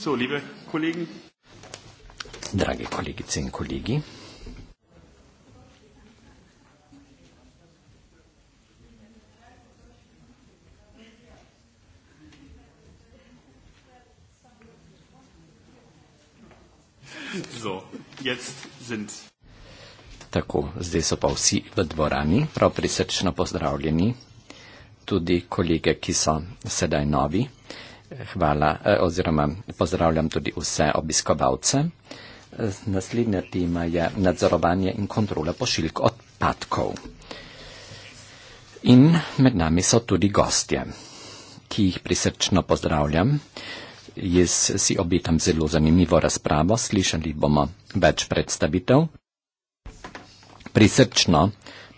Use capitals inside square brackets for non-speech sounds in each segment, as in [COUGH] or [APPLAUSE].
So, liebe Kollegen. Drage Kolleginnen und Kollegen. So, jetzt sind. Tako, zdaj so pa vsi v dvorani, prav prisrčno pozdravljeni, tudi kolege, ki so sedaj novi. Hvala eh, oziroma pozdravljam tudi vse obiskovalce. Naslednja tema je nadzorovanje in kontrola pošiljk odpadkov. In med nami so tudi gostje, ki jih prisrčno pozdravljam. Jaz si obetam zelo zanimivo razpravo, slišali bomo več predstavitev. Prisrčno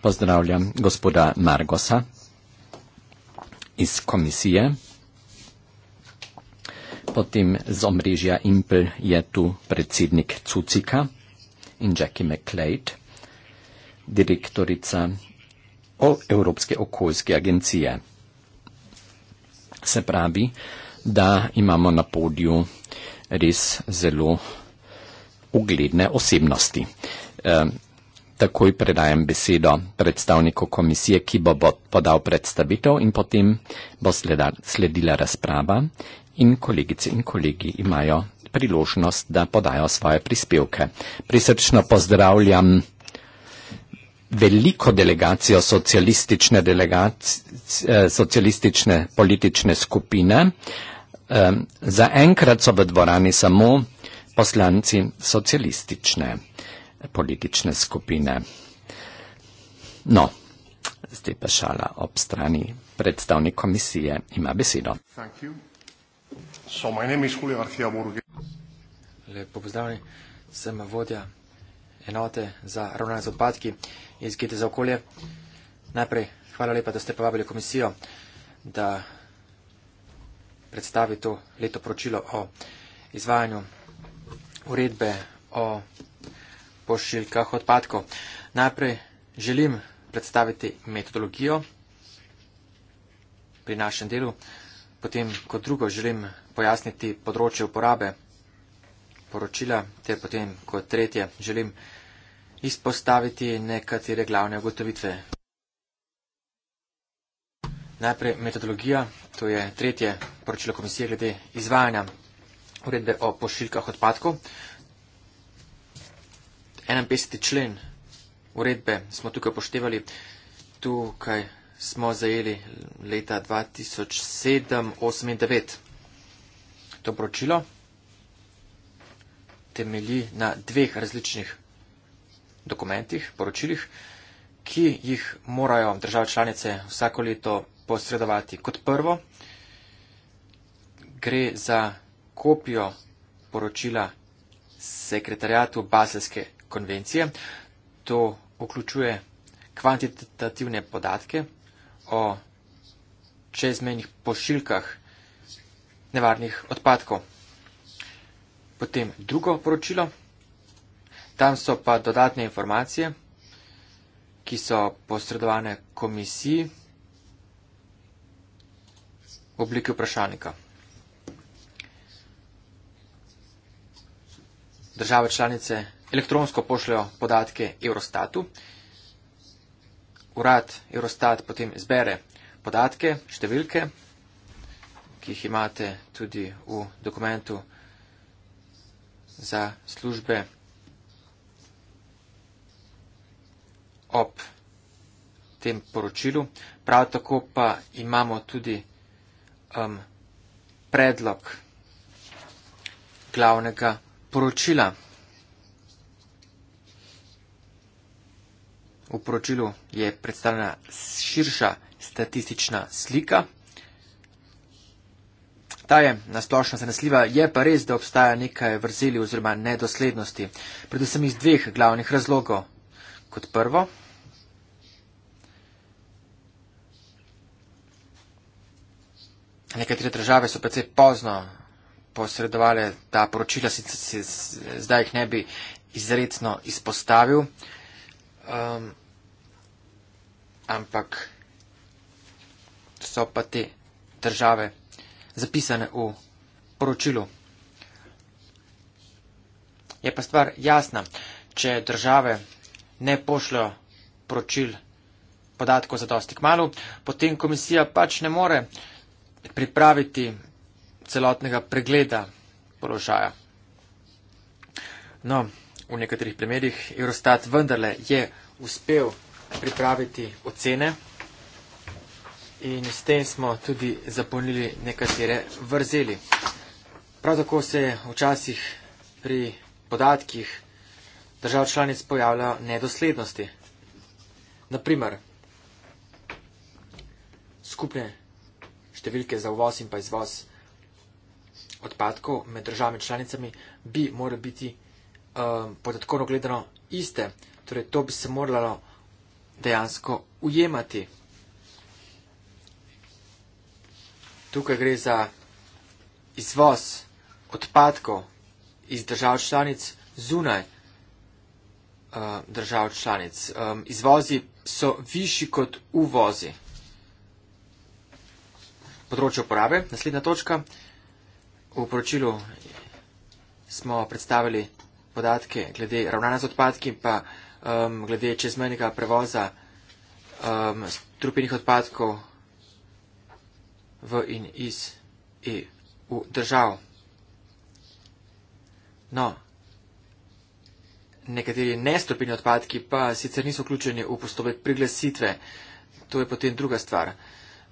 pozdravljam gospoda Margosa iz komisije. Potem z omrežja Impel je tu predsednik Cucika in Jackie McLeod, direktorica o Evropske okoljske agencije. Se pravi, da imamo na podiju res zelo ugledne osebnosti. E, takoj predajam besedo predstavniku komisije, ki bo, bo podal predstavitev in potem bo sleda, sledila razprava in kolegice in kolegi imajo priložnost, da podajo svoje prispevke. Prisrčno pozdravljam veliko delegacijo socialistične, delegac, eh, socialistične politične skupine. Za enkrat so v dvorani samo poslanci socialistične politične skupine. No, zdaj pa šala ob strani. Predstavnik komisije ima besedo. Thank you. So, my name is Julio García Burgues. Lepo pozdravljeni, sem vodja enote za ravnanje z odpadki iz Gite za okolje. Najprej hvala lepa, da ste povabili komisijo, da predstavi to leto poročilo o izvajanju uredbe o pošiljkah odpadkov. Najprej želim predstaviti metodologijo pri našem delu. Potem kot drugo želim pojasniti področje uporabe poročila, ter potem kot tretje želim izpostaviti nekatere glavne ugotovitve. Najprej metodologija, to je tretje poročilo komisije glede izvajanja uredbe o pošiljkah odpadkov. 51. člen uredbe smo tukaj upoštevali, tukaj smo zajeli leta 2007-2009. To poročilo temelji na dveh različnih dokumentih, poročilih, ki jih morajo države članice vsako leto posredovati. Kot prvo, gre za kopijo poročila sekretarjatu Baselske konvencije. To vključuje kvantitativne podatke, o čezmejnih pošiljkah nevarnih odpadkov. Potem drugo poročilo, tam so pa dodatne informacije, ki so posredovane komisiji v obliki vprašalnika. Države članice elektronsko pošljajo podatke Eurostatu urad Eurostat potem zbere podatke, številke, ki jih imate tudi v dokumentu za službe ob tem poročilu. Prav tako pa imamo tudi um, predlog glavnega poročila. V poročilu je predstavljena širša statistična slika. Ta je nasplošno zanesljiva, je pa res, da obstaja nekaj vrzeli oziroma nedoslednosti, predvsem iz dveh glavnih razlogov. Kot prvo, nekatere države so precej pozno posredovale ta poročila, sicer zdaj jih ne bi izredno izpostavil. Um, ampak so pa te države zapisane v poročilu. Je pa stvar jasna, če države ne pošljajo poročil podatkov za dosti kmalo, potem komisija pač ne more pripraviti celotnega pregleda položaja. No, v nekaterih primerjih Eurostat vendarle je uspel pripraviti ocene in s tem smo tudi zapolnili nekatere vrzeli. Prav tako se včasih pri podatkih držav članic pojavljajo nedoslednosti. Naprimer, skupne številke za uvoz in pa izvoz odpadkov med državami članicami bi morali biti um, podatkovno gledano iste. Torej, to bi se moralo dejansko ujemati. Tukaj gre za izvoz odpadkov iz držav članic zunaj uh, držav članic. Um, izvozi so višji kot uvozi. Področje uporabe, naslednja točka. V poročilu smo predstavili podatke glede ravnanja z odpadki in pa uh, um, glede čezmenjega prevoza um, strupinih odpadkov v in iz EU držav. No, nekateri nestrupini odpadki pa sicer niso vključeni v postopek priglasitve, to je potem druga stvar.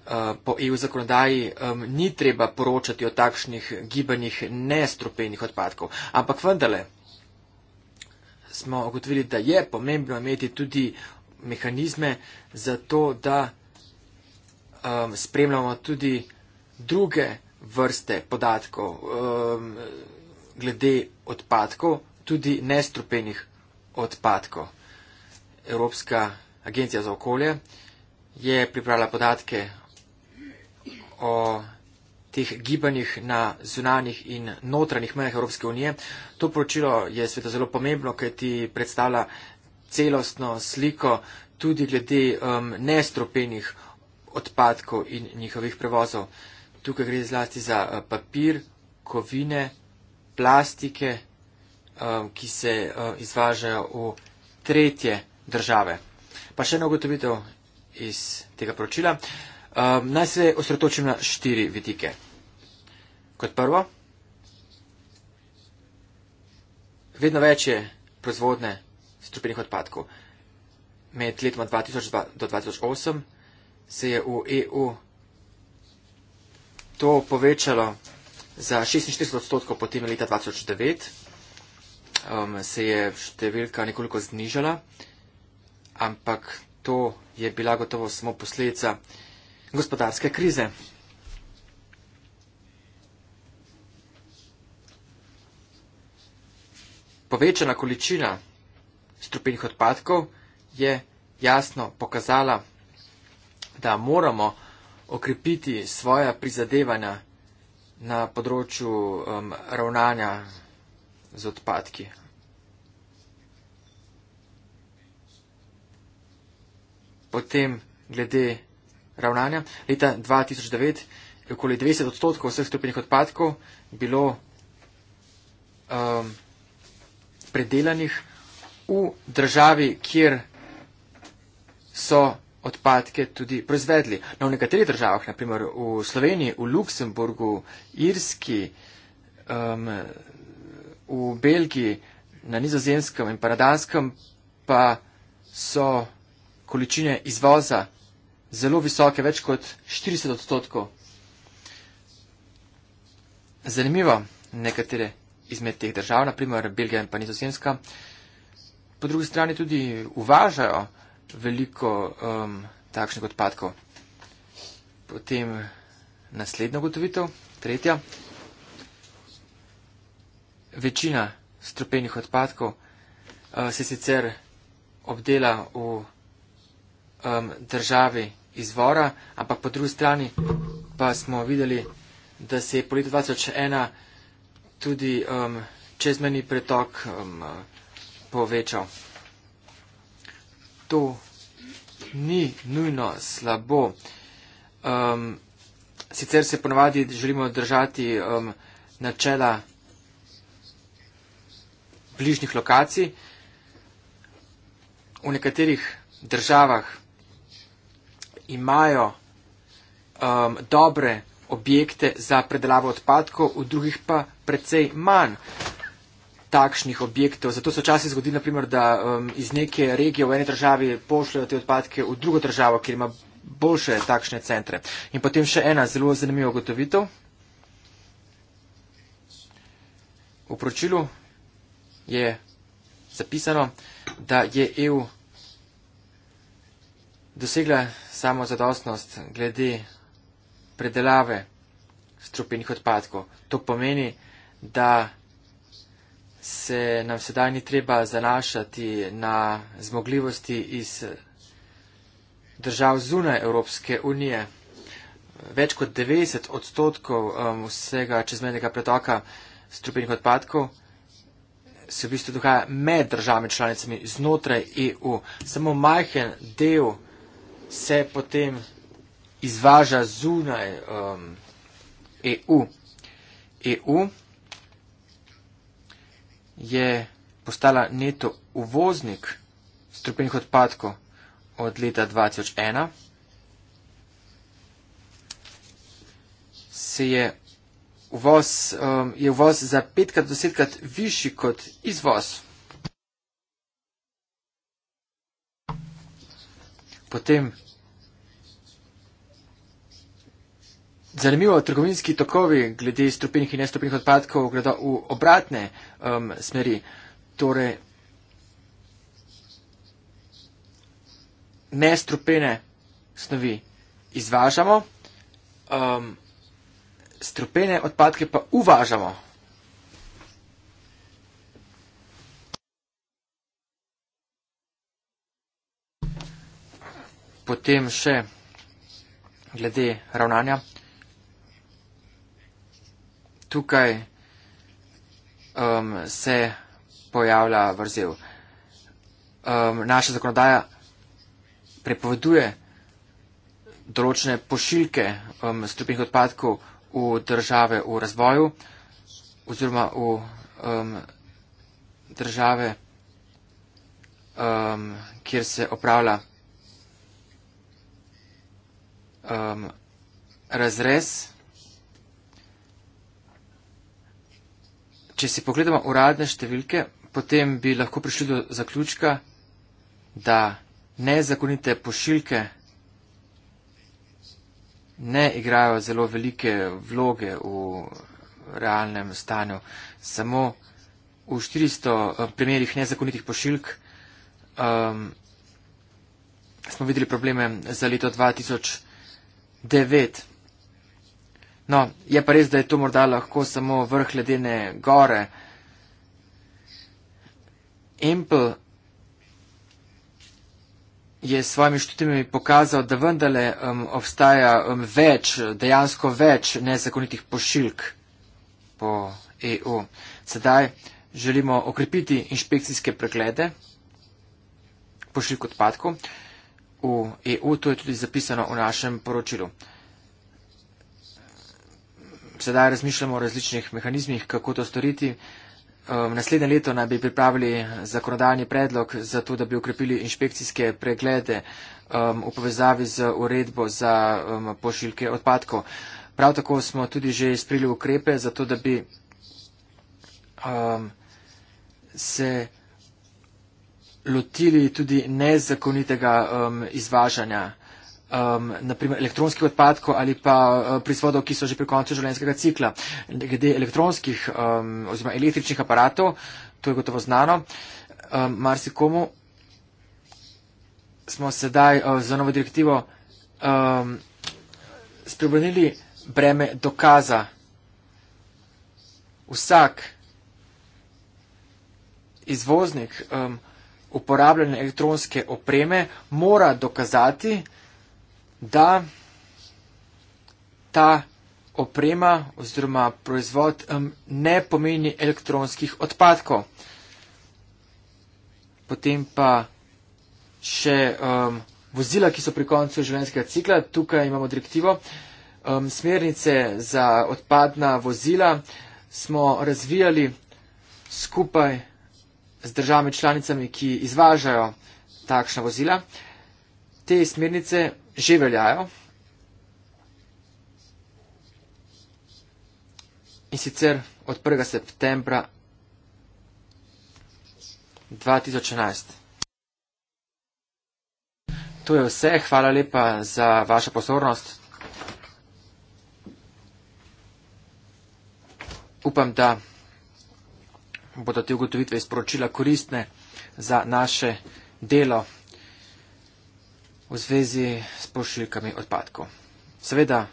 Uh, po EU zakonodaji um, ni treba poročati o takšnih gibanjih nestrupenih odpadkov, ampak vendarle, smo ugotovili, da je pomembno imeti tudi mehanizme za to, da um, spremljamo tudi druge vrste podatkov um, glede odpadkov, tudi nestrupenih odpadkov. Evropska agencija za okolje je pripravila podatke o teh gibanjih na zunanih in notranjih mejah Evropske unije. To poročilo je sveto zelo pomembno, ker ti predstavlja celostno sliko tudi glede um, nestropenih odpadkov in njihovih prevozov. Tukaj gre zlasti za uh, papir, kovine, plastike, um, ki se um, izvažajo v tretje države. Pa še eno ugotovitev iz tega poročila. Uh, Um, naj se osredotočim na štiri vidike. Kot prvo, vedno več je proizvodne strupenih odpadkov. Med letoma 2002 do 2008 se je v EU to povečalo za 46 odstotkov, potem leta 2009 um, ehm, se je številka nekoliko znižala, ampak to je bila gotovo samo posledica gospodarske krize. Povečana količina strupenih odpadkov je jasno pokazala, da moramo okrepiti svoja prizadevanja na področju um, ravnanja z odpadki. Potem glede ravnanja. Leta 2009 je okoli 20 odstotkov vseh strupenih odpadkov bilo um, predelanih v državi, kjer so odpadke tudi proizvedli. No, v nekaterih državah, naprimer v Sloveniji, v Luksemburgu, Irski, um, v Belgiji, na nizozemskem in paradanskem, pa so količine izvoza zelo visoke, več kot 40 odstotkov. Zanimivo, nekatere izmed teh držav, naprimer Belgija in pa Nizozemska, po drugi strani tudi uvažajo veliko um, takšnih odpadkov. Potem naslednja gotovitev, tretja. Večina stropenih odpadkov uh, se sicer obdela v um, državi izvora, ampak po drugi strani pa smo videli, da se je po letu 2001 tudi um, čezmeni pretok um, povečal. To ni nujno slabo. Um, sicer se ponovadi želimo držati um, načela bližnjih lokacij. V nekaterih državah imajo um, dobre objekte za predelavo odpadkov, v drugih pa precej manj takšnih objektov. Zato so časi zgodili, naprimer, da um, iz neke regije v eni državi pošljajo te odpadke v drugo državo, kjer ima boljše takšne centre. In potem še ena zelo zanimiva gotovitev. V pročilu je zapisano, da je EU dosegla samo zadostnost glede predelave strupenih odpadkov. To pomeni, da se nam sedaj ni treba zanašati na zmogljivosti iz držav zunaj Evropske unije. Več kot 90 odstotkov um, vsega čezmenega pretoka strupenih odpadkov se v bistvu dogaja med državami članicami znotraj EU. Samo majhen del se potem izvaža zunaj um, EU. EU je postala neto uvoznik strupenih odpadkov od leta 2001. Se je uvoz, um, je uvoz za petkrat do desetkrat višji kot izvoz. potem zanimivo, trgovinski tokovi glede stopinjih in nestopinjih odpadkov gredo v obratne um, smeri. Torej, Nestrupene snovi izvažamo, um, strupene odpadke pa uvažamo. potem še glede ravnanja. Tukaj um, se pojavlja vrzel. Um, naša zakonodaja prepoveduje določene pošiljke um, strupnih odpadkov v države v razvoju oziroma v um, države, um, kjer se opravlja um, razrez. Če si pogledamo uradne številke, potem bi lahko prišli do zaključka, da nezakonite pošiljke ne igrajo zelo velike vloge v realnem stanju. Samo v 400 eh, primerjih nezakonitih pošiljk um, smo videli probleme za leto 2000. 9. No, je pa res, da je to morda lahko samo vrh ledene gore. Empel je s svojimi študijami pokazal, da vendarle um, obstaja um, več, dejansko več nezakonitih pošiljk po EU. Sedaj želimo okrepiti inšpekcijske preglede pošiljk odpadkov v EU, to je tudi zapisano v našem poročilu. Sedaj razmišljamo o različnih mehanizmih, kako to storiti. Um, naslednje leto naj bi pripravili zakonodajni predlog za to, da bi ukrepili inšpekcijske preglede um, v povezavi z uredbo za um, pošiljke odpadkov. Prav tako smo tudi že sprili ukrepe za to, da bi um, se lotili tudi nezakonitega um, izvažanja, um, naprimer elektronskih odpadkov ali pa uh, prizvodov, ki so že pri koncu življenjskega cikla. Glede elektronskih um, oziroma električnih aparatov, to je gotovo znano, um, marsikomu smo sedaj uh, za novo direktivo um, spremenili breme dokaza. Vsak izvoznik um, uporabljanja elektronske opreme mora dokazati, da ta oprema oziroma proizvod ne pomeni elektronskih odpadkov. Potem pa še um, vozila, ki so pri koncu življenjskega cikla. Tukaj imamo direktivo. Um, smernice za odpadna vozila smo razvijali skupaj z državami članicami, ki izvažajo takšna vozila. Te smernice že veljajo. In sicer od 1. septembra 2011. To je vse. Hvala lepa za vašo pozornost. Upam, da bodo te ugotovitve iz poročila koristne za naše delo v zvezi s pošiljkami odpadkov. Seveda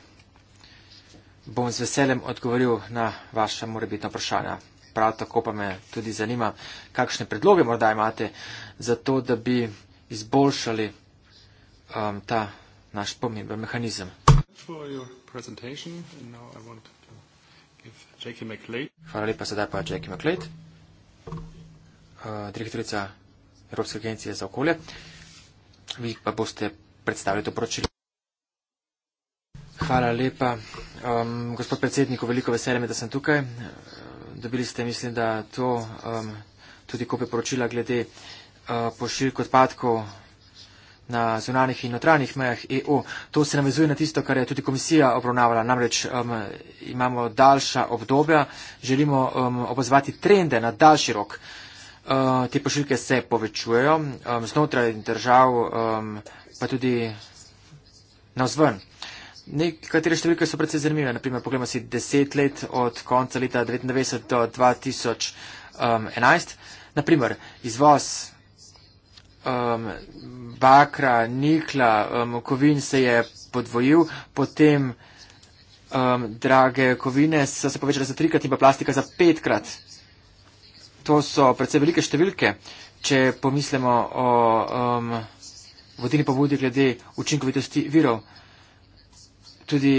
bom z veseljem odgovoril na vaša morebitna vprašanja. Prav tako pa me tudi zanima, kakšne predloge morda imate za to, da bi izboljšali um, ta naš pomemben mehanizem. Hvala lepa, sedaj pa Jackie McLeod. Eh, direktorica Evropske agencije za okolje. Vi pa boste predstavili to poročilo. Hvala lepa. Um, gospod predsednik, veliko veselje, da sem tukaj. Eh, dobili ste, mislim, da to um, tudi kope poročila glede uh, pošiljk odpadkov na zunanih in notranjih mejah EU. To se navezuje na tisto, kar je tudi komisija obravnavala. Namreč um, imamo daljša obdobja, želimo um, opozvati trende na daljši rok. Uh, Eh, te pošiljke se povečujejo um, znotraj držav, um, pa tudi na vzven. Nekatere številke so predvsej zanimive, naprimer pogledamo si 10 let od konca leta 1990 do 2011. Naprimer, izvoz um, bakra, nikla, um, kovin se je podvojil, potem um, drage kovine so se povečale za trikrat in pa plastika za petkrat to so predvsej velike številke, če pomislimo o um, vodini pobudi glede učinkovitosti virov. Tudi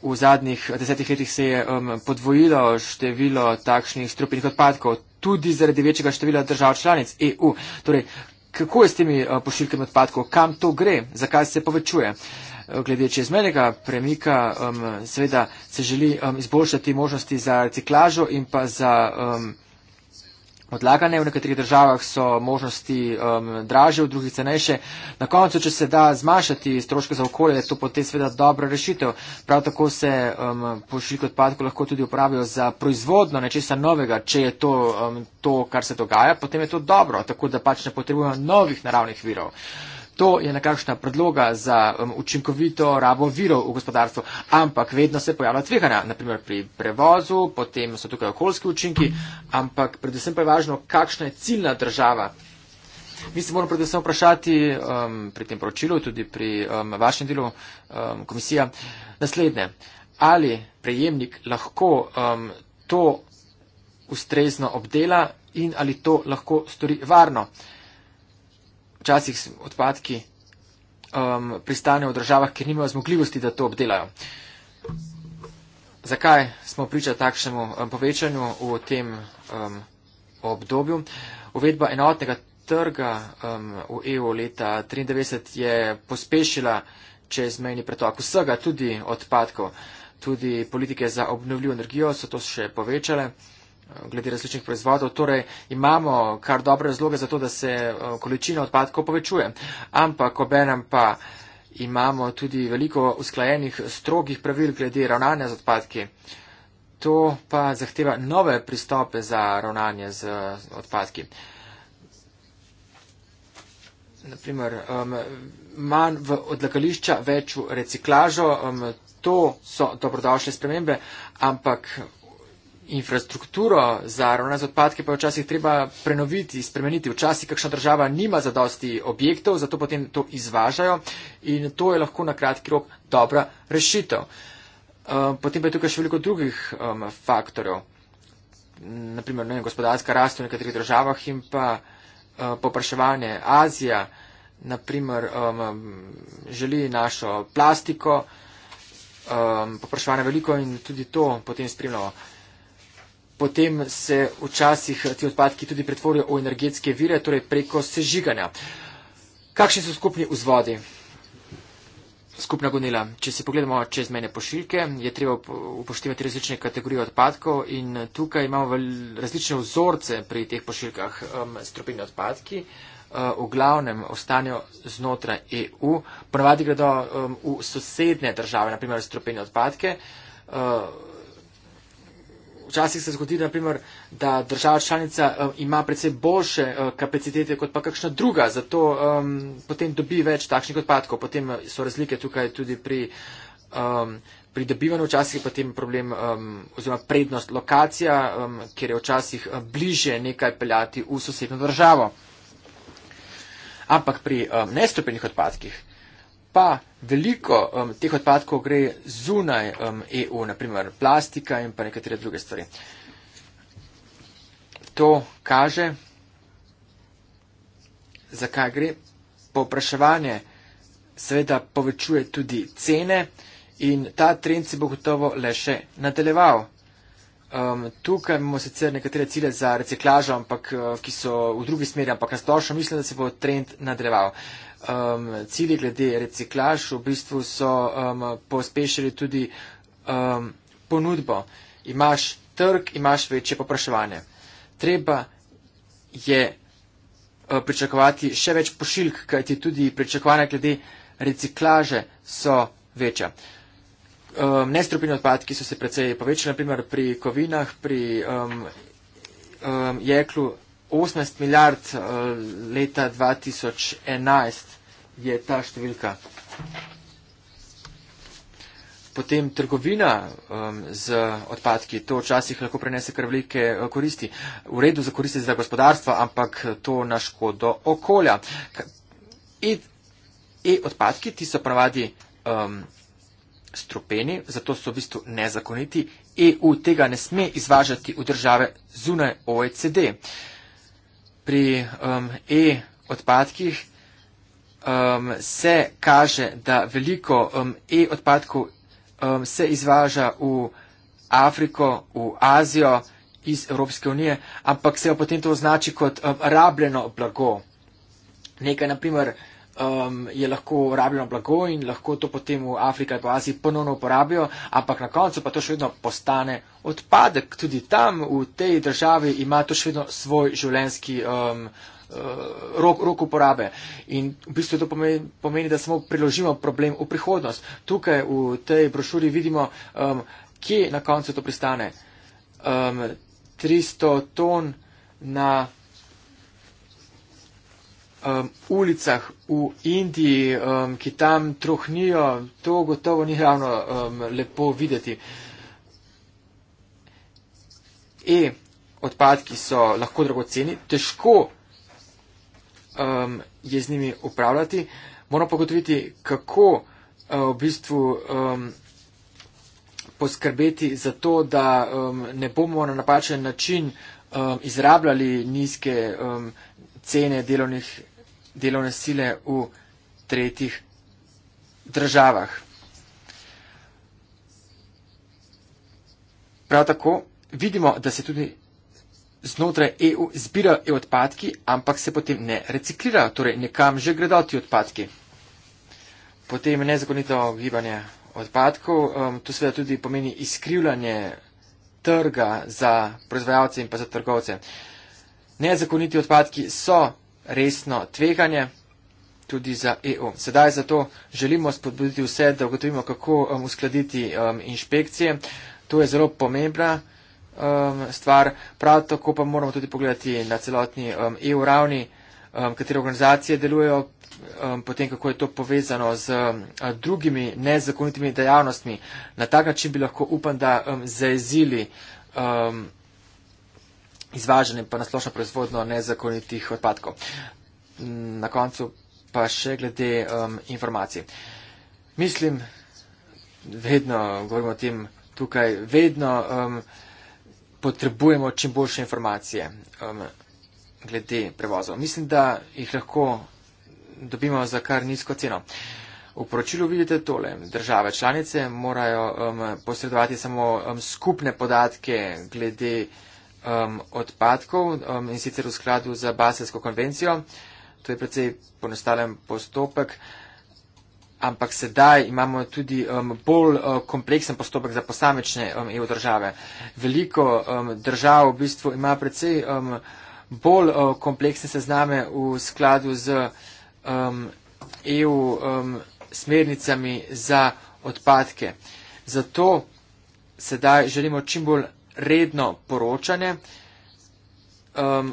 v zadnjih desetih letih se je um, podvojilo število takšnih strupnih odpadkov, tudi zaradi večjega števila držav članic EU. Torej, kako je s temi uh, pošiljkami odpadkov, kam to gre, zakaj se povečuje? Glede čezmernega premika, um, seveda se želi um, izboljšati možnosti za reciklažo in pa za. Um, odlagane, v nekaterih državah so možnosti um, draže, v drugih cenejše. Na koncu, če se da zmanjšati stroške za okolje, je to potem seveda dobra rešitev. Prav tako se um, pošiljke odpadkov lahko tudi uporabijo za proizvodno nečesa novega, če je to, um, to, kar se dogaja, potem je to dobro, tako da pač ne potrebujemo novih naravnih virov. To je nekakšna predloga za um, učinkovito rabo virov v gospodarstvu, ampak vedno se pojavlja tveganja, naprimer pri prevozu, potem so tukaj okoljski učinki, ampak predvsem pa je važno, kakšna je ciljna država. Mi se moramo predvsem vprašati um, pri tem poročilu, tudi pri um, vašem delu um, komisija, naslednje. Ali prejemnik lahko um, to ustrezno obdela in ali to lahko stori varno? včasih odpadki um, pristanejo v državah, ker nimajo zmogljivosti, da to obdelajo. Zakaj smo priča takšnemu um, povečanju v tem um, obdobju? Uvedba enotnega trga um, v EU leta 1993 je pospešila čezmejni pretok vsega, tudi odpadkov. Tudi politike za obnovljivo energijo so to še povečale glede različnih proizvodov. Torej imamo kar dobre razloge za to, da se eh, količina odpadkov povečuje. Ampak obenem pa imamo tudi veliko usklajenih strogih pravil glede ravnanja z odpadki. To pa zahteva nove pristope za ravnanje z odpadki. Naprimer, um, manj v odlagališča, več v reciklažo, um, to so dobrodošle spremembe, ampak infrastrukturo za ravno z odpadke pa je včasih treba prenoviti, spremeniti. Včasih kakšna država nima zadosti objektov, zato potem to izvažajo in to je lahko na kratki rok dobra rešitev. Ehm, potem pa je tukaj še veliko drugih um, faktorjev, naprimer ne, gospodarska rast v nekaterih državah in pa uh, popraševanje. Azija, naprimer, um, želi našo plastiko, um, popraševanje veliko in tudi to potem spremljamo potem se včasih ti odpadki tudi pretvorijo v energetske vire, torej preko sežiganja. Kakšni so skupni vzvodi? Skupna gonila. Če si pogledamo čez mene pošiljke, je treba upoštevati različne kategorije odpadkov in tukaj imamo različne vzorce pri teh pošiljkah um, stropilni odpadki. Uh, v glavnem ostanejo znotraj EU, ponavadi gredo um, v sosedne države, naprimer stropilne odpadke. Uh, včasih se zgodi, naprimer, da država članica uh, ima predvsej boljše uh, kapacitete kot pa kakšna druga, zato um, potem dobi več takšnih odpadkov. Potem eh, so razlike tukaj tudi pri um, ehm, pridobivanju, včasih je potem problem um, oziroma prednost lokacija, um, kjer je včasih uh, bliže nekaj peljati v sosedno državo. Ampak pri um, nestopenih odpadkih pa veliko um, teh odpadkov gre zunaj um, EU, naprimer plastika in pa nekatere druge stvari. To kaže, zakaj gre. Popraševanje seveda povečuje tudi cene in ta trend se bo gotovo le še nadaljeval. Um, tukaj imamo sicer nekatere cilje za reciklažo, ampak, uh, ki so v drugi smeri, ampak na splošno mislim, da se bo trend nadaljeval. Uh, um, cilji glede reciklaž v bistvu so um, pospešili tudi um, ponudbo. Imaš trg, imaš večje popraševanje. Treba je uh, pričakovati še več pošiljk, kajti tudi pričakovanja glede reciklaže so večja. Um, Nestrupni odpadki so se precej povečali, naprimer pri kovinah, pri um, um, jeklu 18 milijard eh, leta 2011 je ta številka. Potem trgovina um, z odpadki, to včasih lahko prenese kar velike eh, koristi. V redu za koristi za gospodarstvo, ampak eh, to na škodo okolja. In odpadki, ti so pravadi um, strupeni, zato so v bistvu nezakoniti. EU tega ne sme izvažati v države zunaj OECD. Uh, pri um, e-odpadkih um, se kaže, da veliko um, e-odpadkov um, se izvaža v Afriko, v Azijo iz Evropske unije, ampak se jo potem to označi kot um, rabljeno blago. Nekaj, naprimer, um, je lahko uporabljeno blago in lahko to potem v Afriki ali pa Aziji ponovno uporabijo, ampak na koncu pa to še vedno postane odpadek. Tudi tam v tej državi ima to še vedno svoj življenski. Um, uh, Rok, rok uporabe. In v bistvu to pomeni, pomeni, da samo priložimo problem v prihodnost. Tukaj v tej brošuri vidimo, um, kje na koncu to pristane. Um, 300 ton na um, ulicah v Indiji, um, ki tam trohnijo, to gotovo ni ravno um, lepo videti. E, odpadki so lahko dragoceni, težko um, je z njimi upravljati. Moramo pogotoviti, kako uh, v bistvu um, poskrbeti za to, da um, ne bomo na napačen način um, izrabljali nizke um, cene delovnih delovne sile v tretjih državah. Prav tako vidimo, da se tudi znotraj EU zbirajo odpadki, ampak se potem ne reciklirajo, torej nekam že gredo ti odpadki. Potem nezakonito gibanje odpadkov, um, to seveda tudi pomeni izkrivljanje trga za proizvajalce in pa za trgovce. Nezakoniti odpadki so resno tveganje tudi za EU. Sedaj zato želimo spodbuditi vse, da ugotovimo, kako um, uskladiti um, inšpekcije. To je zelo pomembna um, stvar. Prav tako pa moramo tudi pogledati na celotni um, EU ravni, um, katere organizacije delujejo, um, potem kako je to povezano z um, drugimi nezakonitimi dejavnostmi. Na tak način bi lahko upam, da um, zaezili. Um, izvažanje pa nasplošno proizvodno nezakonitih odpadkov. Na koncu pa še glede um, informacij. Mislim, vedno govorimo o tem tukaj, vedno um, potrebujemo čim boljše informacije um, glede prevozov. Mislim, da jih lahko dobimo za kar nizko ceno. V poročilu vidite tole. Države članice morajo um, posredovati samo um, skupne podatke glede um, odpadkov um, in sicer v skladu z Baselsko konvencijo. To je predvsej ponostalen postopek, ampak sedaj imamo tudi um, bolj uh, kompleksen postopek za posamečne um, EU države. Veliko um, držav v bistvu ima predvsej um, bolj uh, kompleksne sezname v skladu z um, EU um, smernicami za odpadke. Zato sedaj želimo čim bolj redno poročanje, um,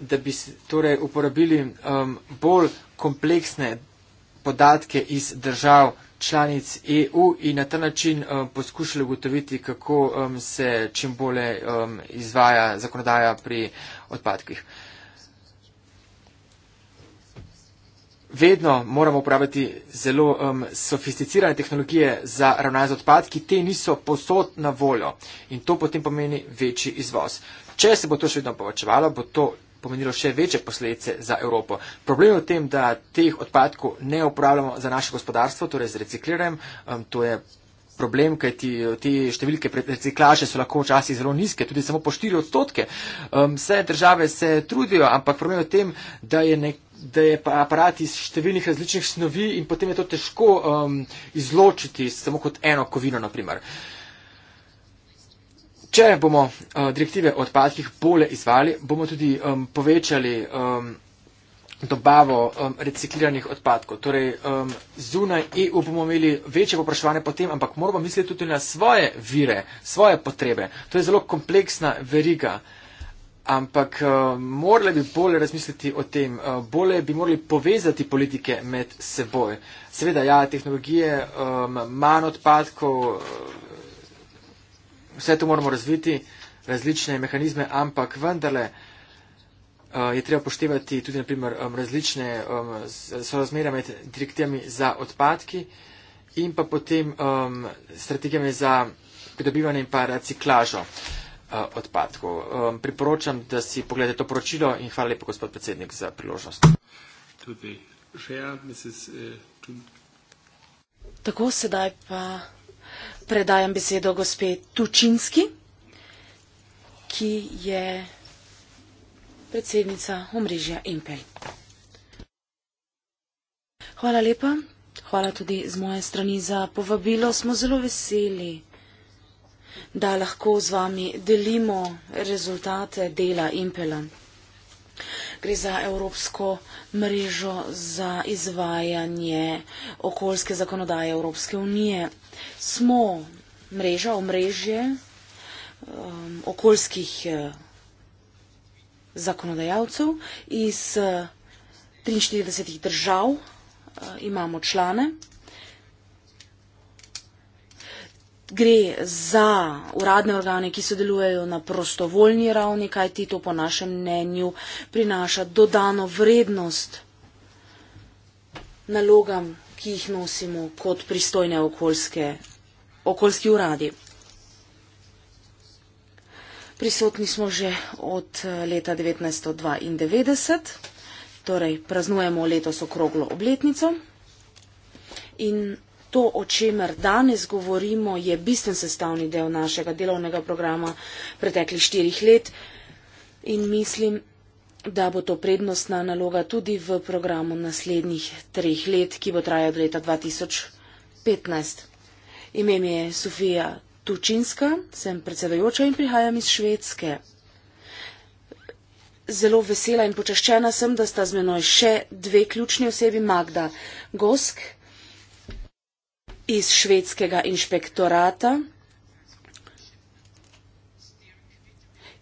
da bi torej uporabili um, bolj kompleksne podatke iz držav članic EU in na ta način um, poskušali ugotoviti, kako um, se čim bolje um, izvaja zakonodaja pri odpadkih. vedno moramo uporabljati zelo um, sofisticirane tehnologije za ravnanje z odpadki, te niso posod na voljo in to potem pomeni večji izvoz. Če se bo to še vedno povečevalo, bo to pomenilo še večje posledice za Evropo. Problem je v tem, da teh odpadkov ne upravljamo za naše gospodarstvo, torej z recikliranjem, um, to je problem, ker uh, te številke pred reciklaže so lahko včasih zelo nizke, tudi samo po 4 odstotke. Um, vse države se trudijo, ampak problem je v tem, da je nek da je aparat iz številnih različnih snovi in potem je to težko um, izločiti samo kot eno kovino, naprimer. Če bomo uh, direktive o odpadkih bolje izvali, bomo tudi um, povečali um, dobavo um, recikliranih odpadkov. Torej, um, zunaj EU bomo imeli večje poprašovanje potem, ampak moramo misliti tudi na svoje vire, svoje potrebe. To je zelo kompleksna veriga. Ampak uh, eh, morali bi bolje razmisliti o tem, uh, bolje bi morali povezati politike med seboj. Seveda, ja, tehnologije, um, manj odpadkov, eh, vse to moramo razviti, različne mehanizme, ampak vendarle uh, je treba poštevati tudi naprimer, um, različne um, sorazmere med direktivami za odpadki in pa potem um, strategijami za pridobivanje in pa reciklažo. Uh, Eh, odpadkov. Priporočam, da si pogledate to poročilo in hvala lepa, gospod predsednik, za priložnost. Ja, eh, Tako sedaj pa predajam besedo gospe Tučinski, ki je predsednica omrežja Impel. Hvala lepa. Hvala tudi z moje strani za povabilo. Smo zelo veseli da lahko z vami delimo rezultate dela Impela. Gre za Evropsko mrežo za izvajanje okoljske zakonodaje Evropske unije. Smo mreža, omrežje um, okoljskih uh, zakonodajalcev iz uh, eh, 43 držav, uh, imamo člane, gre za uradne organe, ki sodelujejo na prostovoljni ravni, kaj ti to po našem mnenju prinaša dodano vrednost nalogam, ki jih nosimo kot pristojne okoljske, okoljski uradi. Prisotni smo že od eh, leta 1992, torej praznujemo letos okroglo obletnico. In to, o čemer danes govorimo, je bistven sestavni del našega delovnega programa preteklih štirih let in mislim, da bo to prednostna naloga tudi v programu naslednjih treh let, ki bo trajal do leta 2015. Ime mi je Sofija Tučinska, sem predsedojoča in prihajam iz Švedske. Zelo vesela in počaščena sem, da sta z menoj še dve ključni osebi Magda Gosk iz švedskega inšpektorata,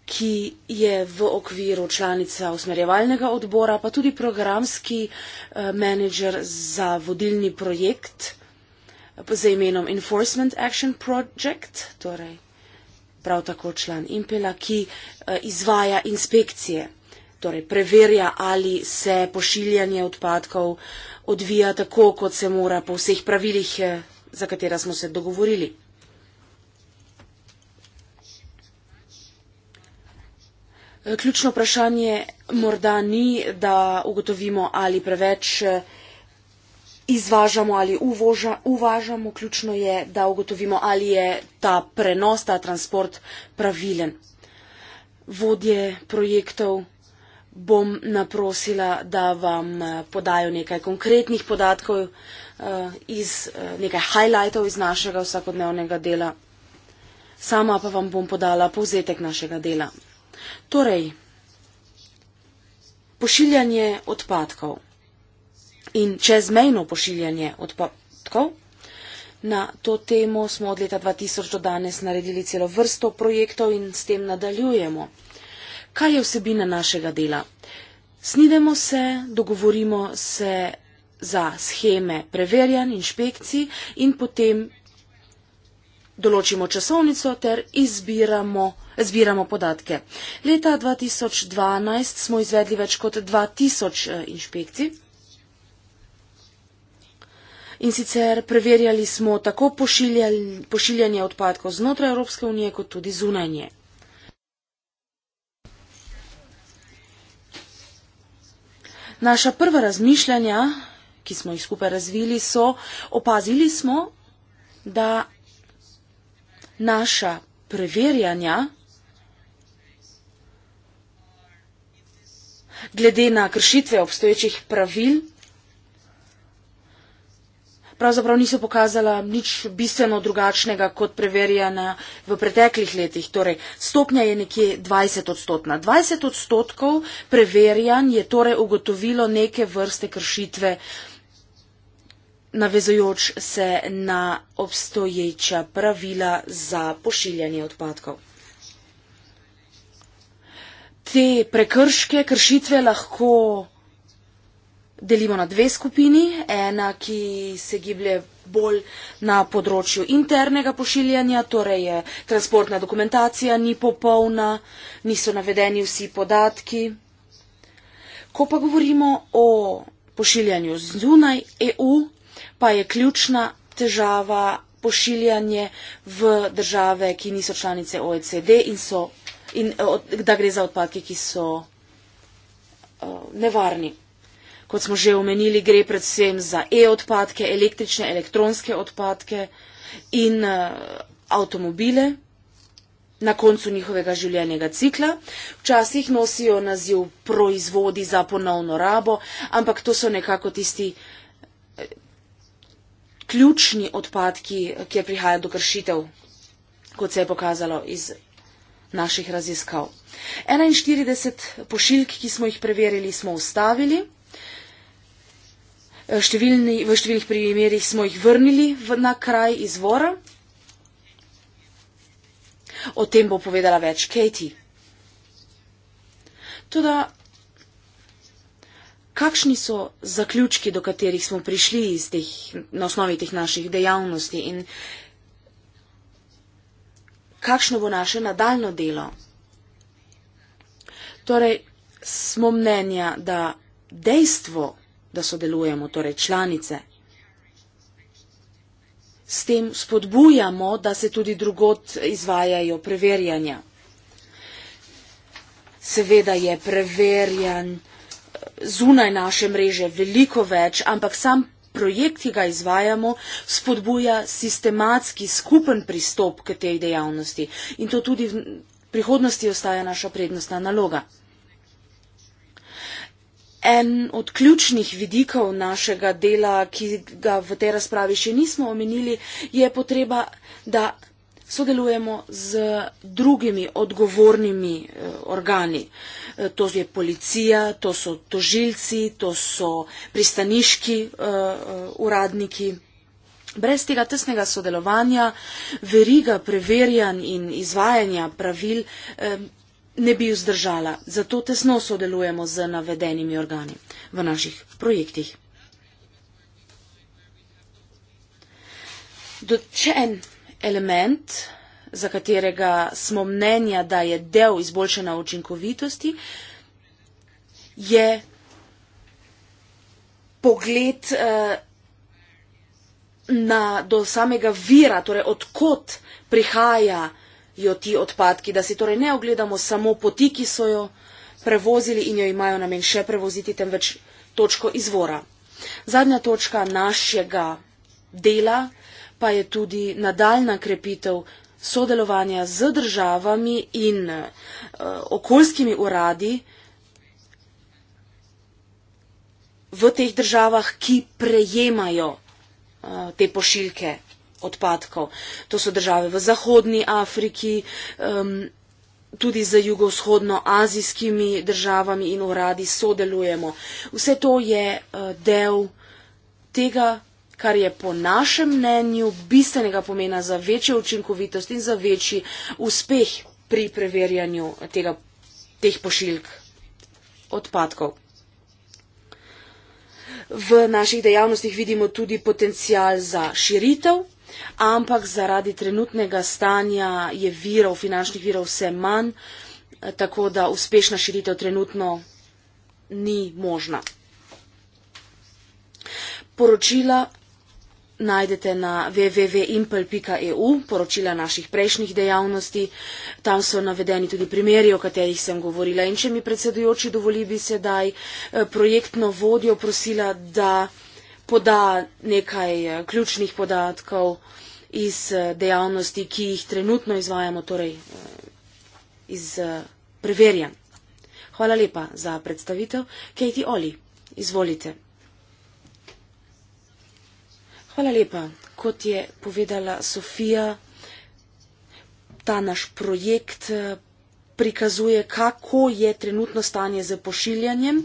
ki je v okviru članica usmerjevalnega odbora, pa tudi programski eh, menedžer za vodilni projekt eh, za imenom Enforcement Action Project, torej prav tako član Impela, ki eh, izvaja inspekcije, torej preverja, ali se pošiljanje odpadkov odvija tako, kot se mora po vseh pravilih za katera smo se dogovorili. Ključno vprašanje morda ni, da ugotovimo, ali preveč eh, izvažamo ali uvoža, uvažamo. Ključno je, da ugotovimo, ali je ta prenos, ta transport pravilen. Vodje projektov bom naprosila, da vam eh, podajo nekaj konkretnih podatkov. Eh, iz eh, nekaj highlightov iz našega vsakodnevnega dela. Sama pa vam bom podala povzetek našega dela. Torej, pošiljanje odpadkov in čezmejno pošiljanje odpadkov. Na to temo smo od leta 2000 do danes naredili celo vrsto projektov in s tem nadaljujemo. Kaj je vsebina našega dela? Snidemo se, dogovorimo se za scheme preverjanj, inšpekcij in potem določimo časovnico ter izbiramo, zbiramo podatke. Leta 2012 smo izvedli več kot 2000 eh, inšpekcij. In sicer preverjali smo tako pošiljanje odpadkov znotraj Evropske unije, kot tudi zunanje. Naša prva razmišljanja ki smo jih skupaj razvili, so opazili smo, da naša preverjanja glede na kršitve obstoječih pravil pravzaprav niso pokazala nič bistveno drugačnega kot preverjena v preteklih letih. Torej, stopnja je nekje 20 odstotna. 20 odstotkov preverjan je torej ugotovilo neke vrste kršitve navezojoč se na obstoječa pravila za pošiljanje odpadkov. Te prekrške, kršitve lahko delimo na dve skupini. Ena, ki se giblje bolj na področju internega pošiljanja, torej je transportna dokumentacija ni popolna, niso navedeni vsi podatki. Ko pa govorimo o pošiljanju zunaj EU, pa je ključna težava pošiljanje v države, ki niso članice OECD in, so, in da gre za odpadke, ki so eh, nevarni. Kot smo že omenili, gre predvsem za e-odpadke, električne, elektronske odpadke in eh, avtomobile na koncu njihovega življenjega cikla. Včasih nosijo naziv proizvodi za ponovno rabo, ampak to so nekako tisti eh, ključni odpadki, kjer prihaja do kršitev, kot se je pokazalo iz naših raziskav. 41 pošiljk, ki smo jih preverili, smo ustavili številni, v številnih primerjih smo jih vrnili v, na kraj izvora. O tem bo povedala več Katie. Tudi, kakšni so zaključki, do katerih smo prišli teh, na osnovi teh naših dejavnosti in kakšno bo naše nadaljno delo? Torej, smo mnenja, da dejstvo, da sodelujemo, torej članice. S tem spodbujamo, da se tudi drugot izvajajo preverjanja. Seveda je preverjanj eh, zunaj naše mreže veliko več, ampak sam projekt, ki ga izvajamo, spodbuja sistematski skupen pristop k tej dejavnosti. In to tudi v prihodnosti ostaja naša prednostna naloga. En od ključnih vidikov našega dela, ki ga v tej razpravi še nismo omenili, je potreba, da sodelujemo z drugimi odgovornimi eh, organi. Eh, to je policija, to so tožilci, to so pristaniški eh, uradniki. Brez tega tesnega sodelovanja, veriga preverjanj in izvajanja pravil ne bi vzdržala, zato tesno sodelujemo z navedenimi organi v naših projektih. Dočen element, za katerega smo mnenja, da je del izboljšena učinkovitosti, je pogled eh, na, do samega vira, torej odkot prihaja jo ti odpadki, da si torej ne ogledamo samo poti, ki so jo prevozili in jo imajo namen še prevoziti, temveč točko izvora. Zadnja točka našega dela pa je tudi nadaljna krepitev sodelovanja z državami in uh, okoljskimi uradi v teh državah, ki prejemajo uh, te pošiljke odpadkov. To so države v Zahodni Afriki, um, tudi za jugovzhodno azijskimi državami in uradi sodelujemo. Vse to je uh, del tega, kar je po našem mnenju bistvenega pomena za večjo učinkovitost in za večji uspeh pri preverjanju tega, teh pošiljk odpadkov. V naših dejavnostih vidimo tudi potencial za širitev ampak zaradi trenutnega stanja je virov, finančnih virov vse manj, tako da uspešna širitev trenutno ni možna. Poročila najdete na www.impel.eu, poročila naših prejšnjih dejavnosti. Tam so navedeni tudi primeri, o katerih sem govorila. In če mi predsedujoči dovoli, bi sedaj eh, projektno vodjo prosila, da poda nekaj eh, ključnih podatkov iz eh, dejavnosti, ki jih trenutno izvajamo, torej eh, iz preverjanj. Hvala lepa za predstavitev. Katie Oli, izvolite. Hvala lepa. Kot je povedala Sofija, ta naš projekt prikazuje, kako je trenutno stanje z pošiljanjem. Uh,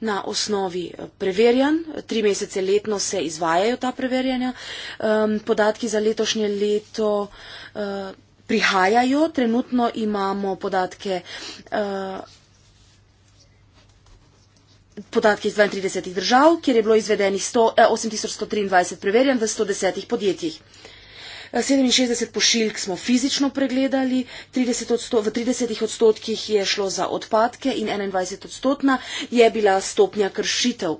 na osnovi eh, preverjanj. Tri mesece letno se izvajajo ta preverjanja. Um, podatki za letošnje leto uh, prihajajo. Trenutno imamo podatke. Uh, eh, Podatki iz 32 držav, kjer je bilo izvedenih 8123 preverjanj v 110 podjetjih. 67 pošiljk smo fizično pregledali, 30 odsto, v 30 odstotkih je šlo za odpadke in 21 odstotna je bila stopnja kršitev.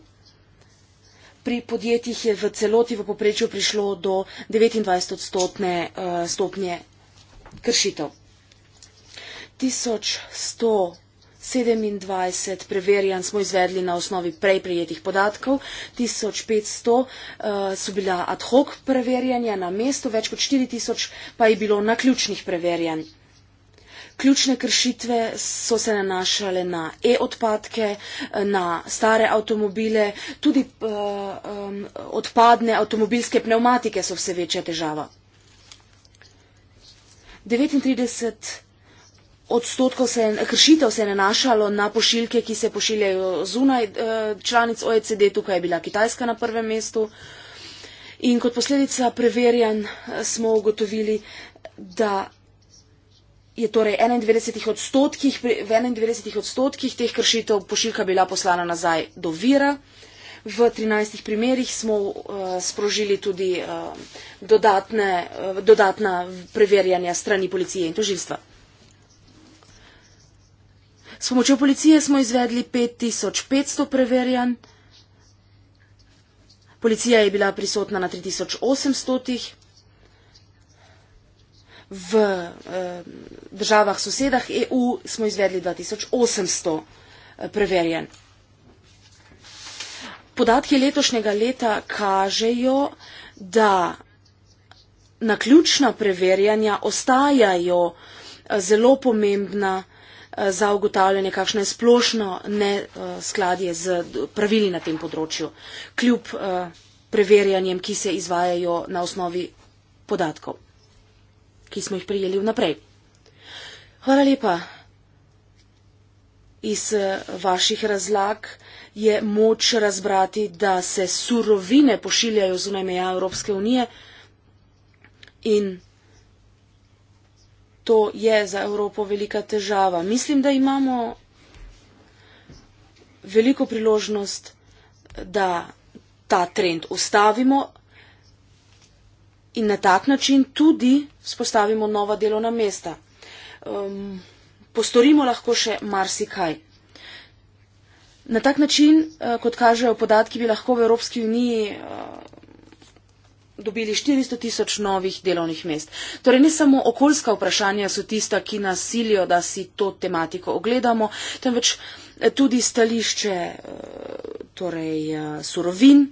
Pri podjetjih je v celoti v poprečju prišlo do 29 odstotne uh, stopnje kršitev. 1100 27 preverjanj smo izvedli na osnovi prej prejetih podatkov, 1500 uh, eh, so bila ad hoc preverjanja na mestu, več kot 4000 pa je bilo na ključnih preverjanj. Ključne kršitve so se nanašale na e-odpadke, eh, na stare avtomobile, tudi uh, um, odpadne avtomobilske pneumatike so vse večja težava. 39 odstotkov se, kršitev se je nanašalo na pošiljke, ki se pošiljajo zunaj eh, članic OECD, tukaj je bila Kitajska na prvem mestu. In kot posledica preverjanj eh, smo ugotovili, da je torej 91 odstotkih, v 91 odstotkih teh kršitev pošiljka bila poslana nazaj do vira. V 13 primerjih smo uh, sprožili tudi uh, dodatne, uh, dodatna preverjanja strani policije in tožilstva. S pomočjo policije smo izvedli 5500 preverjanj. Policija je bila prisotna na 3800 v eh, državah sosedah EU smo izvedli 2800 eh, preverjanj. Podatki letošnjega leta kažejo, da naključna preverjanja ostajajo eh, zelo pomembna eh, za ugotavljanje, kakšno je splošno neskladje eh, z pravili na tem področju, kljub eh, preverjanjem, ki se izvajajo na osnovi podatkov, ki smo jih prijeli vnaprej. Hvala lepa. Iz eh, vaših razlag je moč razbrati, da se surovine pošiljajo zunaj meja Evropske unije in to je za Evropo velika težava. Mislim, da imamo veliko priložnost, da ta trend ustavimo in na tak način tudi spostavimo nova delovna mesta. Um, postorimo lahko še marsikaj. Na tak način, eh, kot kažejo podatki, bi lahko v Evropski uniji eh, dobili 400 tisoč novih delovnih mest. Torej ne samo okoljska vprašanja so tista, ki nas silijo, da si to tematiko ogledamo, temveč eh, tudi stališče eh, torej, eh, surovin,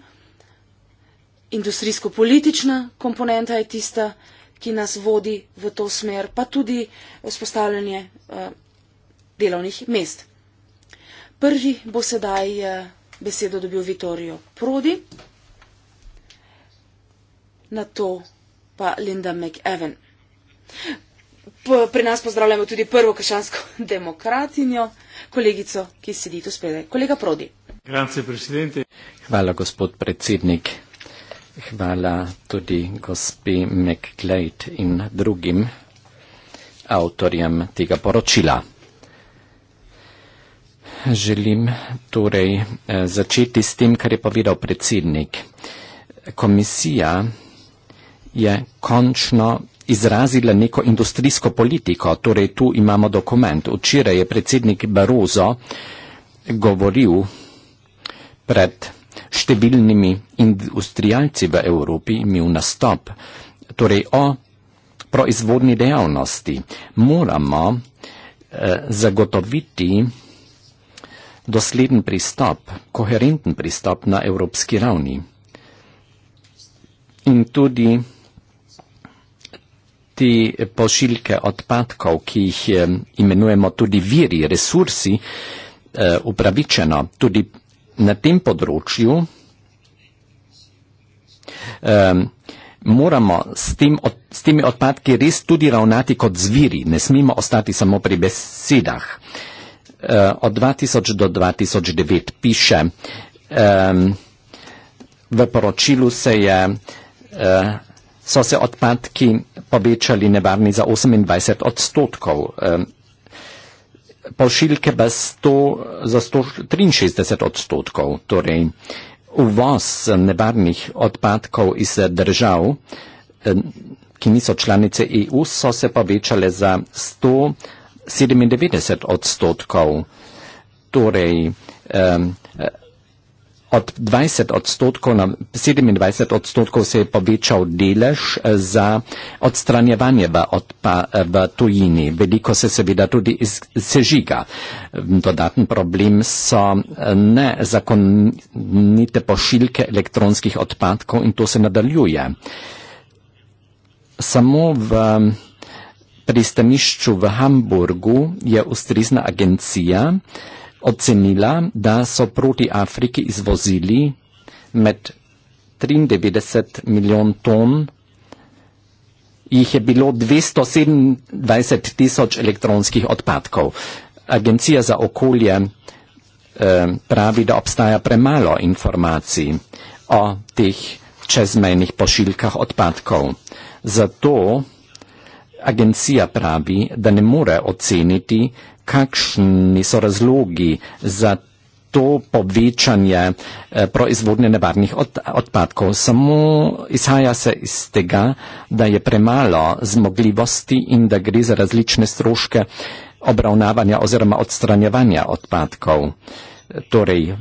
industrijsko-politična komponenta je tista, ki nas vodi v to smer, pa tudi vzpostavljanje delovnih mest. Prvi bo sedaj besedo dobil Vitorijo Prodi na to pa Linda McEwen. Pri nas pozdravljamo tudi prvo kašansko [LAUGHS] demokratinjo, kolegico, ki sedi tu spede, kolega Prodi. Hvala, gospod predsednik. Hvala tudi gospi McGlade in drugim avtorjem tega poročila. Želim torej eh, začeti s tem, kar je povedal predsednik. Komisija je končno izrazila neko industrijsko politiko, torej tu imamo dokument. Včeraj je predsednik Barozo govoril pred številnimi industrijalci v Evropi, imel nastop, torej o proizvodni dejavnosti. Moramo eh, zagotoviti dosleden pristop, koherenten pristop na evropski ravni. In tudi ti pošiljke odpadkov, ki jih imenujemo tudi viri, resursi, eh, upravičeno tudi na tem področju, moramo s, tem, s temi odpadki res tudi ravnati kot zviri, ne smemo ostati samo pri besedah. Eh, od 2000 do 2009 piše, v poročilu se je eh, so se odpadki povečali nevarni za 28 odstotkov. Pošiljke pa sto, za 163 odstotkov. Torej, uvoz nevarnih odpadkov iz držav, ki niso članice EU, so se povečale za 197 odstotkov. Torej, um, od 20 odstotkov na 27 odstotkov se je povečal delež eh, za odstranjevanje v, odpa, eh, v tujini. Veliko se seveda tudi sežiga. Mm, Dodaten problem so eh, nezakonite pošiljke elektronskih odpadkov in to se nadaljuje. Samo v pristanišču v Hamburgu je ustrezna agencija, ocenila, da so proti Afriki izvozili med 93 milijon ton, jih je bilo 227 tisoč elektronskih odpadkov. Agencija za okolje eh, pravi, da obstaja premalo informacij o teh čezmejnih pošiljkah odpadkov. Zato agencija pravi, da ne more oceniti, kakšni so razlogi za to povečanje eh, proizvodnje nevarnih od, odpadkov. Samo izhaja se iz tega, da je premalo zmogljivosti in da gre za različne stroške obravnavanja oziroma odstranjevanja odpadkov. Torej,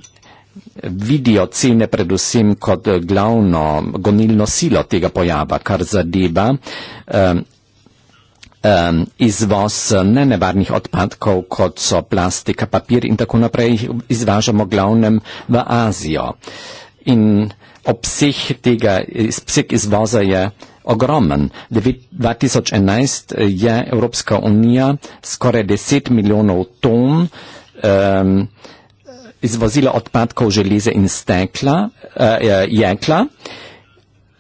vidijo cene predvsem kot glavno gonilno silo tega pojava, kar zadeva eh, izvoz eh, nenevarnih odpadkov, kot so plastika, papir in tako naprej, izvažamo glavnem v Azijo. In obseg tega, obseg izvoza je ogromen. 2011 je Evropska unija skoraj 10 milijonov ton um, izvozila odpadkov železa in stekla, uh, jekla,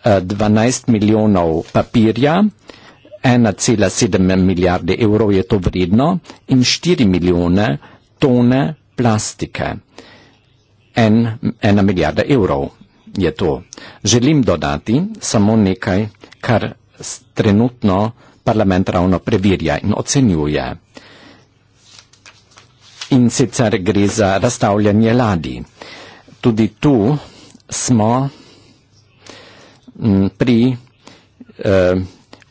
uh, eh, 12 milijonov papirja, uh, 1,7 milijarde evrov je to vredno in 4 milijone tone plastike. En, ena milijarda evrov je to. Želim dodati samo nekaj, kar trenutno parlament ravno preverja in ocenjuje. In sicer gre za razstavljanje ladi. Tudi tu smo pri eh,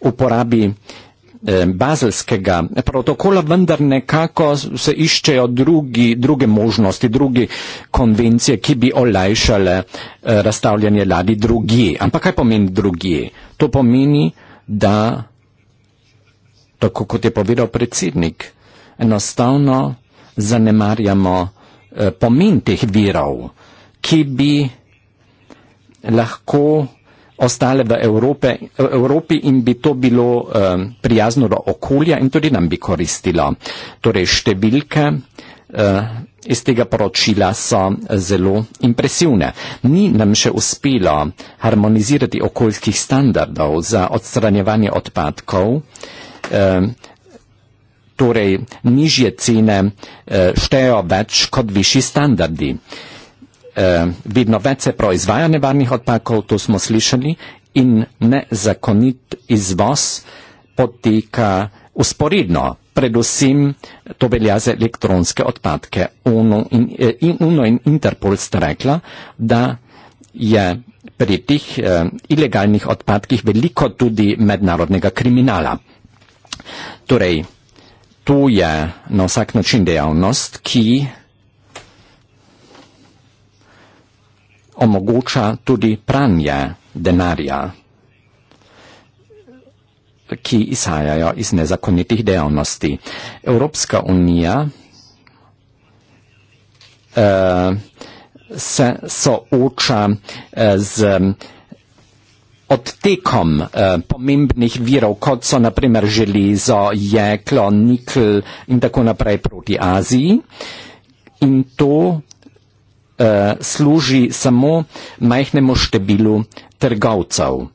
uporabi eh, bazelskega protokola, vendar nekako se iščejo drugi, druge možnosti, druge konvencije, ki bi olajšale eh, razstavljanje ladi drugi. Ampak kaj pomeni drugi? To pomeni, da, tako kot je povedal predsednik, enostavno zanemarjamo eh, pomen teh virov, ki bi lahko ostale v Evrope, Evropi in bi to bilo um, prijazno do okolja in tudi nam bi koristilo. Torej številke uh, iz tega poročila so eh, zelo impresivne. Ni nam še uspelo harmonizirati okoljskih standardov za odstranjevanje odpadkov. Um, torej nižje cene uh, štejo več kot višji standardi. Uh, eh, vidno vece proizvaja nevarnih odpakov, to smo slišali, in nezakonit izvoz poteka usporedno, predvsem to velja za elektronske odpadke. Uno in, eh, in, Uno in Interpol sta rekla, da je pri teh eh, ilegalnih odpadkih veliko tudi mednarodnega kriminala. Torej, to je na vsak način dejavnost, ki omogoča tudi pranje denarja, ki izhajajo iz nezakonitih dejavnosti. Evropska unija eh, se sooča eh, z odtekom eh, pomembnih virov, kot so naprimer železo, jeklo, nikl in tako naprej proti Aziji. In to Eh, služi samo majhnemu številu trgovcev,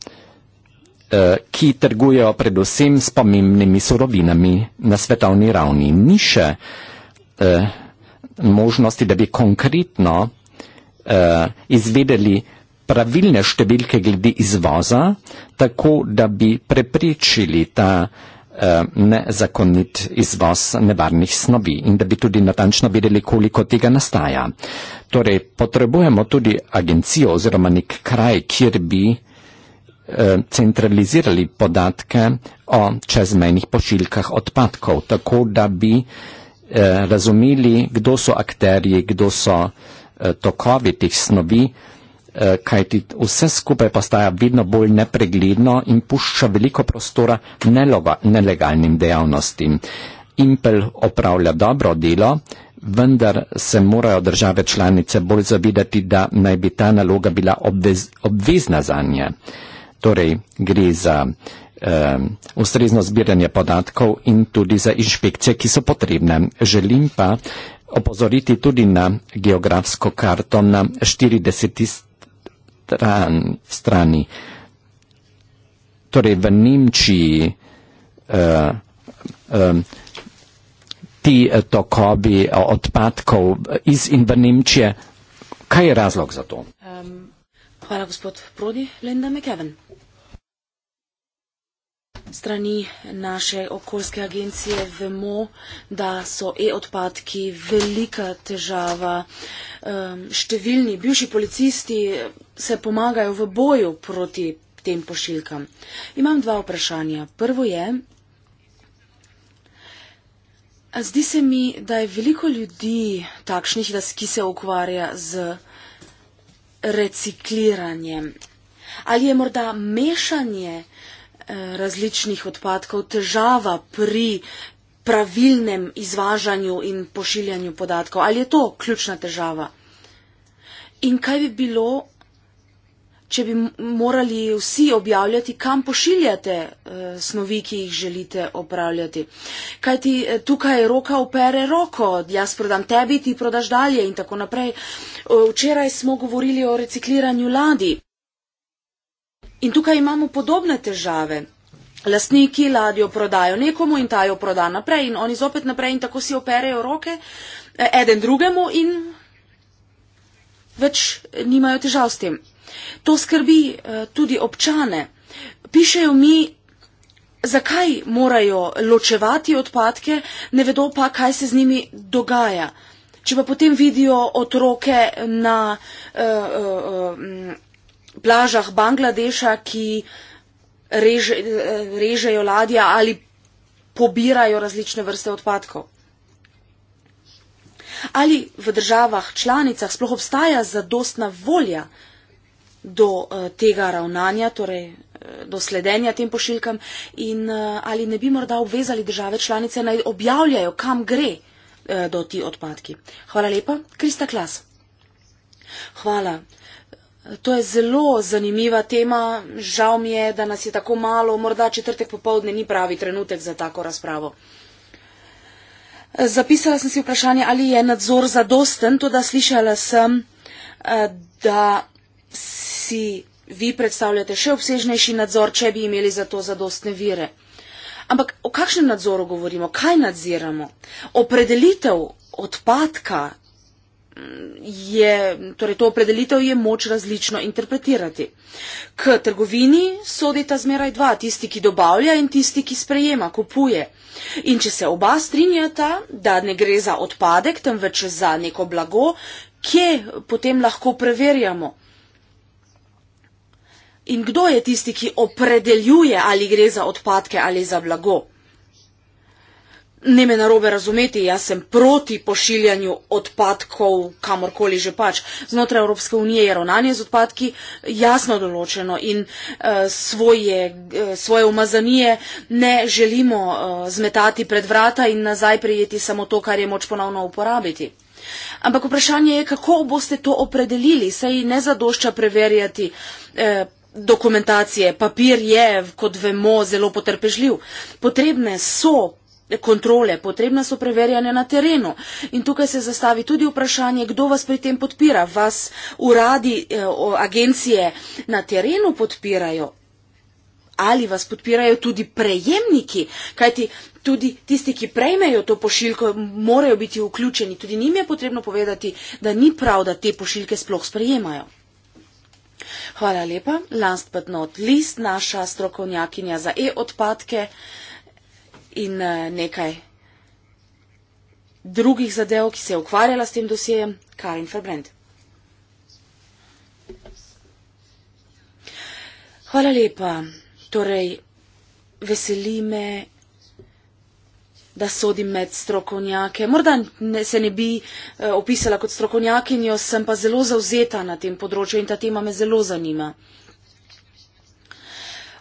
eh, ki trgujejo predvsem s pomembnimi surovinami na svetovni ravni. Ni še eh, možnosti, da bi konkretno izvedeli pravilne številke glede izvoza, tako da bi preprečili ta Eh, nezakonit izvoz nevarnih snovi in da bi tudi natančno vedeli, koliko tega nastaja. Torej, potrebujemo tudi agencijo oziroma nek kraj, kjer bi eh, centralizirali podatke o čezmejnih pošiljkah odpadkov, tako da bi eh, razumeli, kdo so akterji, kdo so tokovi teh snovi. Eh, kaj ti vse skupaj postaja vedno bolj nepregledno in pušča veliko prostora neloga, nelegalnim dejavnostim. Impel opravlja dobro delo, vendar se morajo države članice bolj zavedati, da naj bi ta naloga bila obvez, obvezna za nje. Torej gre za eh, ustrezno zbiranje podatkov in tudi za inšpekcije, ki so potrebne. Želim pa opozoriti tudi na geografsko karto na 40 tisoč stran, strani. Torej, v Nemčiji uh, um, ti tokovi eh, odpadkov iz in v Nemčije, kaj je razlog za to? Um, hvala, gospod Prodi, Linda McKevin strani naše okoljske agencije vemo, da so e-odpadki velika težava. Številni bivši policisti se pomagajo v boju proti tem pošiljkam. Imam dva vprašanja. Prvo je, zdi se mi, da je veliko ljudi takšnih, ki se ukvarja z recikliranjem. Ali je morda mešanje uh, Eh, različnih odpadkov, težava pri pravilnem izvažanju in pošiljanju podatkov. Ali je to ključna težava? In kaj bi bilo, če bi morali vsi objavljati, kam pošiljate eh, snovi, ki jih želite opravljati? Kaj ti eh, tukaj roka opere roko, jaz prodam tebi, ti prodaš dalje in tako naprej. Eh, včeraj smo govorili o recikliranju ladi. In tukaj imamo podobne težave. Lastniki ladjo prodajo nekomu in ta jo proda naprej in oni zopet naprej in tako si operejo roke eh, eden drugemu in več nimajo težav s tem. To skrbi eh, tudi občane. Pišejo mi, zakaj morajo ločevati odpadke, ne vedo pa, kaj se z njimi dogaja. Če pa potem vidijo otroke na. Uh, uh, uh, plažah Bangladeša, ki reže, režejo ladja ali pobirajo različne vrste odpadkov. Ali v državah članicah sploh obstaja zadostna volja do eh, tega ravnanja, torej eh, do sledenja tem pošiljkam in eh, ali ne bi morda obvezali države članice naj objavljajo, kam gre do ti odpadki. Hvala lepa, Krista Klas. Hvala. To je zelo zanimiva tema. Žal mi je, da nas je tako malo, morda četrtek popovdne ni pravi trenutek za tako razpravo. Zapisala sem si vprašanje, ali je nadzor zadosten, to da slišala sem, eh, da si vi predstavljate še obsežnejši nadzor, če bi imeli za to zadostne vire. Ampak o kakšnem nadzoru govorimo? Kaj nadziramo? Opredelitev odpadka je, torej to opredelitev je moč različno interpretirati. K trgovini sodita zmeraj dva, tisti, ki dobavlja in tisti, ki sprejema, kupuje. In če se oba strinjata, da ne gre za odpadek, temveč za neko blago, kje potem lahko preverjamo? In kdo je tisti, ki opredeljuje, ali gre za odpadke ali za blago? Ne me narobe razumeti, jaz sem proti pošiljanju odpadkov kamorkoli že pač. Znotraj Evropske unije je ravnanje z odpadki jasno določeno in uh, svoje, uh, svoje umazanije ne želimo uh, zmetati pred vrata in nazaj prijeti samo to, kar je moč ponovno uporabiti. Ampak vprašanje je, kako boste to opredelili, saj ne zadošča preverjati. Uh, dokumentacije. Papir je, kot vemo, zelo potrpežljiv. Potrebne so kontrole, potrebna so preverjanja na terenu. In tukaj se zastavi tudi vprašanje, kdo vas pri tem podpira. Vas uradi, eh, agencije na terenu podpirajo ali vas podpirajo tudi prejemniki, kajti tudi tisti, ki prejmejo to pošiljko, morajo biti vključeni. Tudi njim je potrebno povedati, da ni prav, da te pošiljke sploh sprejemajo. Hvala lepa. Last but not least, naša strokovnjakinja za e-odpadke in eh, nekaj drugih zadev, ki se je ukvarjala s tem dosjejem, Karin Ferbrand. Hvala lepa. Torej, veseli me, da sodim med strokovnjake. Morda ne, se ne bi eh, opisala kot strokovnjakinjo, sem pa zelo zauzeta na tem področju in ta tema me zelo zanima.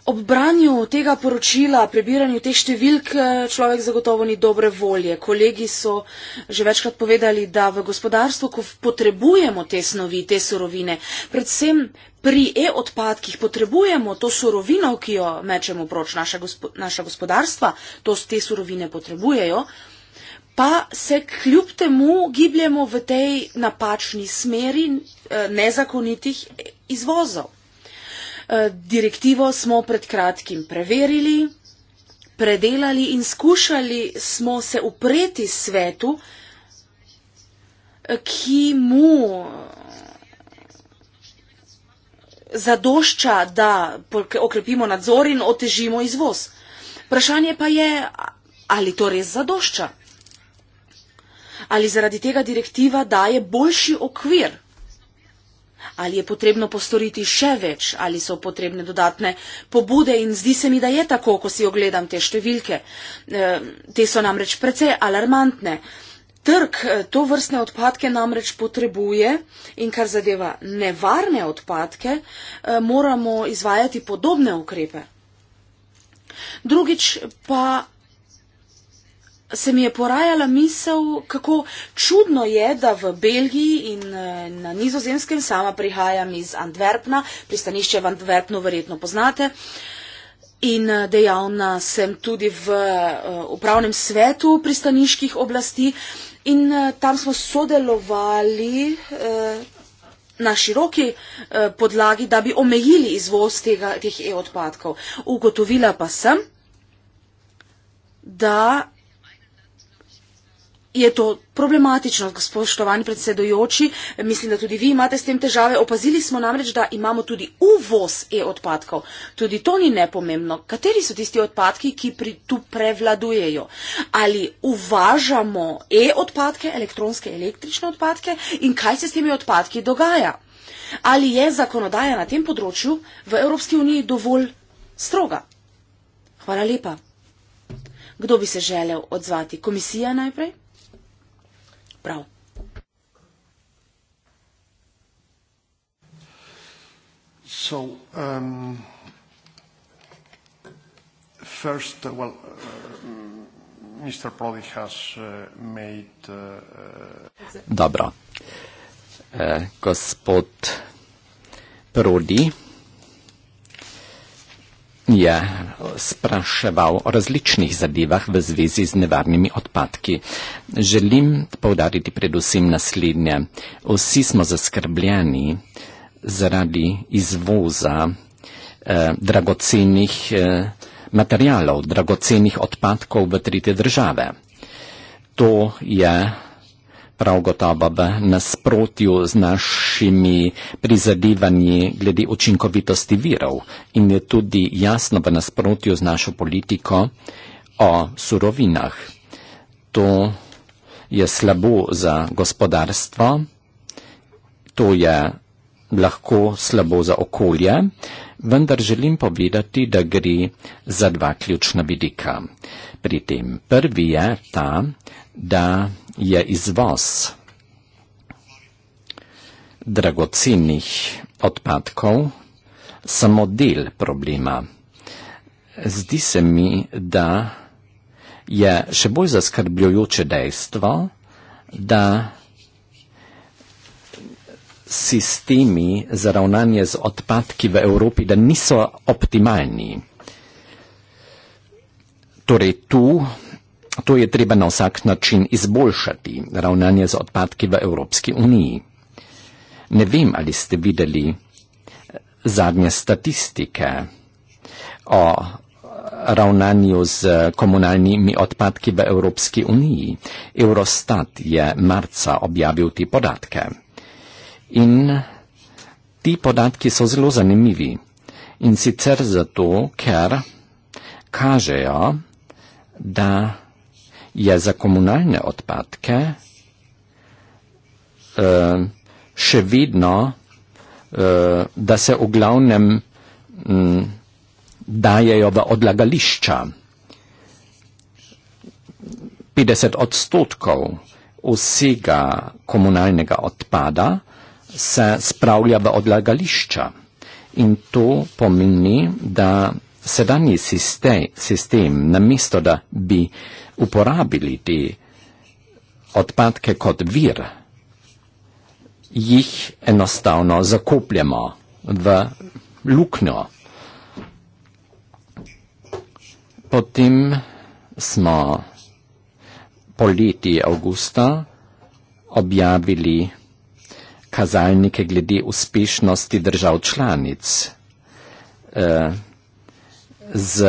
Ob branju tega poročila, prebiranju teh številk, eh, človek zagotovo ni dobre volje. Kolegi so že večkrat povedali, da v gospodarstvu, ko potrebujemo te snovi, te surovine, predvsem pri e-odpadkih potrebujemo to surovino, ki jo mečemo proč naša, gospo, naša gospodarstva, to te surovine potrebujejo, pa se kljub temu gibljemo v tej napačni smeri eh, nezakonitih izvozov. Eh, direktivo smo pred kratkim preverili, predelali in skušali smo se upreti svetu, eh, ki mu eh, zadošča, da okrepimo nadzor in otežimo izvoz. Vprašanje pa je, ali to res zadošča. Ali zaradi tega direktiva daje boljši okvir Ali je potrebno postoriti še več, ali so potrebne dodatne pobude in zdi se mi, da je tako, ko si ogledam te številke. Eh, te so namreč precej alarmantne. Trg eh, to vrstne odpadke namreč potrebuje in kar zadeva nevarne odpadke, eh, moramo izvajati podobne ukrepe. Drugič pa se mi je porajala misel, kako čudno je, da v Belgiji in eh, na nizozemskem, sama prihajam iz Antwerpna, pristanišče v Antwerpnu verjetno poznate, in eh, dejavna sem tudi v eh, upravnem svetu pristaniških oblasti in tam smo sodelovali na široki podlagi, da bi omejili izvoz tega, teh e-odpadkov. Ugotovila pa sem, da je to problematično, spoštovani predsedojoči, mislim, da tudi vi imate s tem težave. Opazili smo namreč, da imamo tudi uvoz e-odpadkov. Tudi to ni nepomembno. Kateri so tisti odpadki, ki pri tu prevladujejo? Ali uvažamo e-odpadke, elektronske, električne odpadke in kaj se s temi odpadki dogaja? Ali je zakonodaja na tem področju v Evropski uniji dovolj stroga? Hvala lepa. Kdo bi se želel odzvati? Komisija najprej? prav. So, um, first, uh, well, uh, Mr. Prodi has uh, made... Uh, Dobro. Uh, e, gospod Prodi je spraševal o različnih zadevah v zvezi z nevarnimi odpadki. Želim povdariti predvsem naslednje. Vsi smo zaskrbljeni zaradi izvoza eh, dragocenih eh, materialov, dragocenih odpadkov v tretje države. To je prav gotovo v nasprotju z našimi prizadevanji glede učinkovitosti virov in je tudi jasno v nasprotju z našo politiko o surovinah. To je slabo za gospodarstvo, to je lahko slabo za okolje, vendar želim povedati, da gre za dva ključna vidika. Pri tem prvi je ta, da je izvoz dragocenih odpadkov samo del problema. Zdi se mi, da je še bolj zaskrbljujoče dejstvo, da sistemi za ravnanje z odpadki v Evropi, da niso optimalni. Torej tu To je treba na vsak način izboljšati ravnanje z odpadki v Evropski uniji. Ne vem, ali ste videli eh, zadnje statistike o eh, ravnanju z eh, komunalnimi odpadki v Evropski uniji. Eurostat je marca objavil te podatke. In ti podatki so zelo zanimivi. In sicer zato, ker kažejo, da je za komunalne odpadke uh, še vedno, uh, da se v glavnem um, mm, dajajo v odlagališča. 50 odstotkov vsega komunalnega odpada se spravlja v odlagališča. In to pomeni, da sedanji sistem, sistem namesto da bi uh, uporabili te odpadke kot vir, jih enostavno zakopljamo v luknjo. Potem smo poleti avgusta objavili kazalnike glede uspešnosti držav članic. Uh, z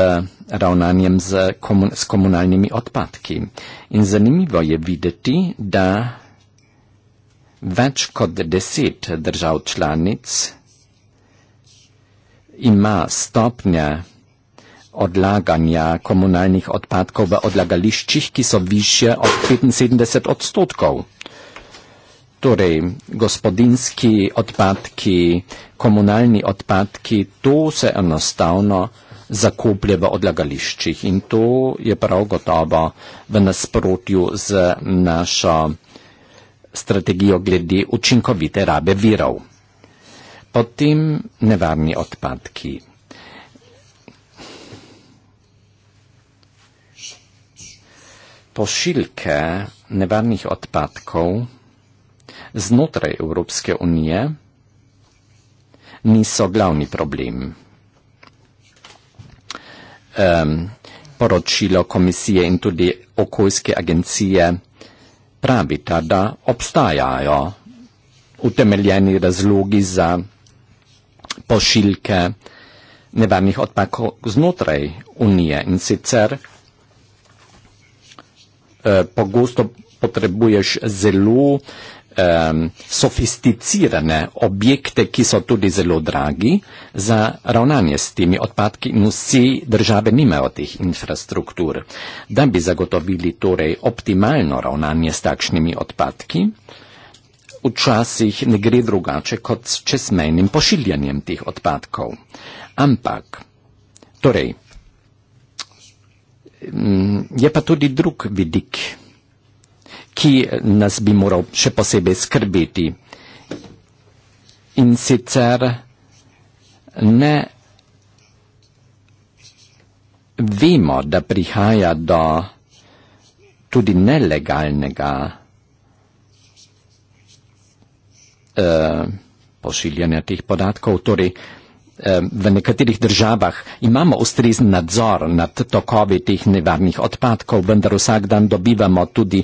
ravnanjem z komun s komunalnimi odpadki. In zanimivo je videti, da več kot deset držav članic ima stopnje odlaganja komunalnih odpadkov v odlagališčih, ki so više od 75 odstotkov. Torej, gospodinski odpadki, komunalni odpadki, to se enostavno zakoplje v odlagališčih in to je prav gotovo v nasprotju z našo strategijo glede učinkovite rabe virov. Potem nevarni odpadki. Pošiljke nevarnih odpadkov znotraj Evropske unije niso glavni problem um, poročilo komisije in tudi okoljske agencije pravita, da obstajajo utemeljeni razlogi za pošiljke nevarnih odpadkov znotraj Unije in sicer uh, pogosto potrebuješ zelo uh, um, sofisticirane objekte, ki so tudi zelo dragi za ravnanje s temi odpadki in vsi države nimajo teh infrastruktur. Da bi zagotovili torej optimalno ravnanje s takšnimi odpadki, včasih ne gre drugače kot s čezmejnim pošiljanjem teh odpadkov. Ampak, torej, mm, je pa tudi drug vidik ki nas bi moral še posebej skrbeti. In sicer ne vemo, da prihaja do tudi nelegalnega uh, pošiljanja teh podatkov, torej Ehm, v nekaterih državah imamo ustrezen nadzor nad tokovi teh nevarnih odpadkov, vendar vsak dan dobivamo tudi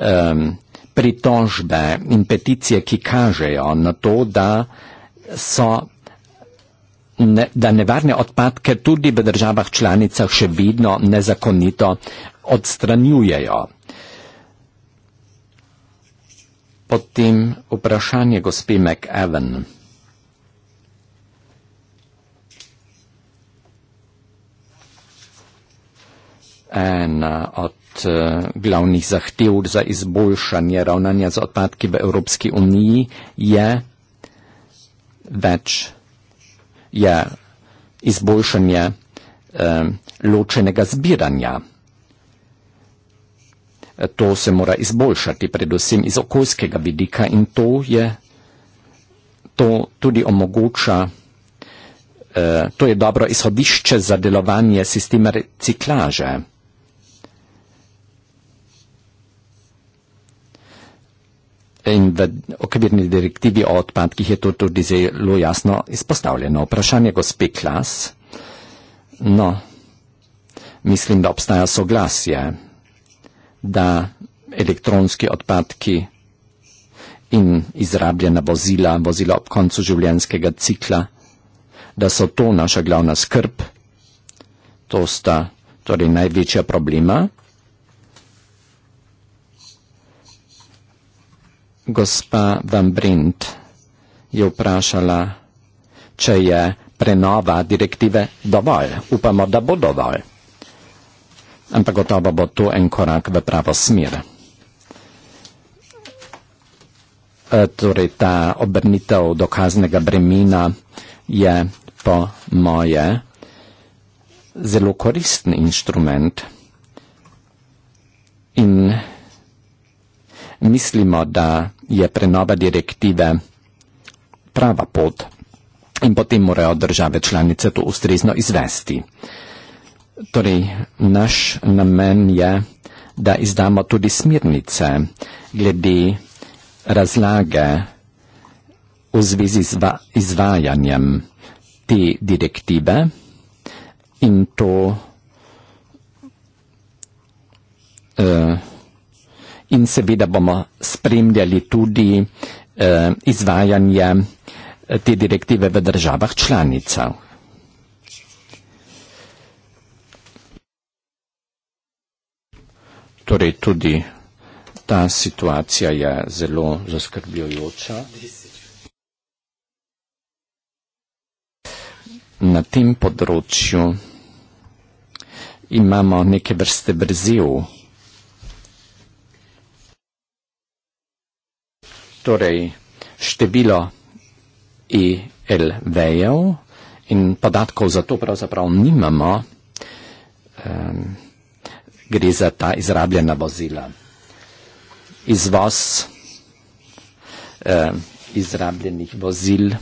um, pritožbe in peticije, ki kažejo na to, da so. Ne, da nevarne odpadke tudi v državah članicah še vidno nezakonito odstranjujejo. Potem vprašanje gospe McEwen. ena od uh, glavnih zahtev za izboljšanje ravnanja z odpadki v Evropski uniji je več, je izboljšanje uh, ločenega zbiranja. To se mora izboljšati predvsem iz okoljskega vidika in to je, to tudi omogoča, uh, to je dobro izhodišče za delovanje sistema reciklaže. In v okvirni direktivi o odpadkih je to tudi zelo jasno izpostavljeno. Vprašanje gospe Klas. No, mislim, da obstaja soglasje, da elektronski odpadki in izrabljena vozila, vozila ob koncu življenjskega cikla, da so to naša glavna skrb, to sta torej največja problema. gospa Van Brindt je vprašala, če je prenova direktive dovolj. Upamo, da bo dovolj. Ampak gotovo bo tu en korak v pravo smer. E, torej ta obrnitev dokaznega bremena je po moje zelo koristen inštrument. In mislimo, da je prenova direktive prava pot in potem morajo države članice to ustrezno izvesti. Torej, naš namen je, da izdamo tudi smirnice glede razlage v zvezi z izvajanjem te direktive in to uh, in seveda bomo spremljali tudi eh, izvajanje eh, te direktive v državah članicah. Torej tudi ta situacija je zelo zaskrbljujoča. Na tem področju imamo neke vrste brzil. torej število ELV-jev in podatkov za to pravzaprav nimamo, um, gre za ta izrabljena vozila. Izvoz um, izrabljenih vozil, um,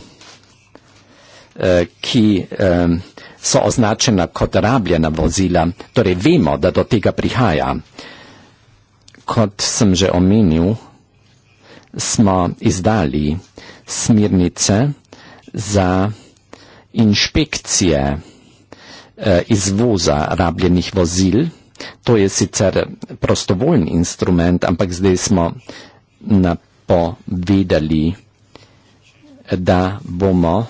ki um, so označena kot rabljena vozila, torej vemo, da do tega prihaja. Kot sem že omenil, smo izdali smirnice za inšpekcije eh, izvoza rabljenih vozil. To je sicer prostovoljen instrument, ampak zdaj smo napovedali, da bomo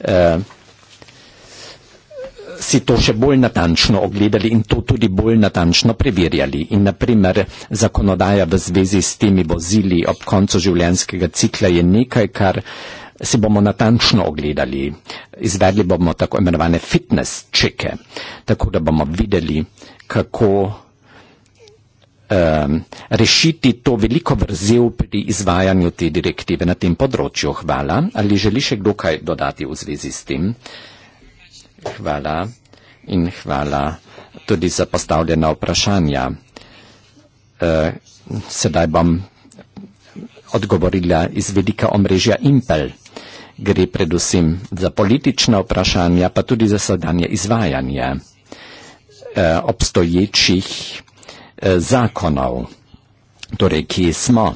eh, si to še bolj natančno ogledali in to tudi bolj natančno preverjali. In naprimer zakonodaja v zvezi s temi vozili ob koncu življenjskega cikla je nekaj, kar si bomo natančno ogledali. Izvedli bomo tako imenovane fitness čeke, tako da bomo videli, kako ehm, rešiti to veliko vrzel pri izvajanju te direktive na tem področju. Hvala. Ali želi še kdo kaj dodati v zvezi s tem? hvala in hvala tudi za postavljena vprašanja. Eh, sedaj bom odgovorila iz velika omrežja Impel. Gre predvsem za politična vprašanja, pa tudi za sedanje izvajanje eh, obstoječih eh, zakonov, torej ki smo.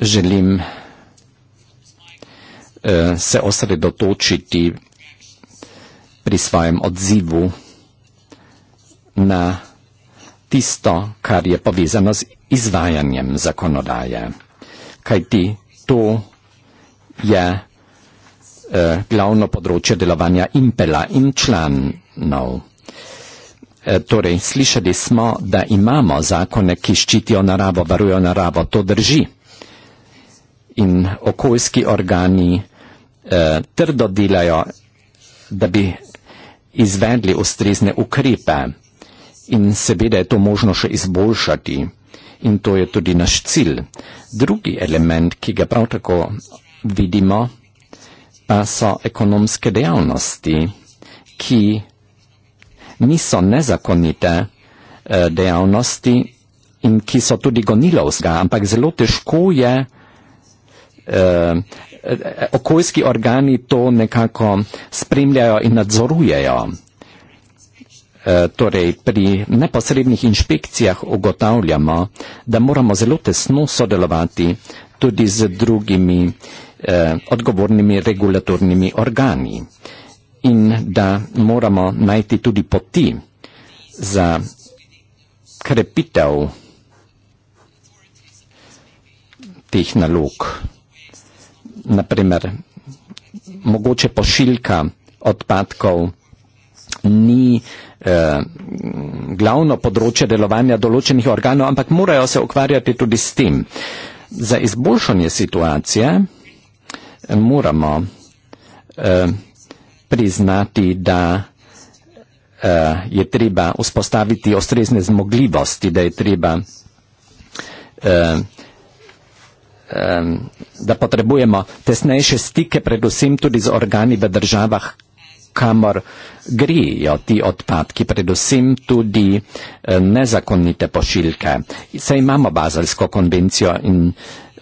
Želim se osredotočiti pri svojem odzivu na tisto, kar je povezano z izvajanjem zakonodaje. Kaj ti to je eh, glavno področje delovanja impela in članov. Eh, torej, slišali smo, da imamo zakone, ki ščitijo naravo, varujo naravo, to drži. In okoljski organi eh, trdo delajo, da bi izvedli ustrezne ukrepe in seveda je to možno še izboljšati in to je tudi naš cilj. Drugi element, ki ga prav tako vidimo, pa so ekonomske dejavnosti, ki niso nezakonite eh, dejavnosti in ki so tudi gonilovska, ampak zelo težko je eh, Eh, okoljski organi to nekako spremljajo in nadzorujejo. Eh, torej, pri neposrednih inšpekcijah ugotavljamo, da moramo zelo tesno sodelovati tudi z drugimi eh, odgovornimi regulatornimi organi in da moramo najti tudi poti za krepitev teh nalog naprimer, mogoče pošiljka odpadkov ni eh, glavno področje delovanja določenih organov, ampak morajo se ukvarjati tudi s tem. Za izboljšanje situacije eh, moramo eh, priznati, da eh, je treba vzpostaviti ostrezne zmogljivosti, da je treba eh, da potrebujemo tesnejše stike, predvsem tudi z organi v državah, kamor grijo ti odpadki, predvsem tudi eh, nezakonite pošiljke. Saj imamo bazalsko konvencijo in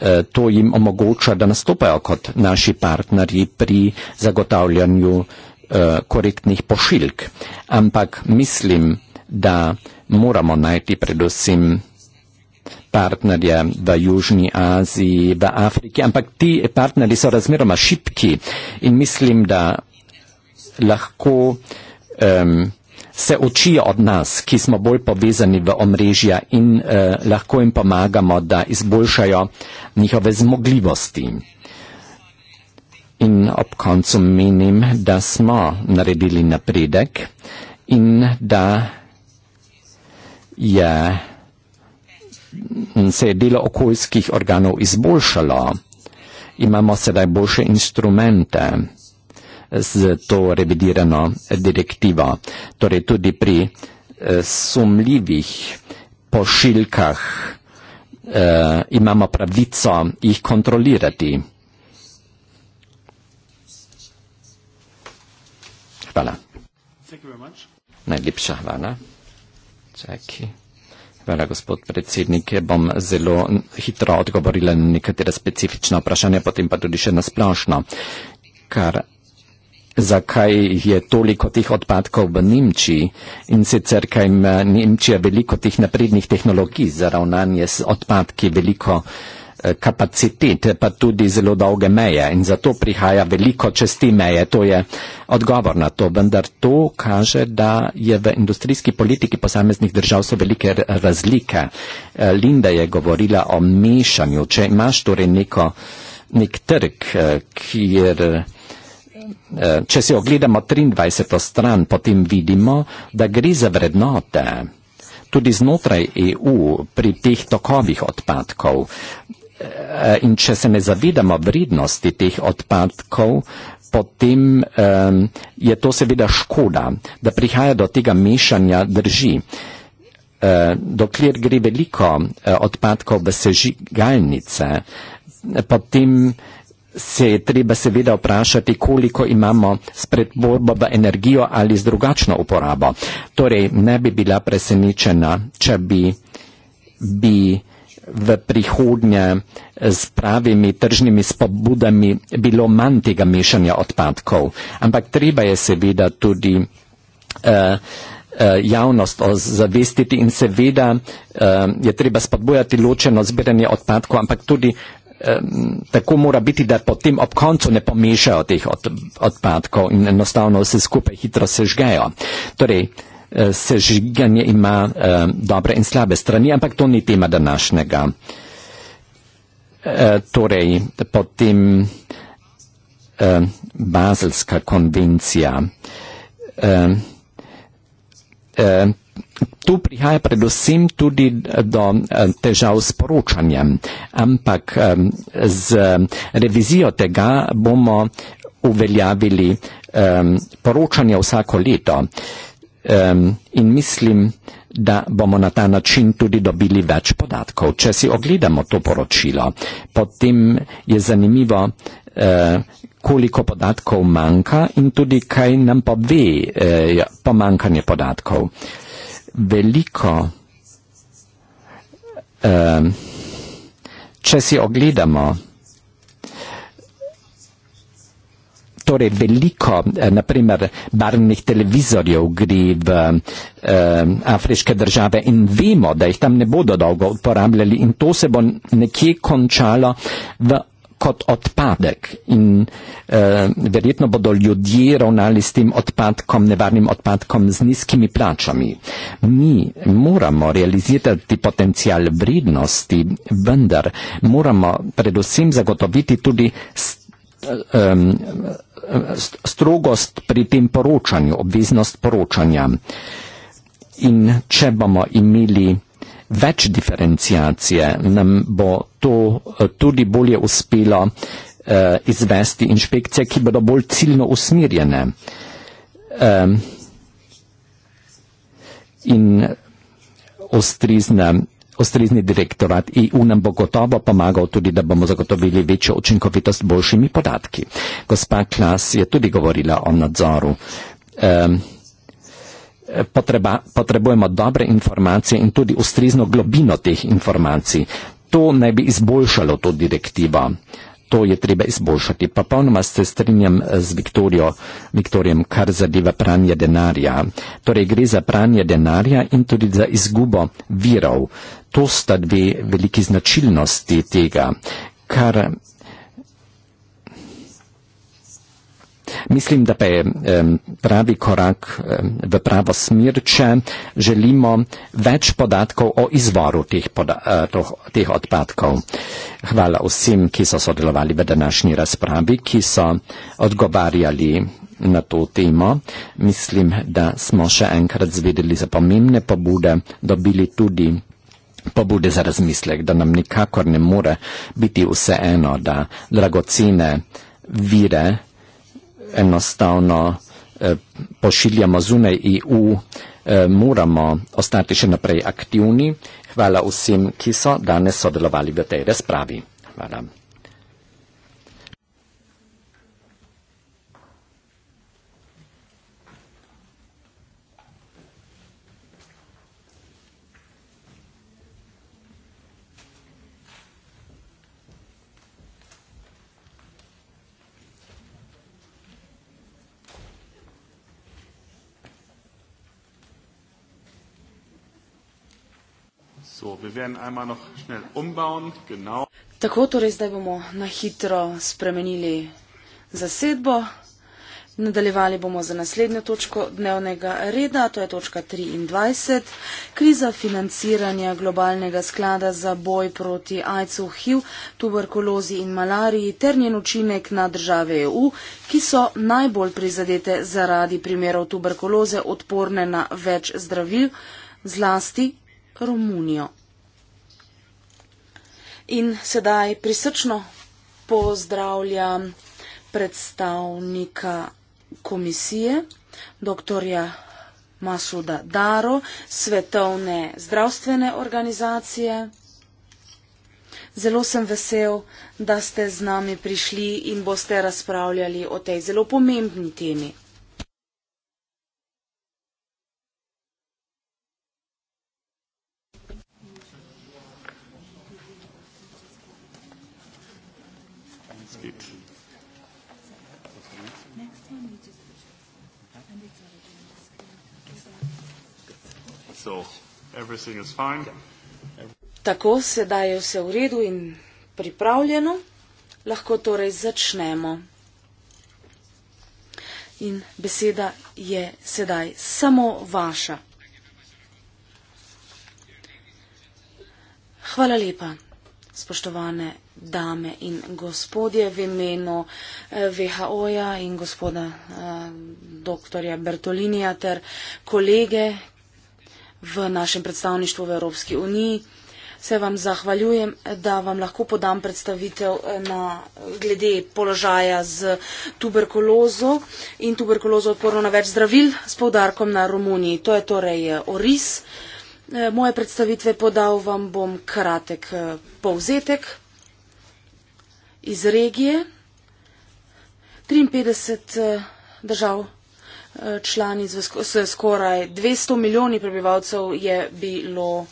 eh, to jim omogoča, da nastopajo kot naši partnerji pri zagotavljanju eh, korektnih pošiljk. Ampak mislim, da moramo najti predvsem partnerje v Južni Aziji, v Afriki, ampak ti partnerji so razmeroma šipki in mislim, da lahko um, se učijo od nas, ki smo bolj povezani v omrežja in uh, lahko jim pomagamo, da izboljšajo njihove zmogljivosti. In ob koncu menim, da smo naredili napredek in da je. Yeah se je delo okoljskih organov izboljšalo, imamo sedaj boljše instrumente z to revidirano direktivo. Torej tudi pri eh, sumljivih pošiljkah eh, imamo pravico jih kontrolirati. Hvala. Najlepša hvala. Čaki. Hvala, gospod predsednik. Bom zelo hitro odgovorila na nekatera specifična vprašanja, potem pa tudi še nasplošno. Kar, zakaj je toliko teh odpadkov v Nemčiji in sicer, kaj ima Nemčija veliko teh naprednih tehnologij za ravnanje s odpadki, veliko Eh, kapacitet, pa tudi zelo dolge meje in zato prihaja veliko čez te meje. To je odgovor na to, vendar to kaže, da je v industrijski politiki posameznih držav so velike razlike. Eh, Linda je govorila o mešanju. Če imaš torej neko, nek trg, eh, kjer. Če si ogledamo 23. stran, potem vidimo, da gre za vrednote tudi znotraj EU pri teh tokovih odpadkov. Eh, in če se ne zavedamo vrednosti teh odpadkov, potem um, je to seveda škoda, da prihaja do tega mešanja drži. Uh, dokler gre veliko uh, odpadkov v sežigalnice, potem se je treba seveda vprašati, koliko imamo s pretvorbo v energijo ali z drugačno uporabo. Torej, ne bi bila presenečena, če bi, bi uh, v prihodnje s pravimi tržnimi spodbudami bilo manj tega mešanja odpadkov. Ampak treba je seveda tudi uh, javnost ozavestiti in seveda uh, je treba spodbujati ločeno zbiranje odpadkov, ampak tudi tako mora biti, da potem ob koncu ne pomešajo teh od, odpadkov in enostavno vse skupaj hitro sežgejo. Torej, uh, Eh, sežiganje ima eh, dobre in slabe strani, ampak to ni tema današnjega. Eh, torej, potem Baselska konvencija. Tu prihaja predvsem tudi do težav s poročanjem, ampak z revizijo tega bomo uveljavili poročanje vsako leto um, in mislim, da bomo na ta način tudi dobili več podatkov. Če si ogledamo to poročilo, potem je zanimivo, uh, koliko podatkov manjka in tudi kaj nam pove uh, pomankanje podatkov. Veliko, uh, če si ogledamo, prostore veliko, eh, naprimer barvnih televizorjev gre v eh, afriške države in vemo, da jih tam ne bodo dolgo uporabljali in to se bo nekje končalo v kot odpadek in eh, verjetno bodo ljudje ravnali s tem odpadkom, nevarnim odpadkom z nizkimi plačami. Mi moramo realizirati potencial vrednosti, vendar moramo predvsem zagotoviti tudi eh, strogost pri tem poročanju, obveznost poročanja. In če bomo imeli več diferencijacije, nam bo to eh, tudi bolje uspelo eh, izvesti inšpekcije, ki bodo bolj ciljno usmirjene. Ehm, in ustrizne ustrezni direktorat EU nam bo gotovo pomagal tudi, da bomo zagotovili večjo učinkovitost boljšimi podatki. Gospa Klas je tudi govorila o nadzoru. Um, potreba, potrebujemo dobre informacije in tudi ustrezno globino teh informacij. To naj bi izboljšalo to direktivo to je treba izboljšati. Pa ponoma se strinjam eh, z Viktorijo, Viktorijem, kar zadeva pranje denarja. Torej gre za pranje denarja in tudi za izgubo virov. To sta dve veliki značilnosti tega, kar Mislim, da pa je pravi korak v pravo smer, če želimo več podatkov o izvoru teh, poda e, teh odpadkov. Hvala vsem, ki so sodelovali v današnji razpravi, ki so odgovarjali na to temo. Mislim, da smo še enkrat zvedeli za pomembne pobude, dobili tudi pobude za razmislek, da nam nikakor ne more biti vseeno, da dragocene vire enostavno eh, pošiljamo zunaj EU, eh, moramo ostati še naprej aktivni. Hvala vsem, ki so danes sodelovali v tej razpravi. Hvala. wir werden einmal noch schnell umbauen, genau. Tako, torej zdaj bomo na hitro spremenili zasedbo. Nadaljevali bomo za naslednjo točko dnevnega reda, to je točka 23. Kriza financiranja globalnega sklada za boj proti AIDS-u, HIV, tuberkulozi in malariji ter njen učinek na države EU, ki so najbolj prizadete zaradi primerov tuberkuloze odporne na več zdravil, zlasti Romunijo. In sedaj prisrčno pozdravljam predstavnika komisije, dr. Masuda Daro, Svetovne zdravstvene organizacije. Zelo sem vesel, da ste z nami prišli in boste razpravljali o tej zelo pomembni temi. Tako sedaj je vse v redu in pripravljeno, lahko torej začnemo. In beseda je sedaj samo vaša. Hvala lepa, spoštovane dame in gospodje v imenu eh, VHO-ja in gospoda eh, dr. Bertolinija ter kolege, v našem predstavništvu v Evropski uniji. Se vam zahvaljujem, da vam lahko podam predstavitev eh, na glede položaja z tuberkulozo in tuberkulozo odporno na več zdravil s povdarkom na Romuniji. To je torej eh, oris. Eh, moje predstavitve podal vam bom kratek povzetek iz regije. 53 držav članic, skoraj 200 milijoni prebivalcev je bilo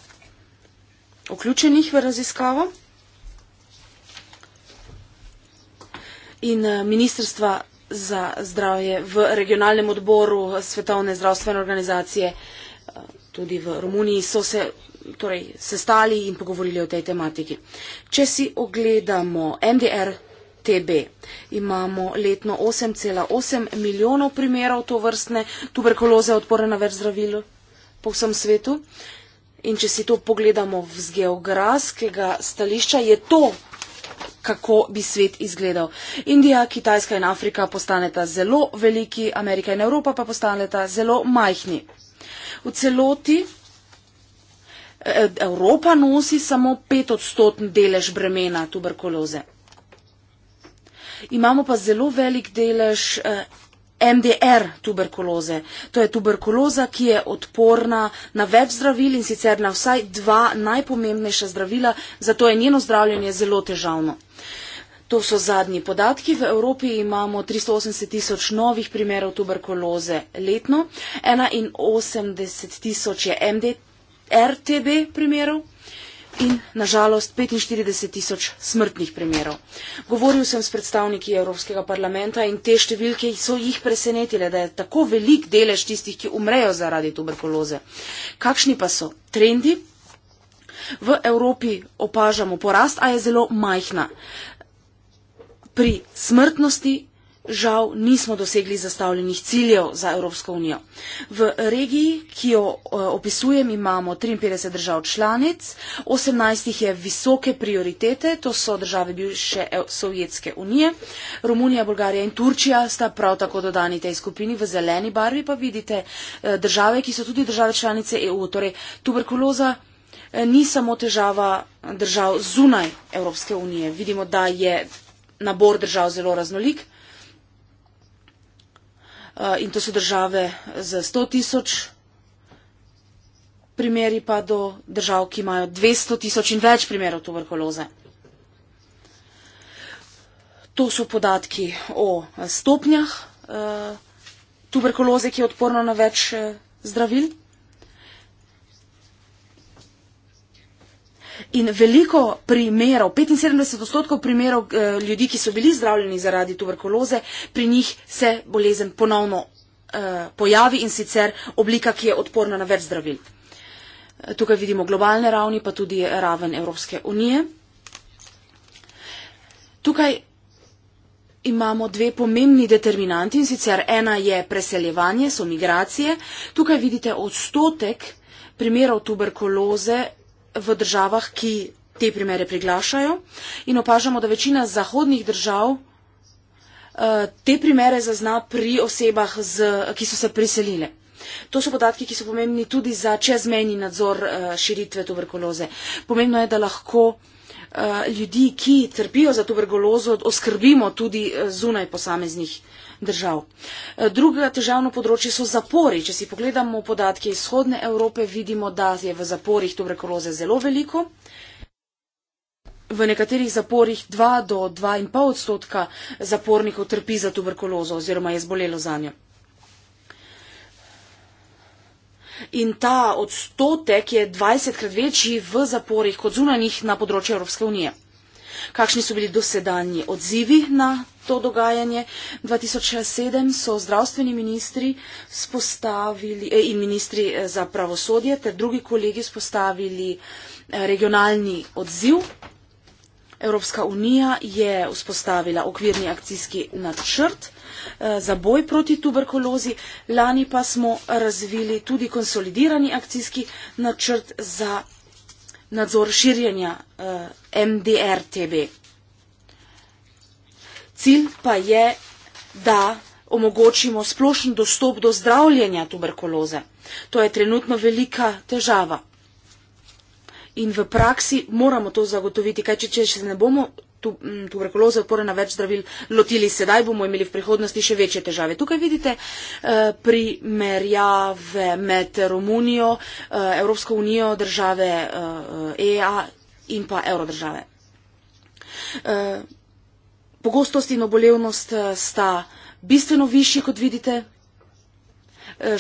vključenih v raziskavo. In eh, Ministrstva za zdravje v regionalnem odboru Svetovne zdravstvene organizacije eh, tudi v Romuniji so se torej, sestali in pogovorili o tej tematiki. Če si ogledamo MDR TB. Imamo letno 8,8 milijonov primerov to vrstne tuberkuloze odpore na več zdravil po vsem svetu. In če si to pogledamo z geografskega stališča, je to, kako bi svet izgledal. Indija, Kitajska in Afrika postaneta zelo veliki, Amerika in Evropa pa postaneta zelo majhni. V celoti eh, Evropa nosi samo 5-odstotni delež bremena tuberkuloze imamo pa zelo velik delež eh, MDR tuberkuloze. To je tuberkuloza, ki je odporna na več zdravil in sicer na vsaj dva najpomembnejša zdravila, zato je njeno zdravljenje zelo težavno. To so zadnji podatki. V Evropi imamo 380 tisoč novih primerov tuberkuloze letno, 81 tisoč je MDR TB primerov in nažalost 45 tisoč smrtnih primerov. Govoril sem s predstavniki Evropskega parlamenta in te številke so jih presenetile, da je tako velik delež tistih, ki umrejo zaradi tuberkuloze. Kakšni pa so trendi? V Evropi opažamo porast, a je zelo majhna. Pri smrtnosti žal nismo dosegli zastavljenih ciljev za Evropsko unijo. V regiji, ki jo eh, opisujem, imamo 53 držav članic, 18 jih je visoke prioritete, to so države bivše eh, Sovjetske unije. Romunija, Bolgarija in Turčija sta prav tako dodani tej skupini, v zeleni barvi pa vidite eh, države, ki so tudi države članice EU. Torej, tuberkuloza ni samo težava držav zunaj Evropske unije. Vidimo, da je nabor držav zelo raznolik. Eh, in to so države z 100 tisoč primeri pa do držav, ki imajo 200 tisoč in več primerov tuberkuloze. To so podatki o stopnjah eh, tuberkuloze, ki je odporna na več eh, zdravil. In veliko primerov, 75 odstotkov primerov eh, ljudi, ki so bili zdravljeni zaradi tuberkuloze, pri njih se bolezen ponovno eh, pojavi in sicer oblika, ki je odporna na več zdravil. Eh, tukaj vidimo globalne ravni, pa tudi raven Evropske unije. Tukaj imamo dve pomembni determinanti in sicer ena je preseljevanje, so migracije. Tukaj vidite odstotek primerov tuberkuloze v državah, ki te primere priglašajo in opažamo, da večina zahodnih držav eh, te primere zazna pri osebah, z, ki so se priselile. To so podatki, ki so pomembni tudi za čezmeni nadzor eh, širitve tuberkuloze. Pomembno je, da lahko eh, ljudi, ki trpijo za tuberkulozo, oskrbimo tudi zunaj posameznih držav. E, druga težavno področje so zapori. Če si pogledamo podatke izhodne Evrope, vidimo, da je v zaporih tuberkuloze zelo veliko. V nekaterih zaporih 2 do 2,5 odstotka zapornikov trpi za tuberkulozo oziroma je zbolelo za njo. In ta odstotek je 20 krat večji v zaporih kot zunanjih na področju Evropske unije kakšni so bili dosedanji odzivi na to dogajanje. 2007 so zdravstveni ministri eh, in ministri eh, za pravosodje ter drugi kolegi spostavili eh, regionalni odziv. Evropska unija je vzpostavila okvirni akcijski načrt za boj proti tuberkulozi, lani pa smo razvili tudi konsolidirani akcijski načrt za nadzor širjenja eh, MDR-TB. Cilj pa je, da omogočimo splošen dostop do zdravljenja tuberkuloze. To je trenutno velika težava. In v praksi moramo to zagotoviti, kaj če, če se ne bomo tu, m, mm, tuberkuloze opore na več zdravil lotili. Sedaj bomo imeli v prihodnosti še večje težave. Tukaj vidite uh, primerjave med Romunijo, uh, Evropsko unijo, države uh, eh, EA in pa evrodržave. Uh, pogostost in obolevnost sta bistveno višji, kot vidite.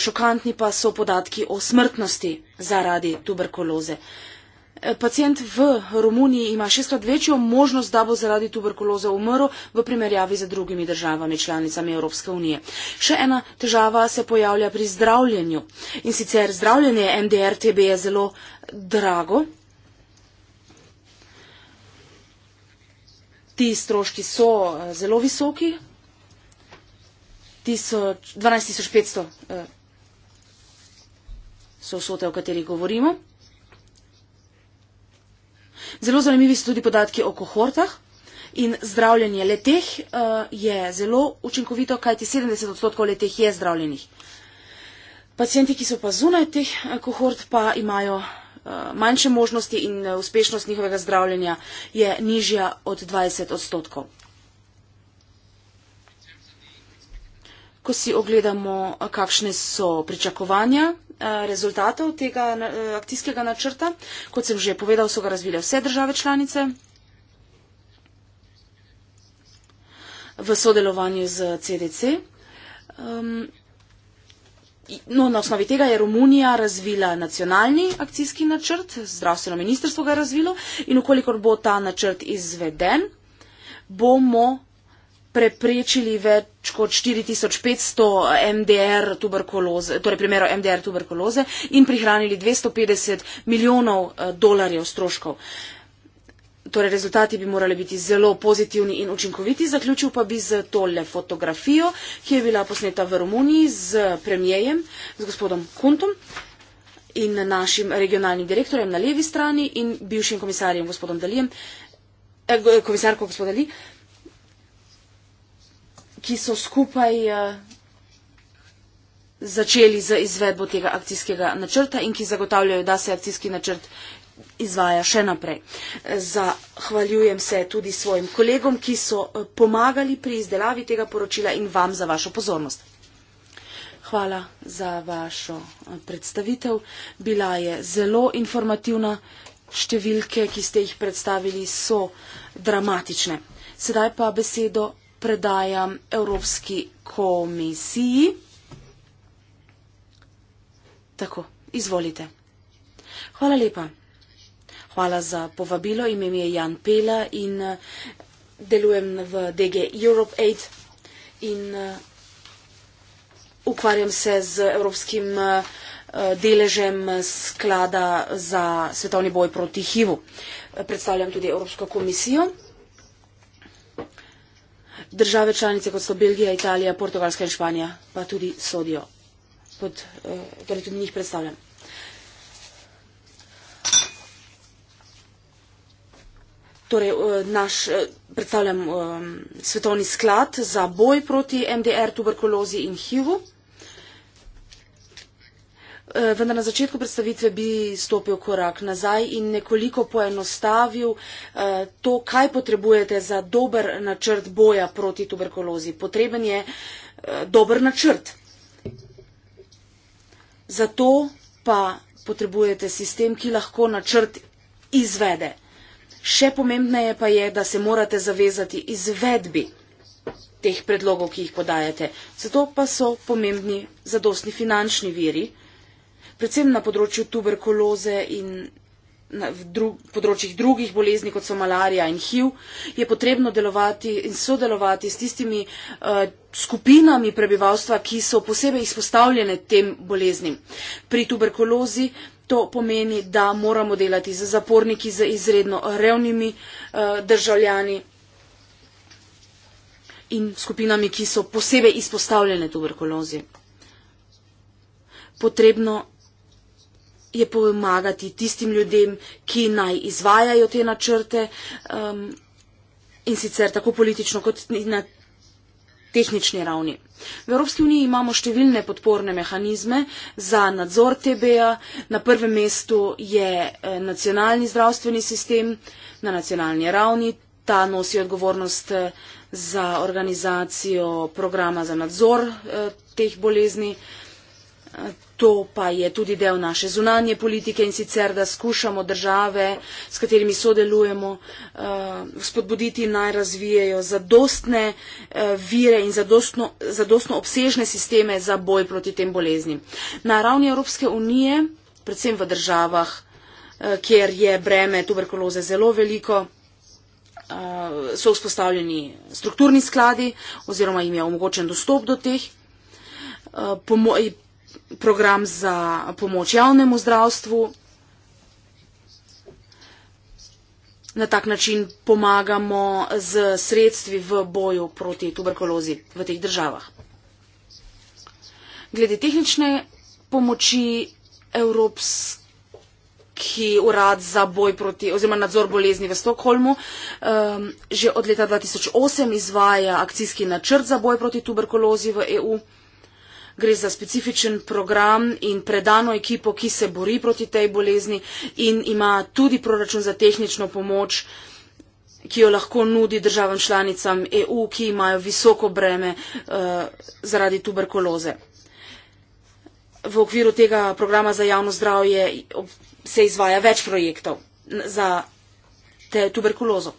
Šokantni pa so podatki o smrtnosti zaradi tuberkuloze. Uh, Eh, Pacijent v Romuniji ima šestkrat večjo možnost, da bo zaradi tuberkuloze umrl v primerjavi z drugimi državami članicami Evropske unije. Še ena težava se pojavlja pri zdravljenju. In sicer zdravljenje MDR-TB je zelo drago. Ti stroški so eh, zelo visoki. 12.500 eh, so vsote, o katerih govorimo. Zelo zanimivi so tudi podatki o kohortah in zdravljenje leteh uh, je zelo učinkovito, kajti 70 odstotkov leteh je zdravljenih. Pacijenti, ki so pa zunaj teh eh, kohort, pa imajo eh, manjše možnosti in uspešnost njihovega zdravljenja je nižja od 20 odstotkov. Ko si ogledamo, kakšne so pričakovanja, Eh, rezultatov tega eh, akcijskega načrta. Kot sem že povedal, so ga razvile vse države članice v sodelovanju z CDC. No, na osnovi tega je Romunija razvila nacionalni akcijski načrt, zdravstveno ministrstvo ga je razvilo in ukolikor bo ta načrt izveden, bomo preprečili več kot 4500 MDR tuberkuloze, torej primerov MDR tuberkuloze in prihranili 250 milijonov eh, dolarjev stroškov. Torej, rezultati bi morali biti zelo pozitivni in učinkoviti. Zaključil pa bi z tole fotografijo, ki je bila posneta v Romuniji z premijejem, z gospodom Kuntom in našim regionalnim direktorjem na levi strani in bivšim komisarjem gospodom Dalijem, eh, komisarko gospodom Dalijem ki so skupaj eh, začeli z izvedbo tega akcijskega načrta in ki zagotavljajo, da se akcijski načrt izvaja še naprej. Eh, zahvaljujem se tudi svojim kolegom, ki so eh, pomagali pri izdelavi tega poročila in vam za vašo pozornost. Hvala za vašo predstavitev. Bila je zelo informativna. Številke, ki ste jih predstavili, so dramatične. Sedaj pa besedo predajam Evropski komisiji. Tako, izvolite. Hvala lepa. Hvala za povabilo. Ime mi je Jan Pela in eh, delujem v DG Europe Aid in eh, ukvarjam se z evropskim eh, deležem sklada za svetovni boj proti HIV-u. Predstavljam tudi Evropsko komisijo države članice, kot so Belgija, Italija, Portugalska in Španija, pa tudi sodijo. Pod, eh, torej tudi njih predstavljam. Torej, eh, naš, eh, predstavljam um, svetovni sklad za boj proti MDR, tuberkulozi in HIV-u. Eh, vendar na začetku predstavitve bi stopil korak nazaj in nekoliko poenostavil eh, to, kaj potrebujete za dober načrt boja proti tuberkulozi. Potreben je eh, dober načrt. Zato pa potrebujete sistem, ki lahko načrt izvede. Še pomembneje pa je, da se morate zavezati izvedbi teh predlogov, ki jih podajate. Zato pa so pomembni zadostni finančni viri predvsem na področju tuberkuloze in na drug, področjih drugih bolezni, kot so malarija in HIV, je potrebno delovati in sodelovati s tistimi uh, skupinami prebivalstva, ki so posebej izpostavljene tem boleznim. Pri tuberkulozi to pomeni, da moramo delati z zaporniki, z izredno revnimi uh, državljani in skupinami, ki so posebej izpostavljene tuberkulozi. Potrebno je pomagati tistim ljudem, ki naj izvajajo te načrte um, in sicer tako politično kot na tehnični ravni. V Evropski uniji imamo številne podporne mehanizme za nadzor TB-ja. Na prvem mestu je eh, nacionalni zdravstveni sistem na nacionalni ravni. Ta nosi odgovornost eh, za organizacijo programa za nadzor eh, teh bolezni. Eh, To pa je tudi del naše zunanje politike in sicer, da skušamo države, s katerimi sodelujemo, eh, spodbuditi naj razvijajo zadostne eh, vire in zadostno, zadostno obsežne sisteme za boj proti tem boleznim. Na ravni Evropske unije, predvsem v državah, eh, kjer je breme tuberkuloze zelo veliko, so vzpostavljeni strukturni skladi oziroma jim je omogočen dostop do teh. Pomo program za pomoč javnemu zdravstvu. Na tak način pomagamo z sredstvi v boju proti tuberkulozi v teh državah. Glede tehnične pomoči Evropski urad za boj proti oziroma nadzor bolezni v Stokholmu um, ehm, že od leta 2008 izvaja akcijski načrt za boj proti tuberkulozi v EU gre za specifičen program in predano ekipo, ki se bori proti tej bolezni in ima tudi proračun za tehnično pomoč, ki jo lahko nudi državam članicam EU, ki imajo visoko breme uh, zaradi tuberkuloze. V okviru tega programa za javno zdravje se izvaja več projektov za te tuberkulozo.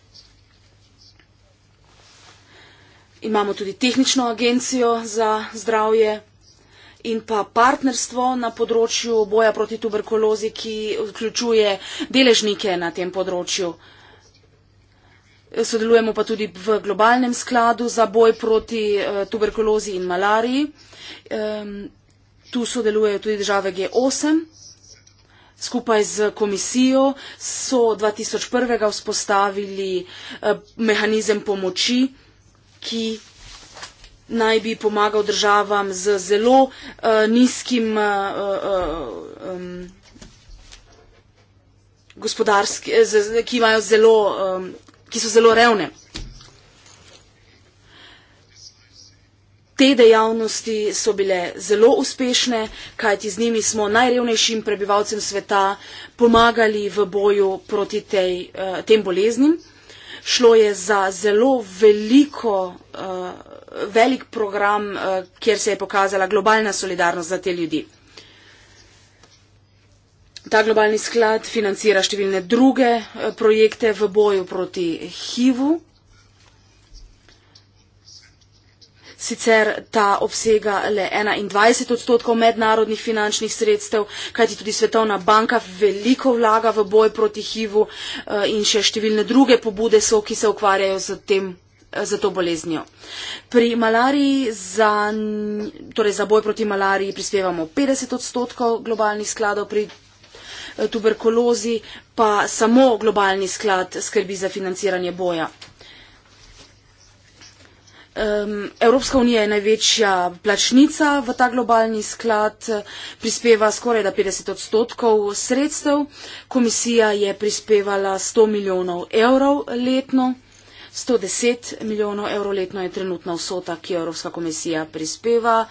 Imamo tudi tehnično agencijo za zdravje, in pa partnerstvo na področju boja proti tuberkulozi, ki vključuje deležnike na tem področju. Sodelujemo pa tudi v globalnem skladu za boj proti eh, tuberkulozi in malariji. Tu sodelujejo tudi države G8. Skupaj z komisijo so 2001. vzpostavili eh, mehanizem pomoči, ki naj bi pomagal državam z zelo uh, nizkim uh, eh, um, eh, gospodarskim, ki, um, ki so zelo revne. Te dejavnosti so bile zelo uspešne, kajti z njimi smo najrevnejšim prebivalcem sveta pomagali v boju proti tej, tem boleznim. Šlo je za zelo veliko uh, velik program, eh, kjer se je pokazala globalna solidarnost za te ljudi. Ta globalni sklad financira številne druge eh, projekte v boju proti HIV-u. Sicer ta obsega le 21 odstotkov mednarodnih finančnih sredstev, kajti tudi Svetovna banka veliko vlaga v boj proti HIV-u eh, in še številne druge pobude so, ki se ukvarjajo z tem za to boleznjo. Pri malariji, za, torej za boj proti malariji prispevamo 50 odstotkov globalnih skladov, pri eh, tuberkulozi pa samo globalni sklad skrbi za financiranje boja. Evropska unija je največja plačnica v ta globalni sklad, prispeva skoraj da 50 odstotkov sredstev, komisija je prispevala 100 milijonov evrov letno. 110 milijonov evrov letno je trenutna vsota, ki jo Evropska komisija prispeva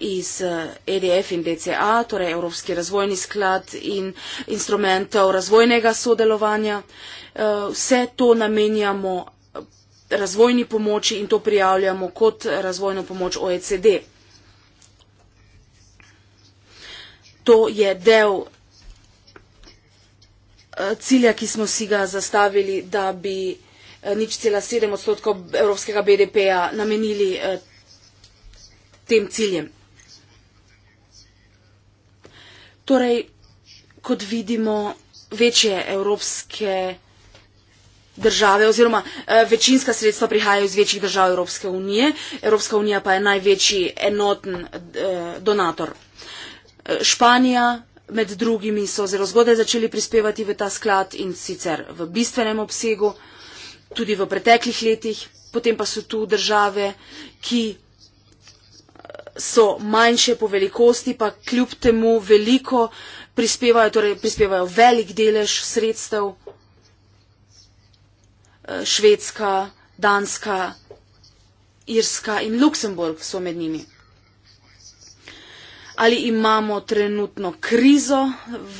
iz EDF eh, e in DCA, torej Evropski razvojni sklad in instrumentov razvojnega sodelovanja. Eh, vse to namenjamo razvojni pomoči in to prijavljamo kot razvojno pomoč OECD. To je del eh, cilja, ki smo si ga zastavili, da bi Eh, nič cela sedem odstotkov evropskega BDP-ja namenili eh, tem ciljem. Torej, kot vidimo, večje evropske države oziroma eh, večinska sredstva prihajajo iz večjih držav Evropske unije, Evropska unija pa je največji enoten donator. Španija med drugimi so zelo zgodaj začeli prispevati v ta sklad in sicer v bistvenem obsegu tudi v preteklih letih, potem pa so tu države, ki eh, so manjše po velikosti, pa kljub temu veliko prispevajo, torej prispevajo velik delež sredstev. Eh, Švedska, Danska, Irska in Luksemburg so med njimi. Ali imamo trenutno krizo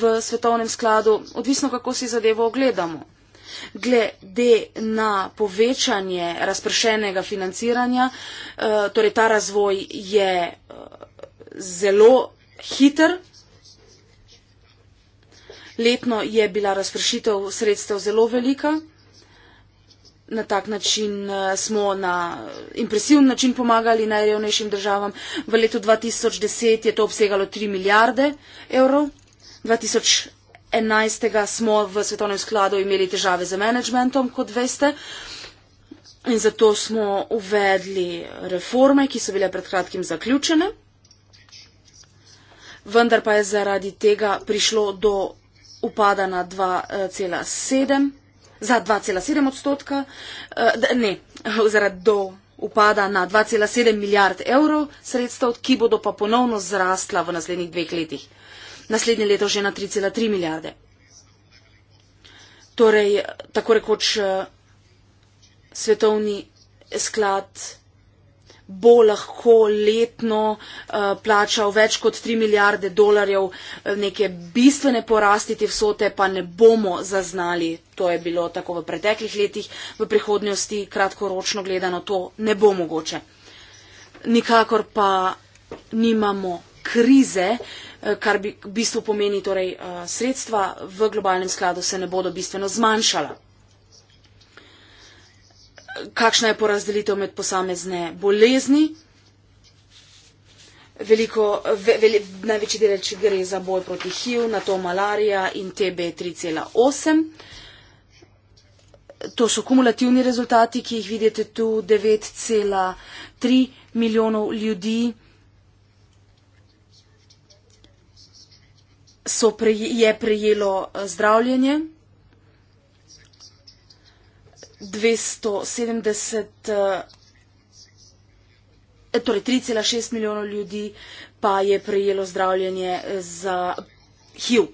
v svetovnem skladu, odvisno kako si zadevo ogledamo glede na povečanje razpršenega financiranja. Eh, torej, ta razvoj je eh, zelo hiter. Letno je bila razpršitev sredstev zelo velika. Na tak način eh, smo na impresivni način pomagali najrevnejšim državam. V letu 2010 je to obsegalo 3 milijarde evrov, 2011 2011 smo v svetovnem skladu imeli težave z managementom, kot veste. In zato smo uvedli reforme, ki so bile pred kratkim zaključene. Vendar pa je zaradi tega prišlo do upada na 2,7, za 2,7 odstotka, eh, ne, [LAUGHS] zaradi do upada na 2,7 milijard evrov sredstev, ki bodo pa ponovno zrastla v naslednjih dveh letih naslednje leto že na 3,3 milijarde. Torej, tako rekoč eh, svetovni sklad bo lahko letno uh, plačal več kot 3 milijarde dolarjev, eh, neke bistvene porasti te vsote pa ne bomo zaznali. To je bilo tako v preteklih letih, v prihodnosti kratkoročno gledano to ne bo mogoče. Nikakor pa nimamo krize, uh, Eh, kar bi v bistvu pomeni, torej eh, sredstva v globalnem skladu se ne bodo bistveno zmanjšala. Kakšna je porazdelitev med posamezne bolezni? Veliko, ve, ve, največji delež gre za boj proti HIV, na to malarija in TB 3,8. To so kumulativni rezultati, ki jih vidite tu, 9,3 milijonov ljudi. prej, je prejelo eh, zdravljenje. 270, eh, eh, torej 3,6 milijona ljudi pa je prejelo zdravljenje za HIV.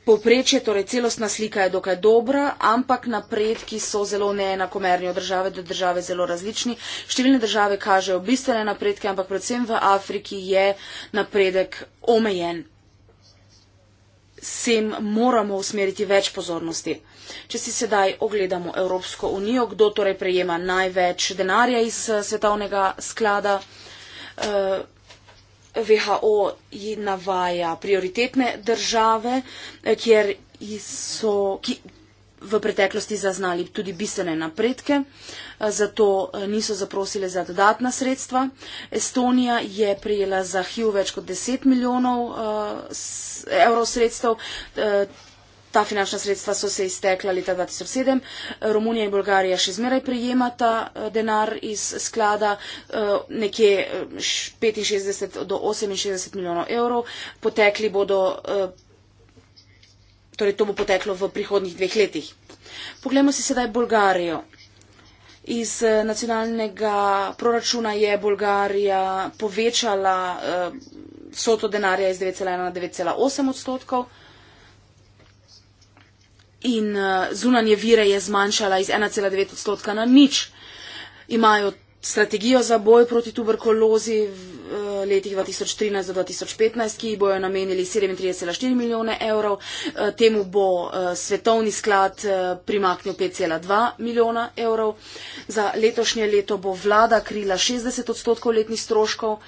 Poprečje, torej celostna slika je dokaj dobra, ampak napredki so zelo neenakomerni od države do države, zelo različni. Številne države kažejo bistvene napredke, ampak predvsem v Afriki je napredek omejen. Sem moramo usmeriti več pozornosti. Če si sedaj ogledamo Evropsko unijo, kdo torej prejema največ denarja iz eh, svetovnega sklada. Uh, WHO ji navaja prioritetne države, eh, kjer so ki v preteklosti zaznali tudi bistvene napredke, eh, zato eh, niso zaprosile za dodatna sredstva. Estonija je prijela za HIV več kot 10 milijonov evrov sredstev ta finančna sredstva so se iztekla leta 2007. Romunija in Bolgarija še zmeraj prejemata eh, denar iz sklada, eh, nekje 65 eh, do 68 milijonov evrov. Potekli bodo, torej to bo poteklo v prihodnjih dveh letih. Poglejmo si sedaj Bolgarijo. Iz nacionalnega proračuna je Bolgarija povečala soto denarja iz 9,1 na 9,8 odstotkov in eh, zunanje vire je zmanjšala iz 1,9 odstotka na nič. Imajo strategijo za boj proti tuberkulozi v eh, letih 2013 do 2015, ki bojo namenili 37,4 milijone evrov. Eh, temu bo svetovni sklad primaknil 5,2 milijona evrov. Za letošnje leto bo vlada krila 60 odstotkov letnih stroškov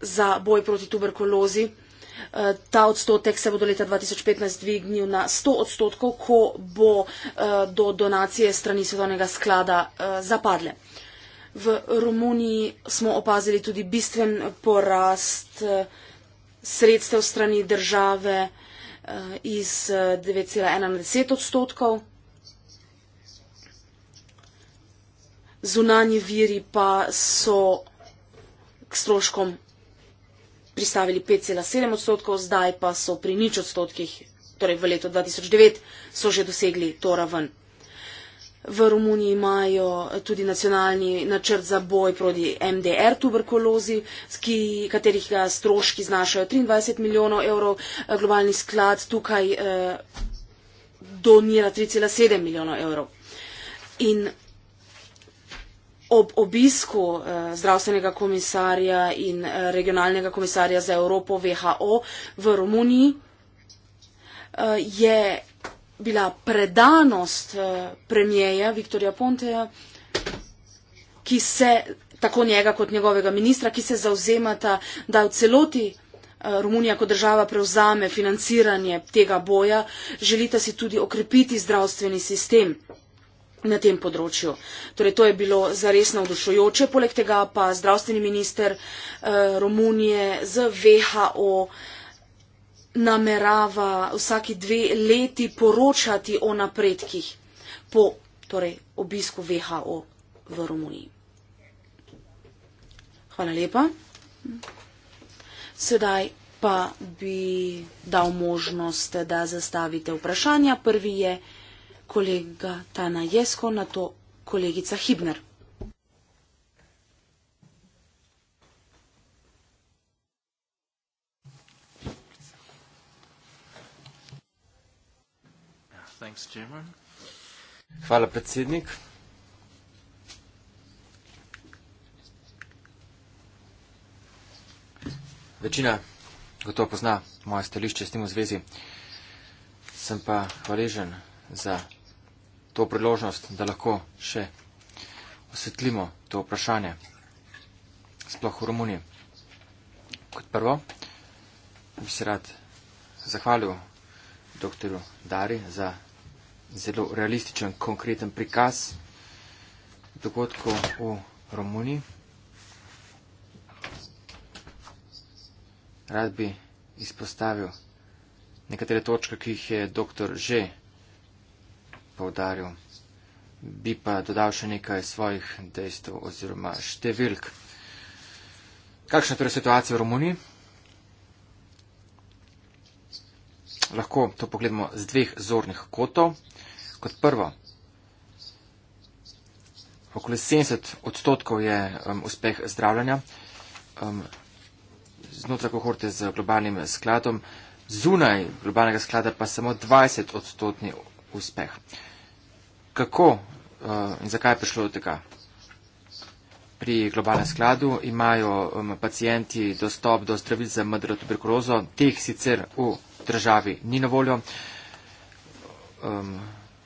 za boj proti tuberkulozi. Eh, ta odstotek se bo do leta 2015 dvignil na 100 odstotkov, ko bo eh, do donacije strani svetovnega sklada eh, zapadle. V Romuniji smo opazili tudi bistven porast sredstev strani države iz 9,1 na 10 odstotkov. Zunanji viri pa so k stroškom pristavili 5,7 odstotkov, zdaj pa so pri nič odstotkih, torej v letu 2009, so že dosegli to raven. V Romuniji imajo tudi nacionalni načrt za boj proti MDR tuberkulozi, ki, katerih eh, stroški znašajo 23 milijonov evrov, eh, globalni sklad tukaj eh, donira 3,7 milijonov evrov. In ob obisku eh, zdravstvenega komisarja in eh, regionalnega komisarja za Evropo VHO v Romuniji eh, je bila predanost eh, premijeja Viktorja Ponteja, ki se tako njega kot njegovega ministra, ki se zauzemata, da v celoti eh, Romunija kot država prevzame financiranje tega boja, želita si tudi okrepiti zdravstveni sistem na tem področju. Torej, to je bilo zares navdušujoče, poleg tega pa zdravstveni minister eh, Romunije z VHO namerava vsaki dve leti poročati o napredkih po torej, obisku VHO v Romuniji. Hvala lepa. Sedaj pa bi dal možnost, da zastavite vprašanja. Prvi je kolega Tana Jesko, na to kolegica Hibner. Hvala, predsednik. Večina gotovo pozna moje stališče s tem v zvezi. Sem pa hvaležen za to priložnost, da lahko še osvetlimo to vprašanje, sploh v Romuniji. Kot prvo, bi se rad zahvalil dr. Dari za zelo realističen, konkreten prikaz dogodkov v Romuniji. Rad bi izpostavil nekatere točke, ki jih je doktor že povdaril. Bi pa dodal še nekaj svojih dejstev oziroma številk. Kakšna je torej situacija v Romuniji? Lahko to pogledamo z dveh zornih kotov. Kot prvo, okoli 70 odstotkov je um, uspeh zdravljanja um, znotraj kohorte z globalnim skladom, zunaj globalnega sklada pa samo 20 odstotni uspeh uspeh. Kako eh, in zakaj je prišlo do tega? Pri globalnem skladu imajo um, pacijenti dostop do zdravil za MDR tuberkulozo, teh sicer v državi ni na voljo. Um,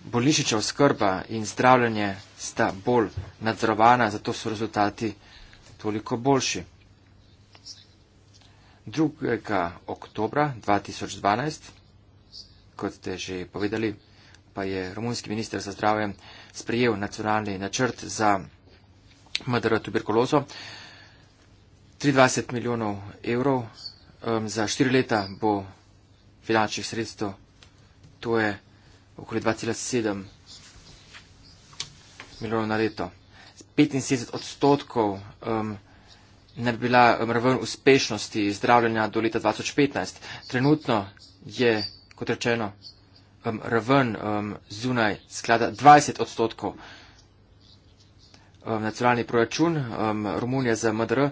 Bolnišiča oskrba in zdravljanje sta bolj nadzorovana, zato so rezultati toliko boljši. 2. oktobra 2012, kot ste že povedali, pa je romunski minister za zdravje sprejel nacionalni načrt za MDR tuberkulozo. 23 milijonov evrov um, za 4 leta bo finančnih sredstev, to je okoli 2,7 milijonov na leto. 75 odstotkov um, ne bi bila um, raven uspešnosti zdravljenja do leta 2015. Trenutno je, kot rečeno, um, raven um, zunaj sklada 20 odstotkov. Um, nacionalni proračun um, Romunija za MDR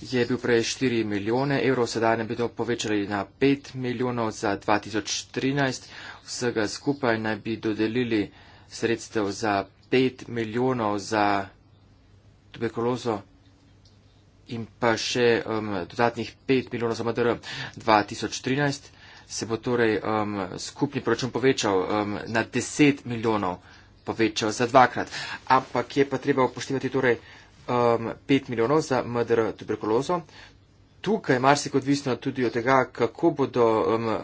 je bil prej 4 milijone evrov, sedaj naj bi to povečali na 5 milijonov za 2013. Vsega skupaj naj bi dodelili sredstev za 5 milijonov za tuberkulozo in pa še um, dodatnih 5 milijonov za MDR 2013 se bo torej um, skupni proračun povečal um, na 10 milijonov, povečal za dvakrat. Ampak je pa treba upoštevati torej um, 5 milijonov za MDR tuberkulozo. Tukaj marsik odvisno tudi od tega, kako bodo um,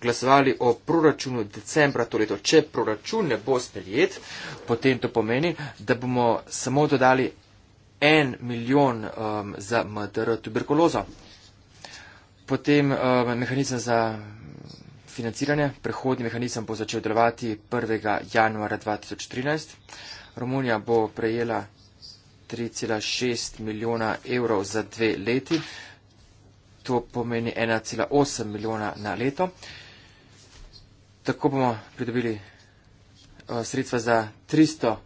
glasovali o proračunu decembra to leto. Če proračun ne bo sprejet, potem to pomeni, da bomo samo dodali en milijon um, za MDR tuberkulozo. Potem um, mehanizem za financiranje. Prehodni mehanizem bo začel delovati 1. januara 2013. Romunija bo prejela 3,6 milijona evrov za dve leti. To pomeni 1,8 milijona na leto. Tako bomo pridobili eh, sredstva za 300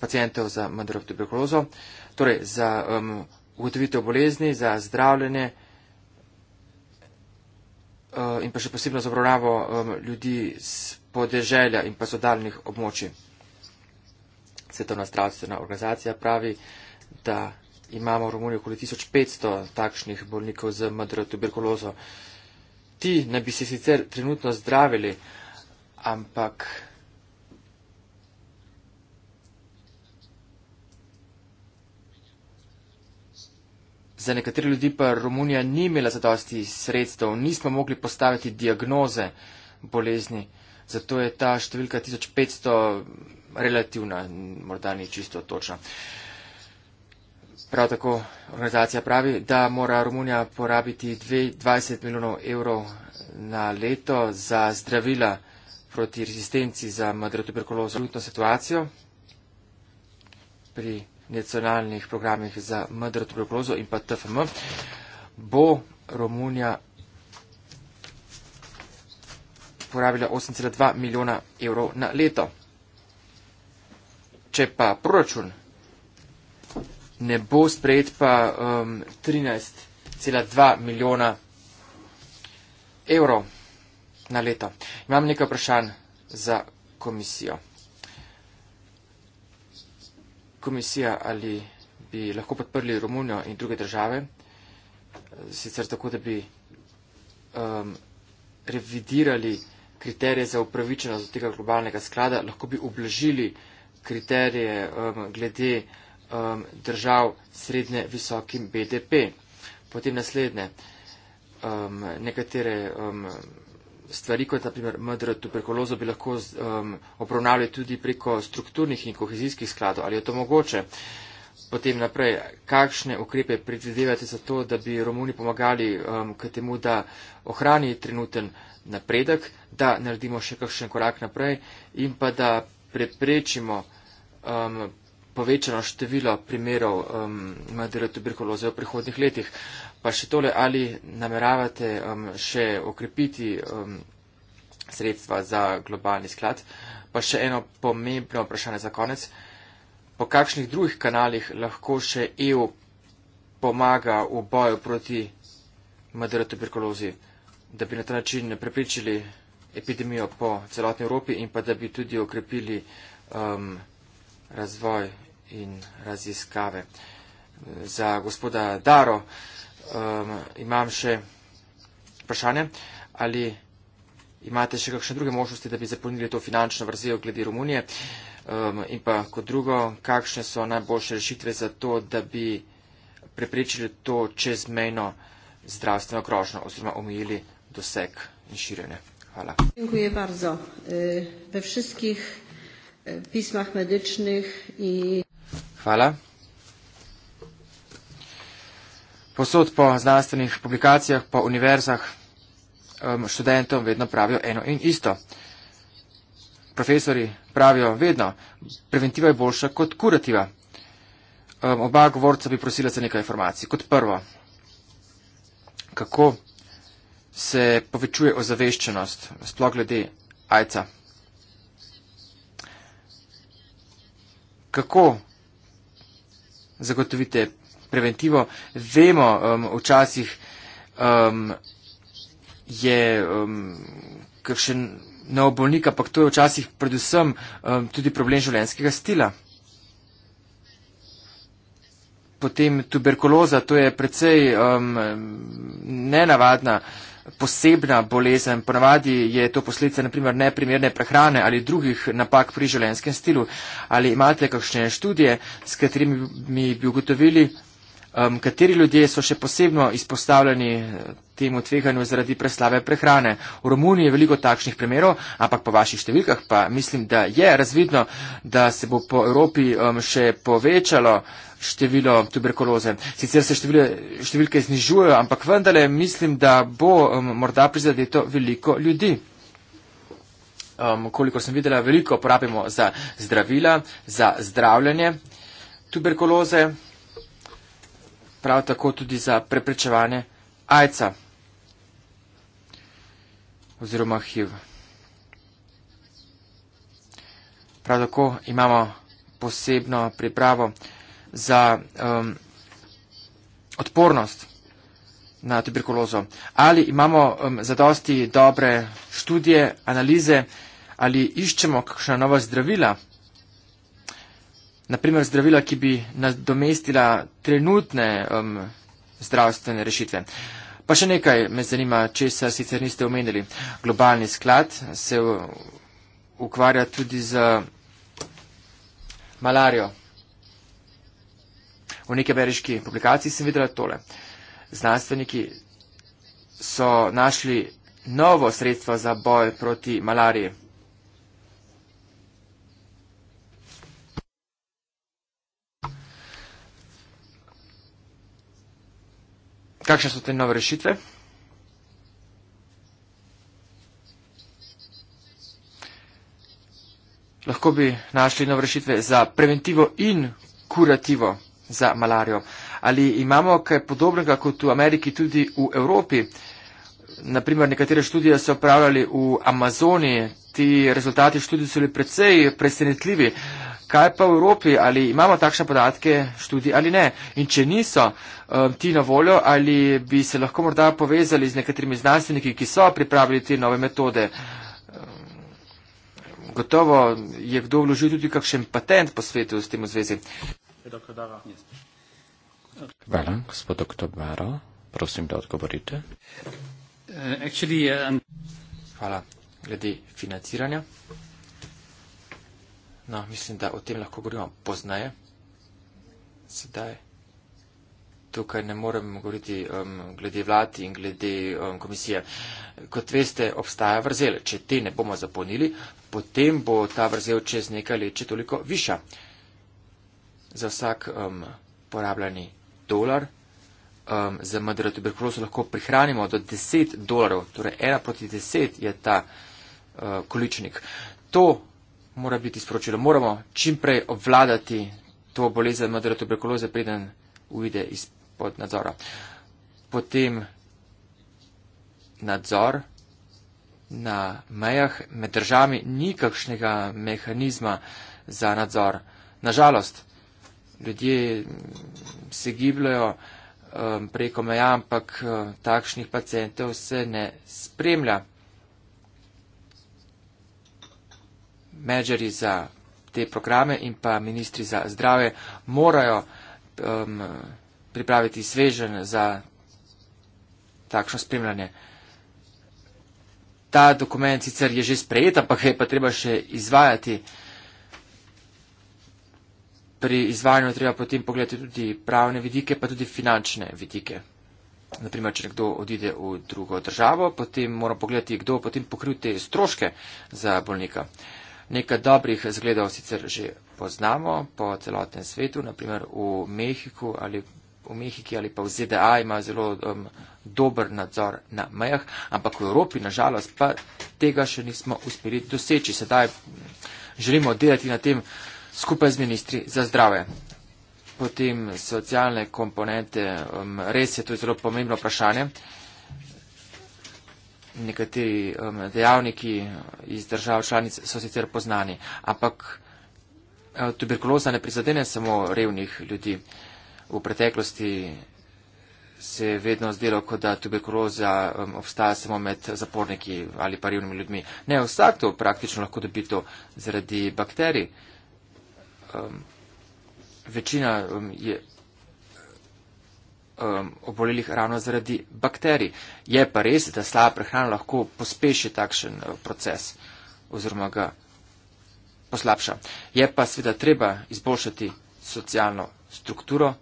pacijentov za mandrov tuberkulozo, torej za um, ugotovitev bolezni, za zdravljenje. Eh, in pa še posebno za obravnavo ljudi z podeželja in pa z oddaljnih območij. Svetovna zdravstvena organizacija pravi, da imamo v Romuniji okoli 1500 takšnih bolnikov z MDR tuberkulozo. Ti naj bi se sicer trenutno zdravili, ampak Za nekatere ljudi pa Romunija ni imela zadosti sredstev, nismo mogli postaviti diagnoze bolezni. Zato je ta številka 1500 relativna, morda ni čisto točna. Prav tako organizacija pravi, da mora Romunija porabiti 20 milijonov evrov na leto za zdravila proti rezistenci za madrotuberkulozo. Trenutno situacijo pri nacionalnih programih za MDR tuberkulozo in pa TFM, bo Romunija porabila 8,2 milijona evrov na leto. Če pa proračun ne bo sprejet, pa um, 13,2 milijona evrov na leto. Imam nekaj vprašanj za komisijo komisija, ali bi lahko podprli Romunijo in druge države, sicer tako, da bi um, revidirali kriterije za upravičenost do tega globalnega sklada, lahko bi obložili kriterije um, glede um, držav srednje visokim BDP. Potem naslednje, um, nekatere um, stvari, kot je na primer MDR tuberkulozo, bi lahko um, obravnavali tudi preko strukturnih in kohezijskih skladov. Ali je to mogoče? Potem naprej, kakšne ukrepe predvidevate za to, da bi Romuni pomagali um, k temu, da ohrani trenuten napredek, da naredimo še kakšen korak naprej in pa da preprečimo um, povečano število primerov um, MDR tuberkuloze v prihodnih letih. Pa še tole, ali nameravate um, še okrepiti um, sredstva za globalni sklad. Pa še eno pomembno vprašanje za konec. Po kakšnih drugih kanalih lahko še EU pomaga v boju proti madero tuberkulozi, da bi na ta način prepričali epidemijo po celotni Evropi in pa da bi tudi okrepili um, razvoj in raziskave. Za gospoda Daro um, imam še vprašanje, ali imate še kakšne druge možnosti, da bi zapolnili to finančno vrzel glede Romunije. Um, in pa kot drugo, kakšne so najboljše rešitve za to, da bi preprečili to čezmejno zdravstveno grožnjo oziroma omejili doseg in širjenje. Hvala. Dziękuję bardzo. E, we wszystkich e, pismach medycznych i... Hvala. posod po znanstvenih publikacijah, po univerzah, študentom vedno pravijo eno in isto. Profesori pravijo vedno, preventiva je boljša kot kurativa. Oba govorca bi prosila za nekaj informacij. Kot prvo, kako se povečuje ozaveščenost, sploh glede ajca. Kako zagotovite preventivo. Vemo, um, včasih um, je um, kakšen nov bolnik, ampak to je včasih predvsem um, tudi problem življenjskega stila. Potem tuberkuloza, to je precej um, nenavadna, posebna bolezen. Ponavadi je to posledica naprimer neprimerne prehrane ali drugih napak pri življenjskem stilu. Ali imate kakšne študije, s katerimi bi ugotovili, um, kateri ljudje so še posebno izpostavljeni eh, temu tveganju zaradi preslave prehrane. V Romuniji je veliko takšnih primerov, ampak po vaših številkah pa mislim, da je razvidno, da se bo po Evropi um, še povečalo število tuberkuloze. Sicer se števile, številke znižujejo, ampak vendarle mislim, da bo um, morda prizadeto veliko ljudi. Um, kolikor sem videla, veliko porabimo za zdravila, za zdravljanje tuberkuloze prav tako tudi za preprečevanje AIDS-a oziroma HIV. Prav tako imamo posebno pripravo za um, odpornost na tuberkulozo. Ali imamo um, zadosti dobre študije, analize, ali iščemo kakšna nova zdravila naprimer zdravila, ki bi nadomestila trenutne um, zdravstvene rešitve. Pa še nekaj me zanima, če se sicer niste omenili. Globalni sklad se ukvarja tudi z malarijo. V neki ameriški publikaciji sem videla tole. Znanstveniki so našli novo sredstvo za boj proti malariji. Kakšne so te nove rešitve? Lahko bi našli nove rešitve za preventivo in kurativo za malarijo. Ali imamo kaj podobnega kot v Ameriki tudi v Evropi? Naprimer, nekatere študije so upravljali v Amazoniji, ti rezultati študij so bili precej presenetljivi. Uh, kaj pa v Evropi, ali imamo takšne podatke študij ali ne. In če niso um, ti na voljo, ali bi se lahko morda povezali z nekaterimi znanstveniki, ki so pripravili te nove metode. Um, gotovo je kdo vložil tudi kakšen patent po svetu s tem v zvezi. Hvala, gospod doktor Baro. Prosim, da odgovorite. Uh, uh, Hvala. Glede financiranja. No, mislim, da o tem lahko govorimo poznaje. Sedaj. Tukaj ne morem govoriti um, glede vlade in glede um, komisije. Kot veste, obstaja vrzel. Če te ne bomo zapolnili, potem bo ta vrzel čez nekaj let, če toliko viša. Za vsak um, porabljeni dolar um, za madero tuberkulozo lahko prihranimo do 10 dolarov. Torej, ena proti 10 je ta uh, količnik. To mora biti sporočilo. Moramo čimprej obvladati to bolezen modre tuberkuloze, preden uide izpod nadzora. Potem nadzor na mejah med državami nikakšnega mehanizma za nadzor. Nažalost, ljudje se gibljajo um, preko meja, ampak uh, takšnih pacijentov se ne spremlja. mečari za te programe in pa ministri za zdrave morajo um, pripraviti svežen za takšno spremljanje. Ta dokument sicer je že sprejet, ampak je pa treba še izvajati. Pri izvajanju treba potem pogledati tudi pravne vidike, pa tudi finančne vidike. Naprimer, če nekdo odide v drugo državo, potem mora pogledati, kdo potem pokrije te stroške za bolnika. Uh, Nekaj dobrih zgledov sicer že poznamo po celotnem svetu, naprimer v Mehiku ali v Mehiki ali pa v ZDA ima zelo um, dober nadzor na mejah, ampak v Evropi nažalost pa tega še nismo uspeli doseči. Sedaj mm, želimo delati na tem skupaj z ministri za zdrave. Potem socialne komponente, um, res je to zelo pomembno vprašanje. Uh, nekateri um, dejavniki iz držav članic so sicer poznani, ampak eh, tuberkuloza ne prizadene samo revnih ljudi. V preteklosti se je vedno zdelo, kot da tuberkuloza um, obstaja samo med zaporniki ali pa revnimi ljudmi. Ne, vsak to praktično lahko dobi to zaradi bakterij. Um, večina um, je um, obolelih ravno zaradi bakterij. Je pa res, da slaba prehrana lahko pospeši takšen uh, proces oziroma ga poslabša. Je pa sveda treba izboljšati socialno strukturo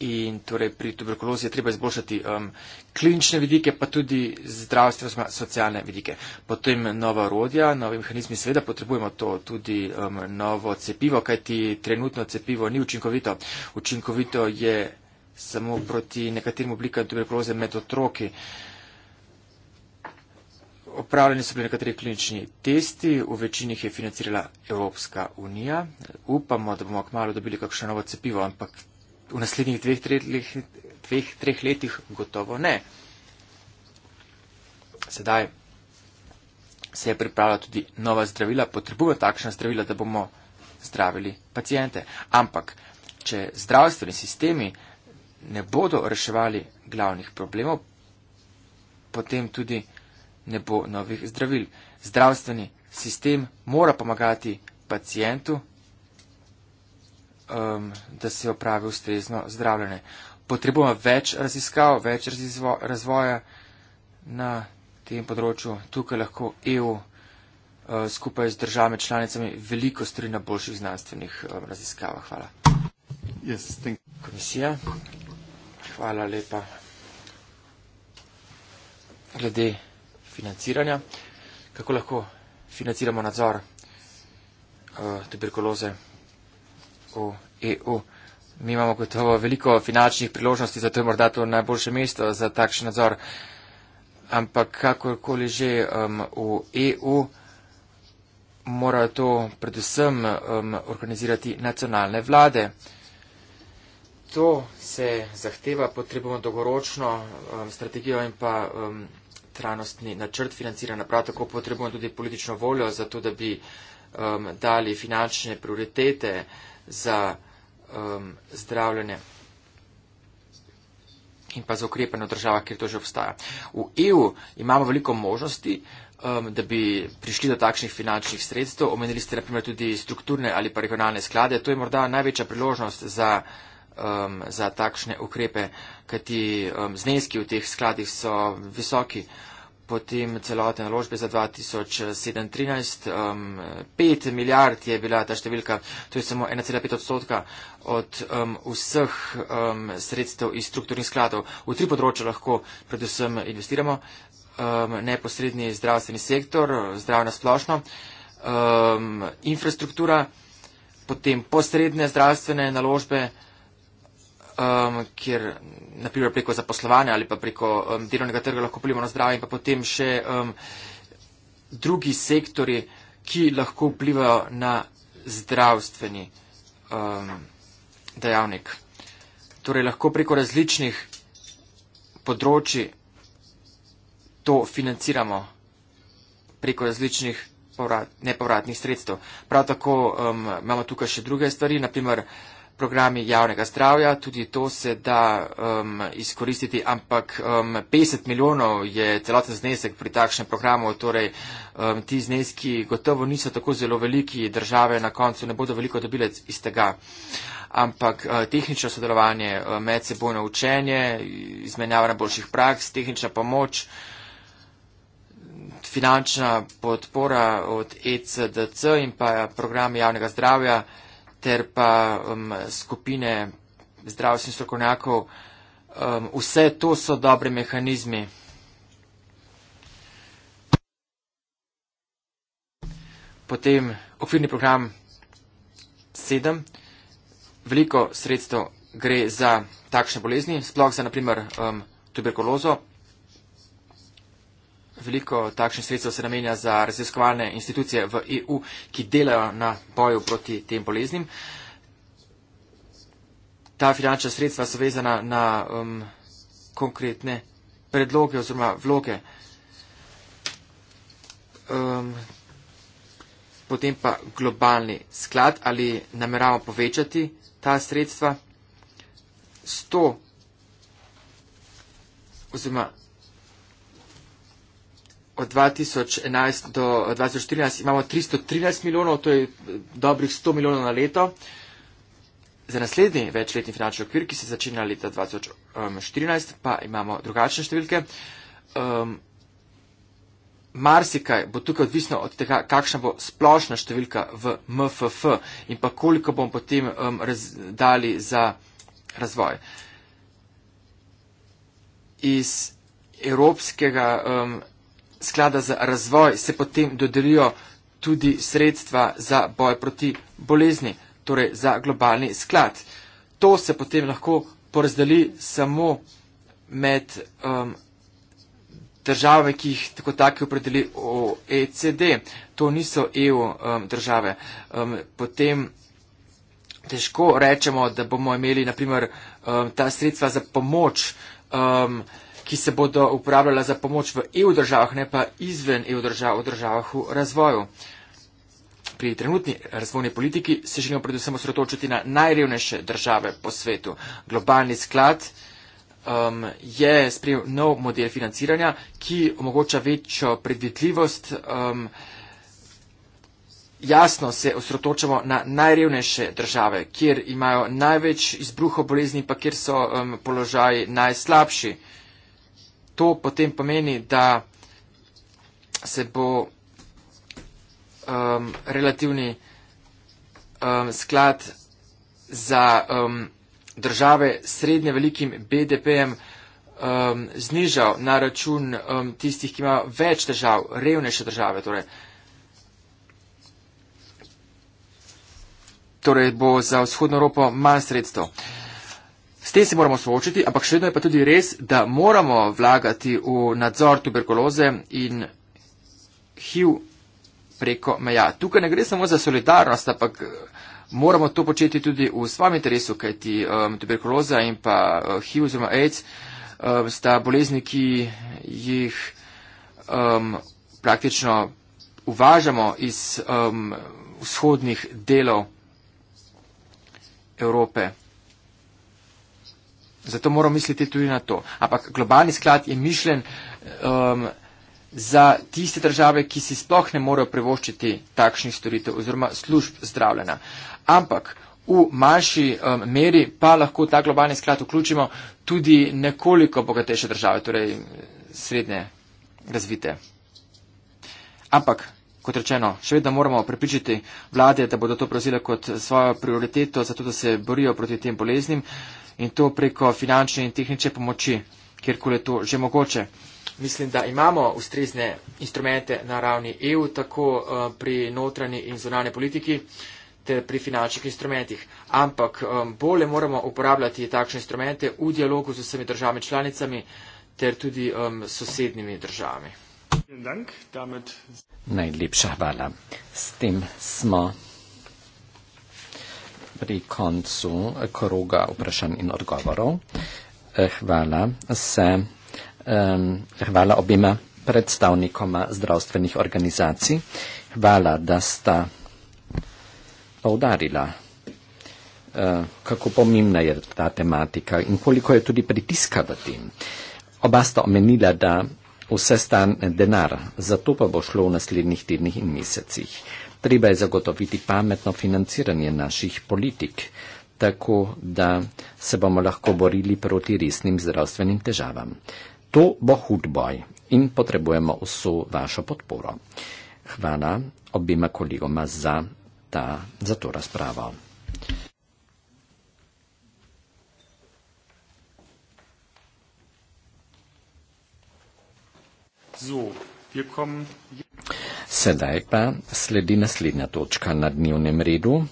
in torej pri tuberkulozi je treba izboljšati um, klinične vidike, pa tudi zdravstveno socialne vidike. Potem nova orodja, novi mehanizmi, seveda potrebujemo to tudi um, novo cepivo, kajti trenutno cepivo ni učinkovito. Učinkovito je samo proti nekaterim oblikam tuberkuloze med otroki. Opravljeni so bili nekateri klinični testi, v večini jih je financirala Evropska unija. Upamo, da bomo kmalo dobili kakšno novo cepivo, ampak v naslednjih dveh, treh, dveh, treh letih gotovo ne. Sedaj se je pripravila tudi nova zdravila, potrebujemo takšna zdravila, da bomo zdravili pacijente. Ampak, če zdravstveni sistemi ne bodo reševali glavnih problemov, potem tudi ne bo novih zdravil. Zdravstveni sistem mora pomagati pacijentu um, da se opravi ustrezno zdravljenje. Potrebujemo več raziskav, več razizvo, razvoja na tem področju. Tukaj lahko EU uh, skupaj z državami članicami veliko stori na boljših znanstvenih um, raziskavah. Hvala. Yes, Komisija. Hvala lepa. Glede financiranja, kako lahko financiramo nadzor uh, tuberkuloze v EU. Mi imamo gotovo veliko finančnih priložnosti, zato je morda to najboljše mesto za takšen nadzor. Ampak kakorkoli že um, v EU mora to predvsem um, organizirati nacionalne vlade. To se zahteva, potrebujemo dolgoročno um, strategijo in pa um, trajnostni načrt financiranja. Prav tako potrebujemo tudi politično voljo za to, da bi um, dali finančne prioritete za um, zdravljenje in pa za ukrepanje v državah, kjer to že obstaja. V EU imamo veliko možnosti, um, da bi prišli do takšnih finančnih sredstev. Omenili ste naprimer tudi strukturne ali pa regionalne sklade. To je morda največja priložnost za, um, za takšne ukrepe, kajti um, zneski v teh skladih so visoki potem celotne naložbe za 2013. Um, 5 milijard je bila ta številka, to je samo 1,5 odstotka od um, vseh um, sredstev iz strukturnih skladov. V tri področja lahko predvsem investiramo. Um, neposredni zdravstveni sektor, zdrav na splošno, um, infrastruktura, potem posredne zdravstvene naložbe um, kjer naprimer preko zaposlovanja ali pa preko um, delovnega trga lahko vplivamo na zdravje in pa potem še um, drugi sektori, ki lahko vplivajo na zdravstveni um, dejavnik. Torej lahko preko različnih področji to financiramo preko različnih povrat, nepovratnih sredstev. Prav tako um, imamo tukaj še druge stvari, naprimer programi javnega zdravja, tudi to se da um, izkoristiti, ampak um, 50 milijonov je celoten znesek pri takšnem programu, torej um, ti zneski gotovo niso tako zelo veliki, države na koncu ne bodo veliko dobile iz tega. Ampak uh, tehnično sodelovanje, uh, medsebojno učenje, izmenjava najboljših praks, tehnična pomoč, finančna podpora od ECDC in pa program javnega zdravja ter pa um, skupine zdravstvenih strokovnjakov. Um, vse to so dobre mehanizmi. Potem okvirni program 7. Veliko sredstev gre za takšne bolezni, sploh za naprimer um, tuberkulozo, veliko takšnih sredstev se namenja za raziskovalne institucije v EU, ki delajo na boju proti tem boleznim. Ta finančna sredstva so vezana na um, konkretne predloge oziroma vloge. Um, potem pa globalni sklad, ali nameravamo povečati ta sredstva. 100 oziroma od 2011 do 2014 imamo 313 milijonov, to je dobrih 100 milijonov na leto. Za naslednji večletni finančni okvir, ki se začne leta 2014, pa imamo drugačne številke. Um, Marsikaj bo tukaj odvisno od tega, kakšna bo splošna številka v MFF in pa koliko bomo potem um, raz, dali za razvoj. Iz evropskega um, sklada za razvoj se potem dodelijo tudi sredstva za boj proti bolezni, torej za globalni sklad. To se potem lahko porazdeli samo med um, države, ki jih tako tako opredeli OECD. To niso EU um, države. Um, potem težko rečemo, da bomo imeli naprimer um, ta sredstva za pomoč. Um, ki se bodo uporabljala za pomoč v EU državah, ne pa izven EU držav v državah v razvoju. Pri trenutni razvojni politiki se želimo predvsem osredotočiti na najrevnejše države po svetu. Globalni sklad um, je sprejel nov model financiranja, ki omogoča večjo predvidljivost. Um, jasno se osredotočamo na najrevnejše države, kjer imajo največ izbruhov bolezni, pa kjer so um, položaji najslabši to potem pomeni, da se bo um, relativni um, sklad za um, države srednje velikim BDP-jem um, znižal na račun um, tistih, ki imajo več držav, revnejše države. Torej. torej bo za vzhodno Evropo manj sredstev. S tem se moramo soočiti, ampak še vedno je pa tudi res, da moramo vlagati v nadzor tuberkuloze in HIV preko meja. Tukaj ne gre samo za solidarnost, ampak eh, moramo to početi tudi v svojem interesu, kajti um, tuberkuloza in pa eh, HIV oziroma AIDS um, sta bolezni, ki jih um, praktično uvažamo iz um, vzhodnih delov Evrope. Zato moramo misliti tudi na to. Ampak globalni sklad je mišljen um, za tiste države, ki si sploh ne morejo privoščiti takšnih storitev oziroma služb zdravljena. Ampak v manjši um, meri pa lahko ta globalni sklad vključimo tudi nekoliko bogatejše države, torej eh, srednje razvite. Ampak, kot rečeno, še vedno moramo prepričati vlade, da bodo to prevzele kot svojo prioriteto, zato da se borijo proti tem boleznim in to preko finančne in tehnične pomoči, kjerkoli je to že mogoče. Mislim, da imamo ustrezne instrumente na ravni EU, tako uh, pri notranji in zunanje politiki, ter pri finančnih instrumentih. Ampak um, bolje moramo uporabljati takšne instrumente v dialogu z vsemi državami članicami, ter tudi um, sosednjimi državami. Najlepša hvala. S tem smo pri koncu eh, kroga vprašanj in odgovorov. Eh, hvala, se, um, hvala obima predstavnikoma zdravstvenih organizacij. Hvala, da sta poudarila, uh, kako pomembna je ta tematika in koliko je tudi pritiska v tem. Oba sta omenila, da vse stane denar, zato pa bo šlo v naslednjih tednih in mesecih. Treba je zagotoviti pametno financiranje naših politik, tako da se bomo lahko borili proti resnim zdravstvenim težavam. To bo hud boj in potrebujemo vso vašo podporo. Hvala obima kolegoma za, ta, za to razpravo. So, wir kommen. Sedaj pa sledi naslednja točka na dnevnem redu.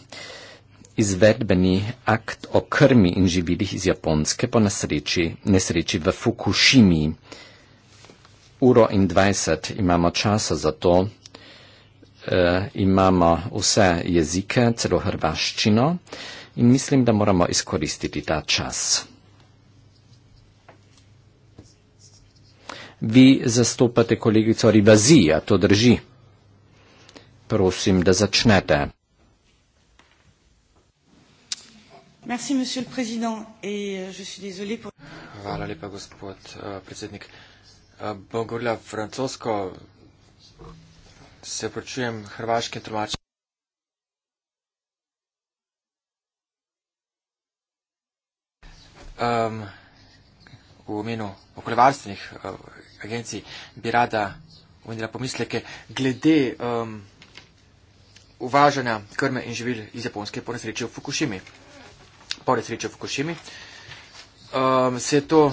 Izvedbeni akt o krmi in živilih iz Japonske po nasreči, nesreči v Fukushimi. Uro in dvajset imamo časa za to. E, imamo vse jezike, celo hrvaščino in mislim, da moramo izkoristiti ta čas. Vi zastopate kolegico Rivazija, to drži. Prosim, da začnete. Euh, Hvala lepa, gospod eh, predsednik. Eh, bom govorila francosko, se pročujem hrvaške tromače. V imenu okoljevarstvenih eh, agencij bi rada umenila pomisleke glede vsega, uvažanja krme in živil iz Japonske po nesreči v Fukushimi. Po nesreči v Fukushimi um, se je to uh,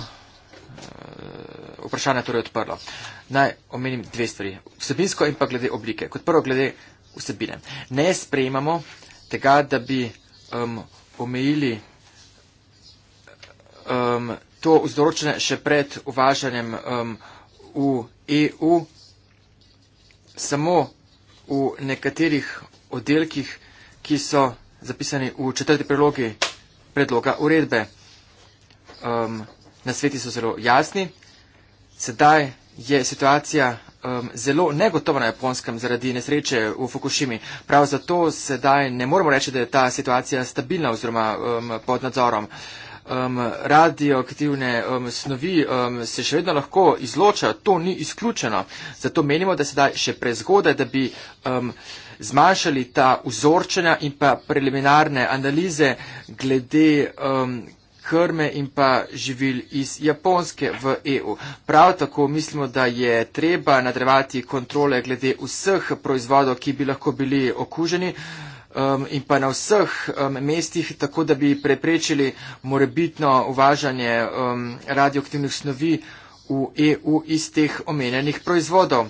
vprašanje torej odprlo. Naj omenim dve stvari. Vsebinsko in pa glede oblike. Kot prvo glede vsebine. Ne sprejemamo tega, da bi um, omejili um, to vzročene še pred uvažanjem um, v EU samo v nekaterih oddelkih, ki so zapisani v četrti prilogi predloga uredbe. Um, na sveti so zelo jasni. Sedaj je situacija um, zelo negotova na japonskem zaradi nesreče v Fukushimi. Prav zato sedaj ne moremo reči, da je ta situacija stabilna oziroma um, pod nadzorom. Um, radioaktivne um, snovi um, se še vedno lahko izločajo, to ni izključeno. Zato menimo, da sedaj še prezgodaj, da bi. Um, zmanjšali ta vzorčena in pa preliminarne analize glede um, krme in pa živil iz Japonske v EU. Prav tako mislimo, da je treba nadrevati kontrole glede vseh proizvodov, ki bi lahko bili okuženi um, in pa na vseh um, mestih, tako da bi preprečili morebitno uvažanje um, radioaktivnih snovi v EU iz teh omenjenih proizvodov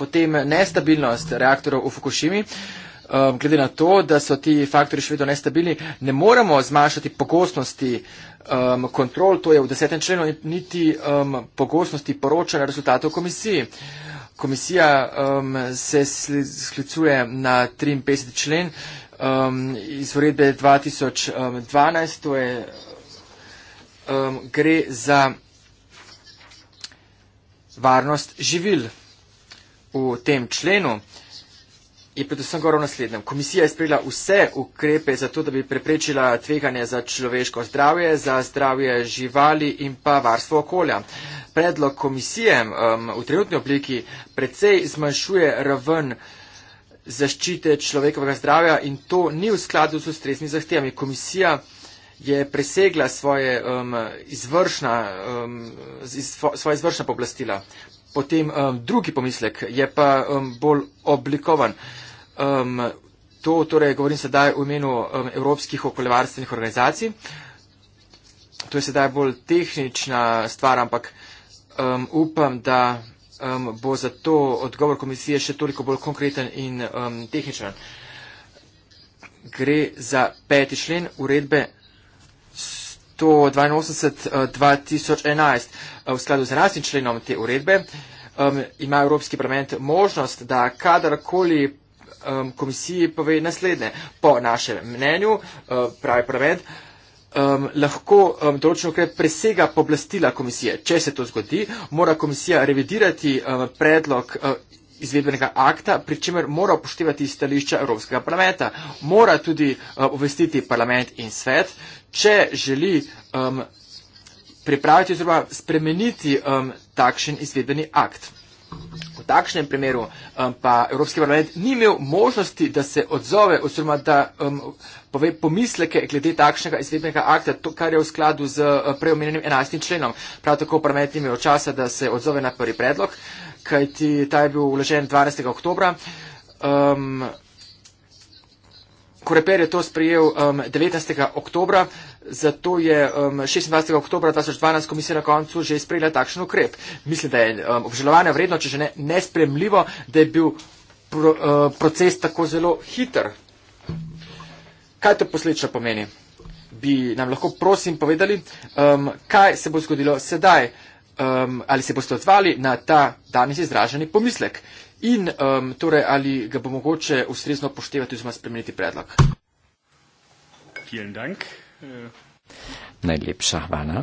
potem nestabilnost reaktorov v Fukushimi, um, glede na to, da so ti faktori še vedno nestabilni, ne moremo zmanjšati pogostnosti um, kontrol, to je v desetem členu, niti um, pogostnosti poročanja rezultatov komisiji. Komisija um, se sklicuje na 53. člen um, iz uredbe 2012, um, to je, um, gre za varnost živil v tem členu je predvsem govoril naslednjem. Komisija je sprejela vse ukrepe za to, da bi preprečila tveganje za človeško zdravje, za zdravje živali in pa varstvo okolja. Predlog komisije um, v trenutni obliki precej zmanjšuje raven zaščite človekovega zdravja in to ni v skladu s ustreznimi zahtevami. Komisija je presegla svoje, um, izvršna, um, izvo, svoje izvršna poblastila potem um, drugi pomislek je pa um, bolj oblikovan. Um, to torej govorim sedaj v imenu um, evropskih okoljevarstvenih organizacij. To je sedaj bolj tehnična stvar, ampak um, upam, da um, bo zato odgovor komisije še toliko bolj konkreten in um, tehničen. Gre za peti člen uredbe 182-2011. Eh, eh, v skladu z 11. členom te uredbe um, ima Evropski parlament možnost, da kadarkoli um, komisiji pove naslednje. Po našem mnenju, uh, pravi parlament, um, lahko um, določeno kaj presega poblastila komisije. Če se to zgodi, mora komisija revidirati um, predlog. Uh, izvedbenega akta, pri čemer mora upoštevati stališča Evropskega parlamenta. Mora tudi uh, obvestiti parlament in svet, če želi um, pripraviti oziroma spremeniti um, takšen izvedbeni akt. V takšnem primeru um, pa Evropski parlament ni imel možnosti, da se odzove oziroma da um, pove pomisleke glede takšnega izvednega akta, to, kar je v skladu z uh, preomenjenim 11. členom. Prav tako parlament ni imel časa, da se odzove na prvi predlog, kajti ta je bil uložen 12. oktobra. Um, Koreper je to sprejel um, 19. oktober, zato je um, 26. oktober 2012 komisija na koncu že sprejela takšen ukrep. Mislim, da je um, obžalovanja vredno, če že ne, nespremljivo, da je bil pro, uh, proces tako zelo hiter. Kaj to posledično pomeni? Bi nam lahko prosim povedali, um, kaj se bo zgodilo sedaj? Um, ali se boste odzvali na ta danes izraženi pomislek? in um, torej, ali ga bo mogoče ustrezno poštevati oziroma spremeniti predlog. Dank. Najlepša hvala.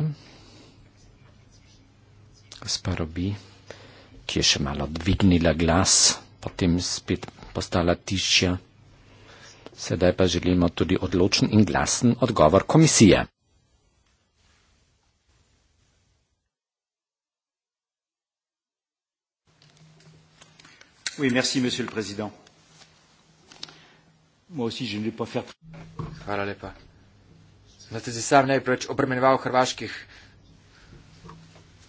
Gospa Robi, ki je še malo dvignila glas, potem spet postala tišja. Sedaj pa želimo tudi odločen in glasen odgovor komisije. Oui, merci, Monsieur le Président. Moi aussi, je ne vais pas faire. Hvala lepa. Znate, da sam ne bi preveč obremenjeval hrvaških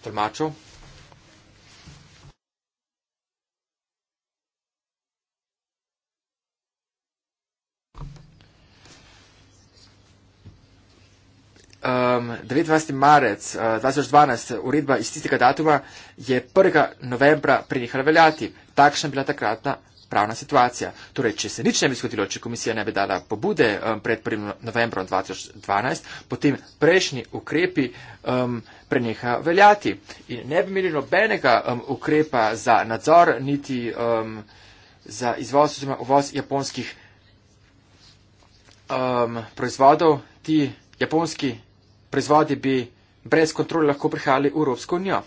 tolmačev. Um, ehm, 29. marec uh, eh, 2012 uredba iz tistega datuma je 1. novembra prenehala veljati takšna je bila takratna pravna situacija. Torej, če se nič ne bi zgodilo, če komisija ne bi dala pobude um, pred 1. novembrom 2012, potem prejšnji ukrepi um, preneha veljati. In ne bi imeli nobenega um, ukrepa za nadzor, niti um, za izvoz oziroma uvoz japonskih um, proizvodov. Ti japonski proizvodi bi brez kontrole lahko prihajali v Evropsko unijo.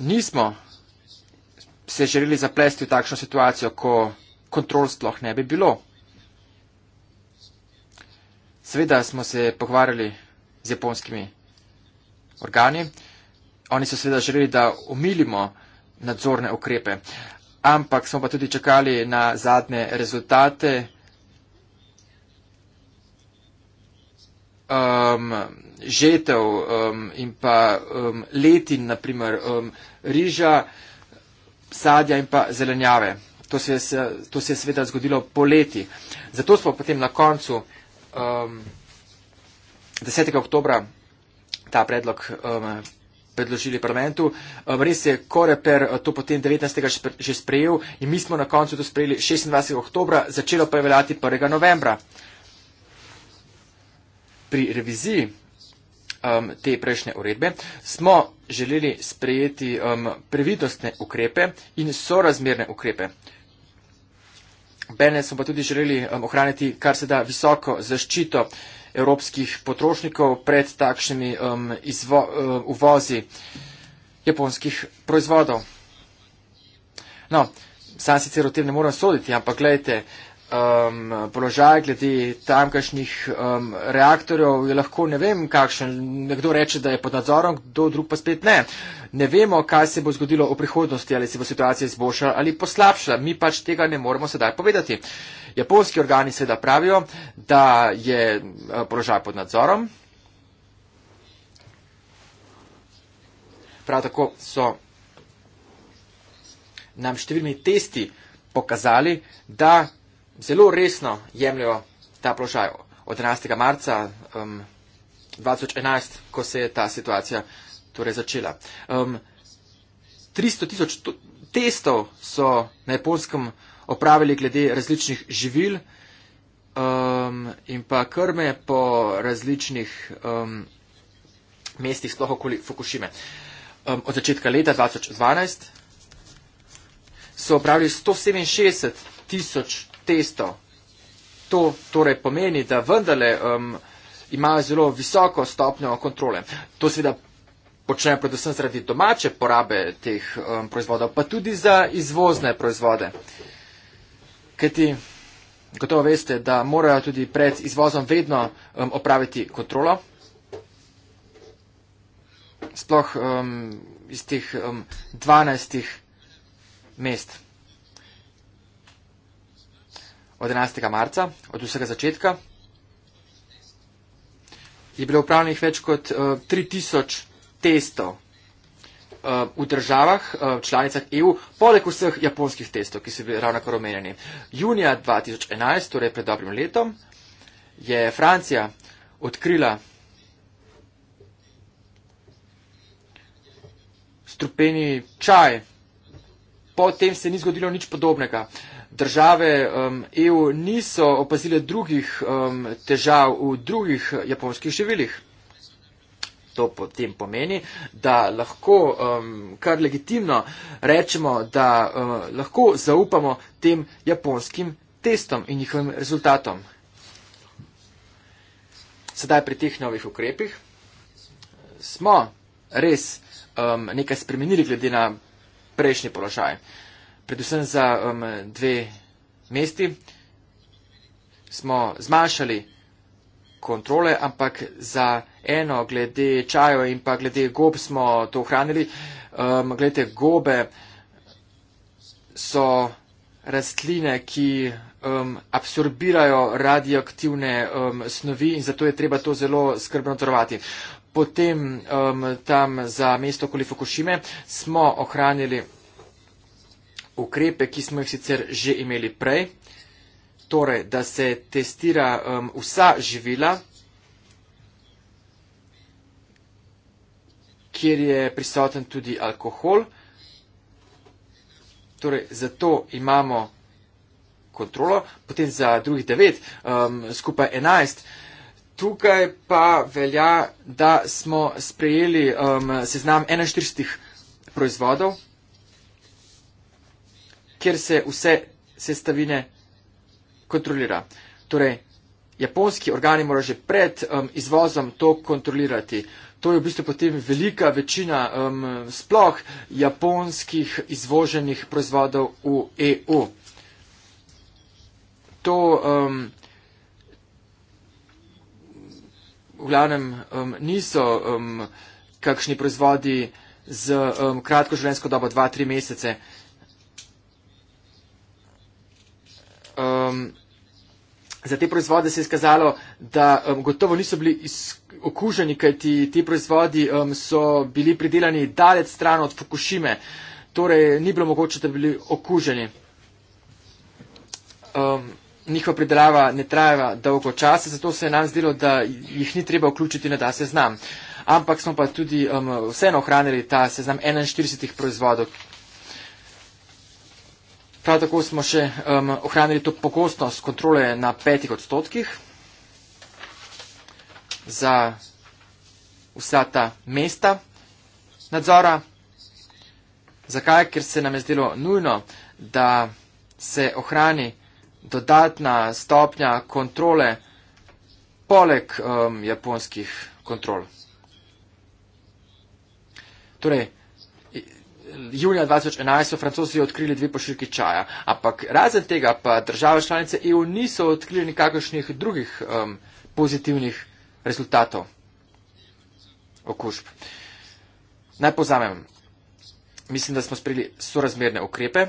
nismo se želeli zaplesti v takšno situacijo, ko kontrol sploh ne bi bilo. Seveda smo se pogovarjali z japonskimi organi. Oni so seveda želeli, da omilimo nadzorne ukrepe. Ampak smo pa tudi čakali na zadnje rezultate um, žetev um, in pa um, letin, naprimer um, riža, sadja in pa zelenjave. To se, to se je sveda zgodilo poleti. Zato smo potem na koncu um, 10. oktobra ta predlog um, predložili parlamentu. Um, res je Koreper to potem 19. že sprejel in mi smo na koncu to sprejeli 26. oktobra, začelo pa je veljati 1. novembra pri reviziji um, te prejšnje uredbe smo želeli sprejeti um, previdostne ukrepe in sorazmerne ukrepe. Bene smo pa tudi želeli um, ohraniti kar se da visoko zaščito evropskih potrošnikov pred takšnimi um, izvo, um, uvozi japonskih proizvodov. No, sam sicer o tem ne moram soditi, ampak gledajte, um, položaj, glede tamkajšnjih um, reaktorjev, je lahko ne vem, kakšen. Nekdo reče, da je pod nadzorom, kdo drug pa spet ne. Ne vemo, kaj se bo zgodilo v prihodnosti, ali se bo situacija izboljšala ali poslabšala. Mi pač tega ne moremo sedaj povedati. Japonski organi seveda pravijo, da je uh, položaj pod nadzorom. Prav tako so nam številni testi pokazali, da zelo resno jemljajo ta položaj. Od 11. marca um, 2011, ko se je ta situacija torej začela. Um, 300 tisoč testov so na japonskem opravili glede različnih živil um, in pa krme po različnih um, mestih, sploh okoli Fukushime. Um, od začetka leta 2012 so opravili 167 tisoč testo. To torej pomeni, da vendarle um, imajo zelo visoko stopnjo kontrole. To seveda počnejo predvsem zaradi domače porabe teh um, proizvodov, pa tudi za izvozne proizvode. Kajti, gotovo veste, da morajo tudi pred izvozom vedno um, opraviti kontrolo. Sploh um, iz teh um, 12 mest od 11. marca, od vsega začetka, je bilo upravljenih več kot uh, eh, 3000 testov uh, v državah, uh, članicah EU, poleg vseh japonskih testov, ki so bili ravno kar omenjeni. Junija 2011, torej pred dobrim letom, je Francija odkrila strupeni čaj. Potem se ni zgodilo nič podobnega. Uh, države um, EU niso opazile drugih um, težav v drugih japonskih številih. To potem pomeni, da lahko um, kar legitimno rečemo, da um, lahko zaupamo tem japonskim testom in njihovim rezultatom. Sedaj pri teh novih ukrepih smo res um, nekaj spremenili glede na prejšnji položaj. Uh, predvsem za um, dve mesti, smo zmanjšali kontrole, ampak za eno glede čajo in pa glede gob smo to ohranili. Um, glede gobe so rastline, ki um, absorbirajo radioaktivne um, snovi in zato je treba to zelo skrbno trovati. Potem um, tam za mesto Kolifokošime smo ohranili ukrepe, ki smo jih sicer že imeli prej, torej, da se testira um, vsa živila, kjer je prisoten tudi alkohol. Torej, zato imamo kontrolo, potem za drugih devet, um, skupaj enajst. Tukaj pa velja, da smo sprejeli um, seznam 41 proizvodov, kjer se vse sestavine kontrolira. Torej, japonski organi morajo že pred um, izvozom to kontrolirati. To je v bistvu potem velika večina um, sploh japonskih izvoženih proizvodov v EU. To um, v glavnem um, niso um, kakšni proizvodi z um, kratko življenjsko dobo 2-3 mesece, um, za te proizvode se je skazalo, da um, gotovo niso bili okuženi, kajti ti proizvodi um, so bili pridelani dalec stran od Fukushime, torej ni bilo mogoče, da bi bili okuženi. Um, njihova pridelava ne trajava dolgo časa, zato se je nam zdelo, da jih ni treba vključiti na ta seznam. Ampak smo pa tudi um, vseeno ohranili ta seznam 41 proizvodov, Prav tako smo še um, ohranili to pokostnost kontrole na petih odstotkih za vsa ta mesta nadzora. Zakaj? Ker se nam je zdelo nujno, da se ohrani dodatna stopnja kontrole poleg um, japonskih kontrol. Torej, junija 2011 so francozi odkrili dve pošiljki čaja, ampak razen tega pa države članice EU niso odkrili nikakršnih drugih um, pozitivnih rezultatov okužb. Naj pozamem, mislim, da smo sprejeli sorazmerne ukrepe.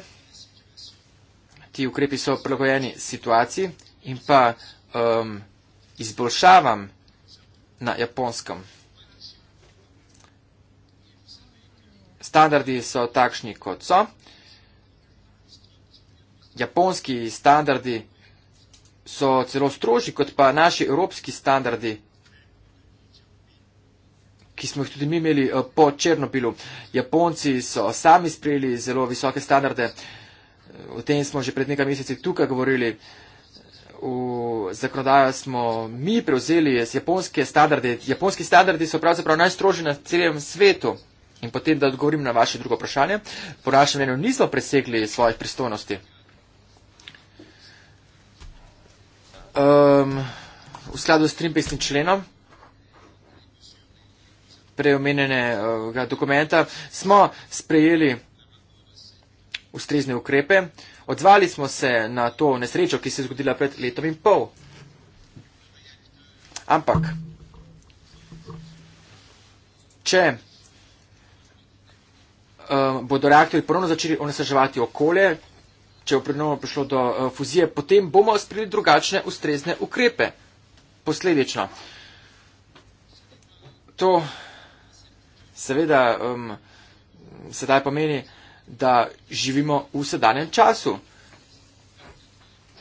Ti ukrepi so prilagojeni situaciji in pa um, izboljšavam na japonskem. standardi so takšni, kot so. Japonski standardi so celo strožji, kot pa naši evropski standardi, ki smo jih tudi mi imeli eh, po Černobilu. Japonci so sami sprejeli zelo visoke standarde. Eh, o tem smo že pred nekaj meseci tukaj govorili. V zakonodajo smo mi prevzeli japonske standarde. Japonski standardi so pravzaprav najstrožji na celem svetu. In potem, da odgovorim na vaše drugo vprašanje, po našem mnenju nismo presegli svojih pristojnosti. Um, v skladu s 53. členom preomenjenega dokumenta smo sprejeli ustrezne ukrepe, odzvali smo se na to nesrečo, ki se je zgodila pred letom in pol. Ampak, če um, bodo reaktori ponovno začeli onesraževati okolje, če bo prednovo prišlo do uh, fuzije, potem bomo sprejeli drugačne ustrezne ukrepe. Posledično. To seveda um, sedaj pomeni, da živimo v sedanjem času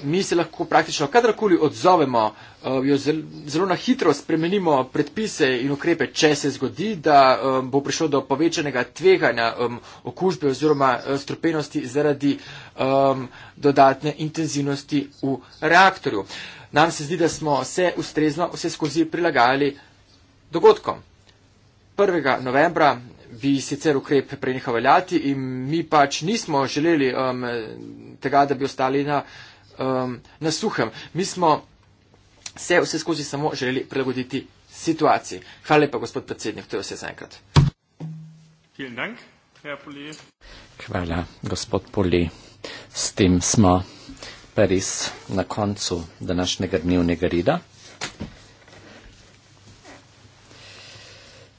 mi se lahko praktično kadarkoli odzovemo, eh, jo zelo, zelo na hitro spremenimo predpise in ukrepe, če se zgodi, da um, bo prišlo do povečanega tveganja um, okužbe oziroma eh, strupenosti zaradi um, dodatne intenzivnosti v reaktorju. Nam se zdi, da smo vse ustrezno, vse skozi prilagajali dogodkom. 1. novembra bi sicer ukrep prenehal veljati in mi pač nismo želeli um, tega, da bi ostali na um, na suhem. Mi smo se vse skozi samo želeli prilagoditi situaciji. Hvala lepa, gospod predsednik, to je vse zaenkrat. Hvala, gospod Poli. S tem smo pa res na koncu današnjega dnevnega reda.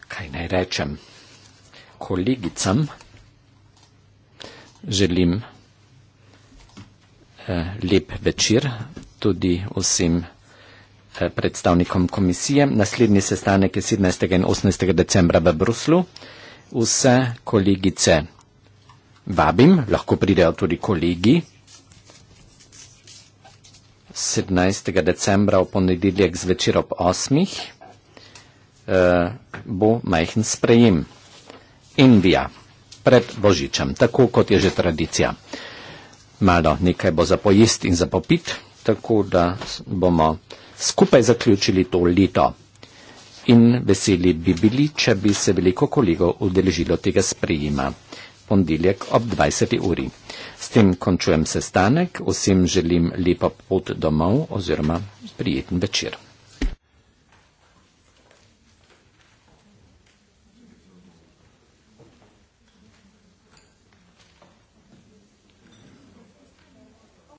Kaj naj rečem kolegicam? Želim Eh, lep večer tudi vsem eh, predstavnikom komisije. Naslednji sestanek je 17. in 18. decembra v Bruslu. Vse kolegice vabim, lahko pridejo tudi kolegi. 17. decembra v ponedeljek zvečer ob 8. Uh, eh, bo majhen sprejem. Invija pred Božičem, tako kot je že tradicija. Uh, malo nekaj bo za pojesti in za popit, tako da bomo skupaj zaključili to leto. In veseli bi bili, če bi se veliko kolegov udeležilo tega sprejema. Pondeljek ob 20. uri. S tem končujem sestanek, vsem želim lepo pot domov oziroma prijeten večer.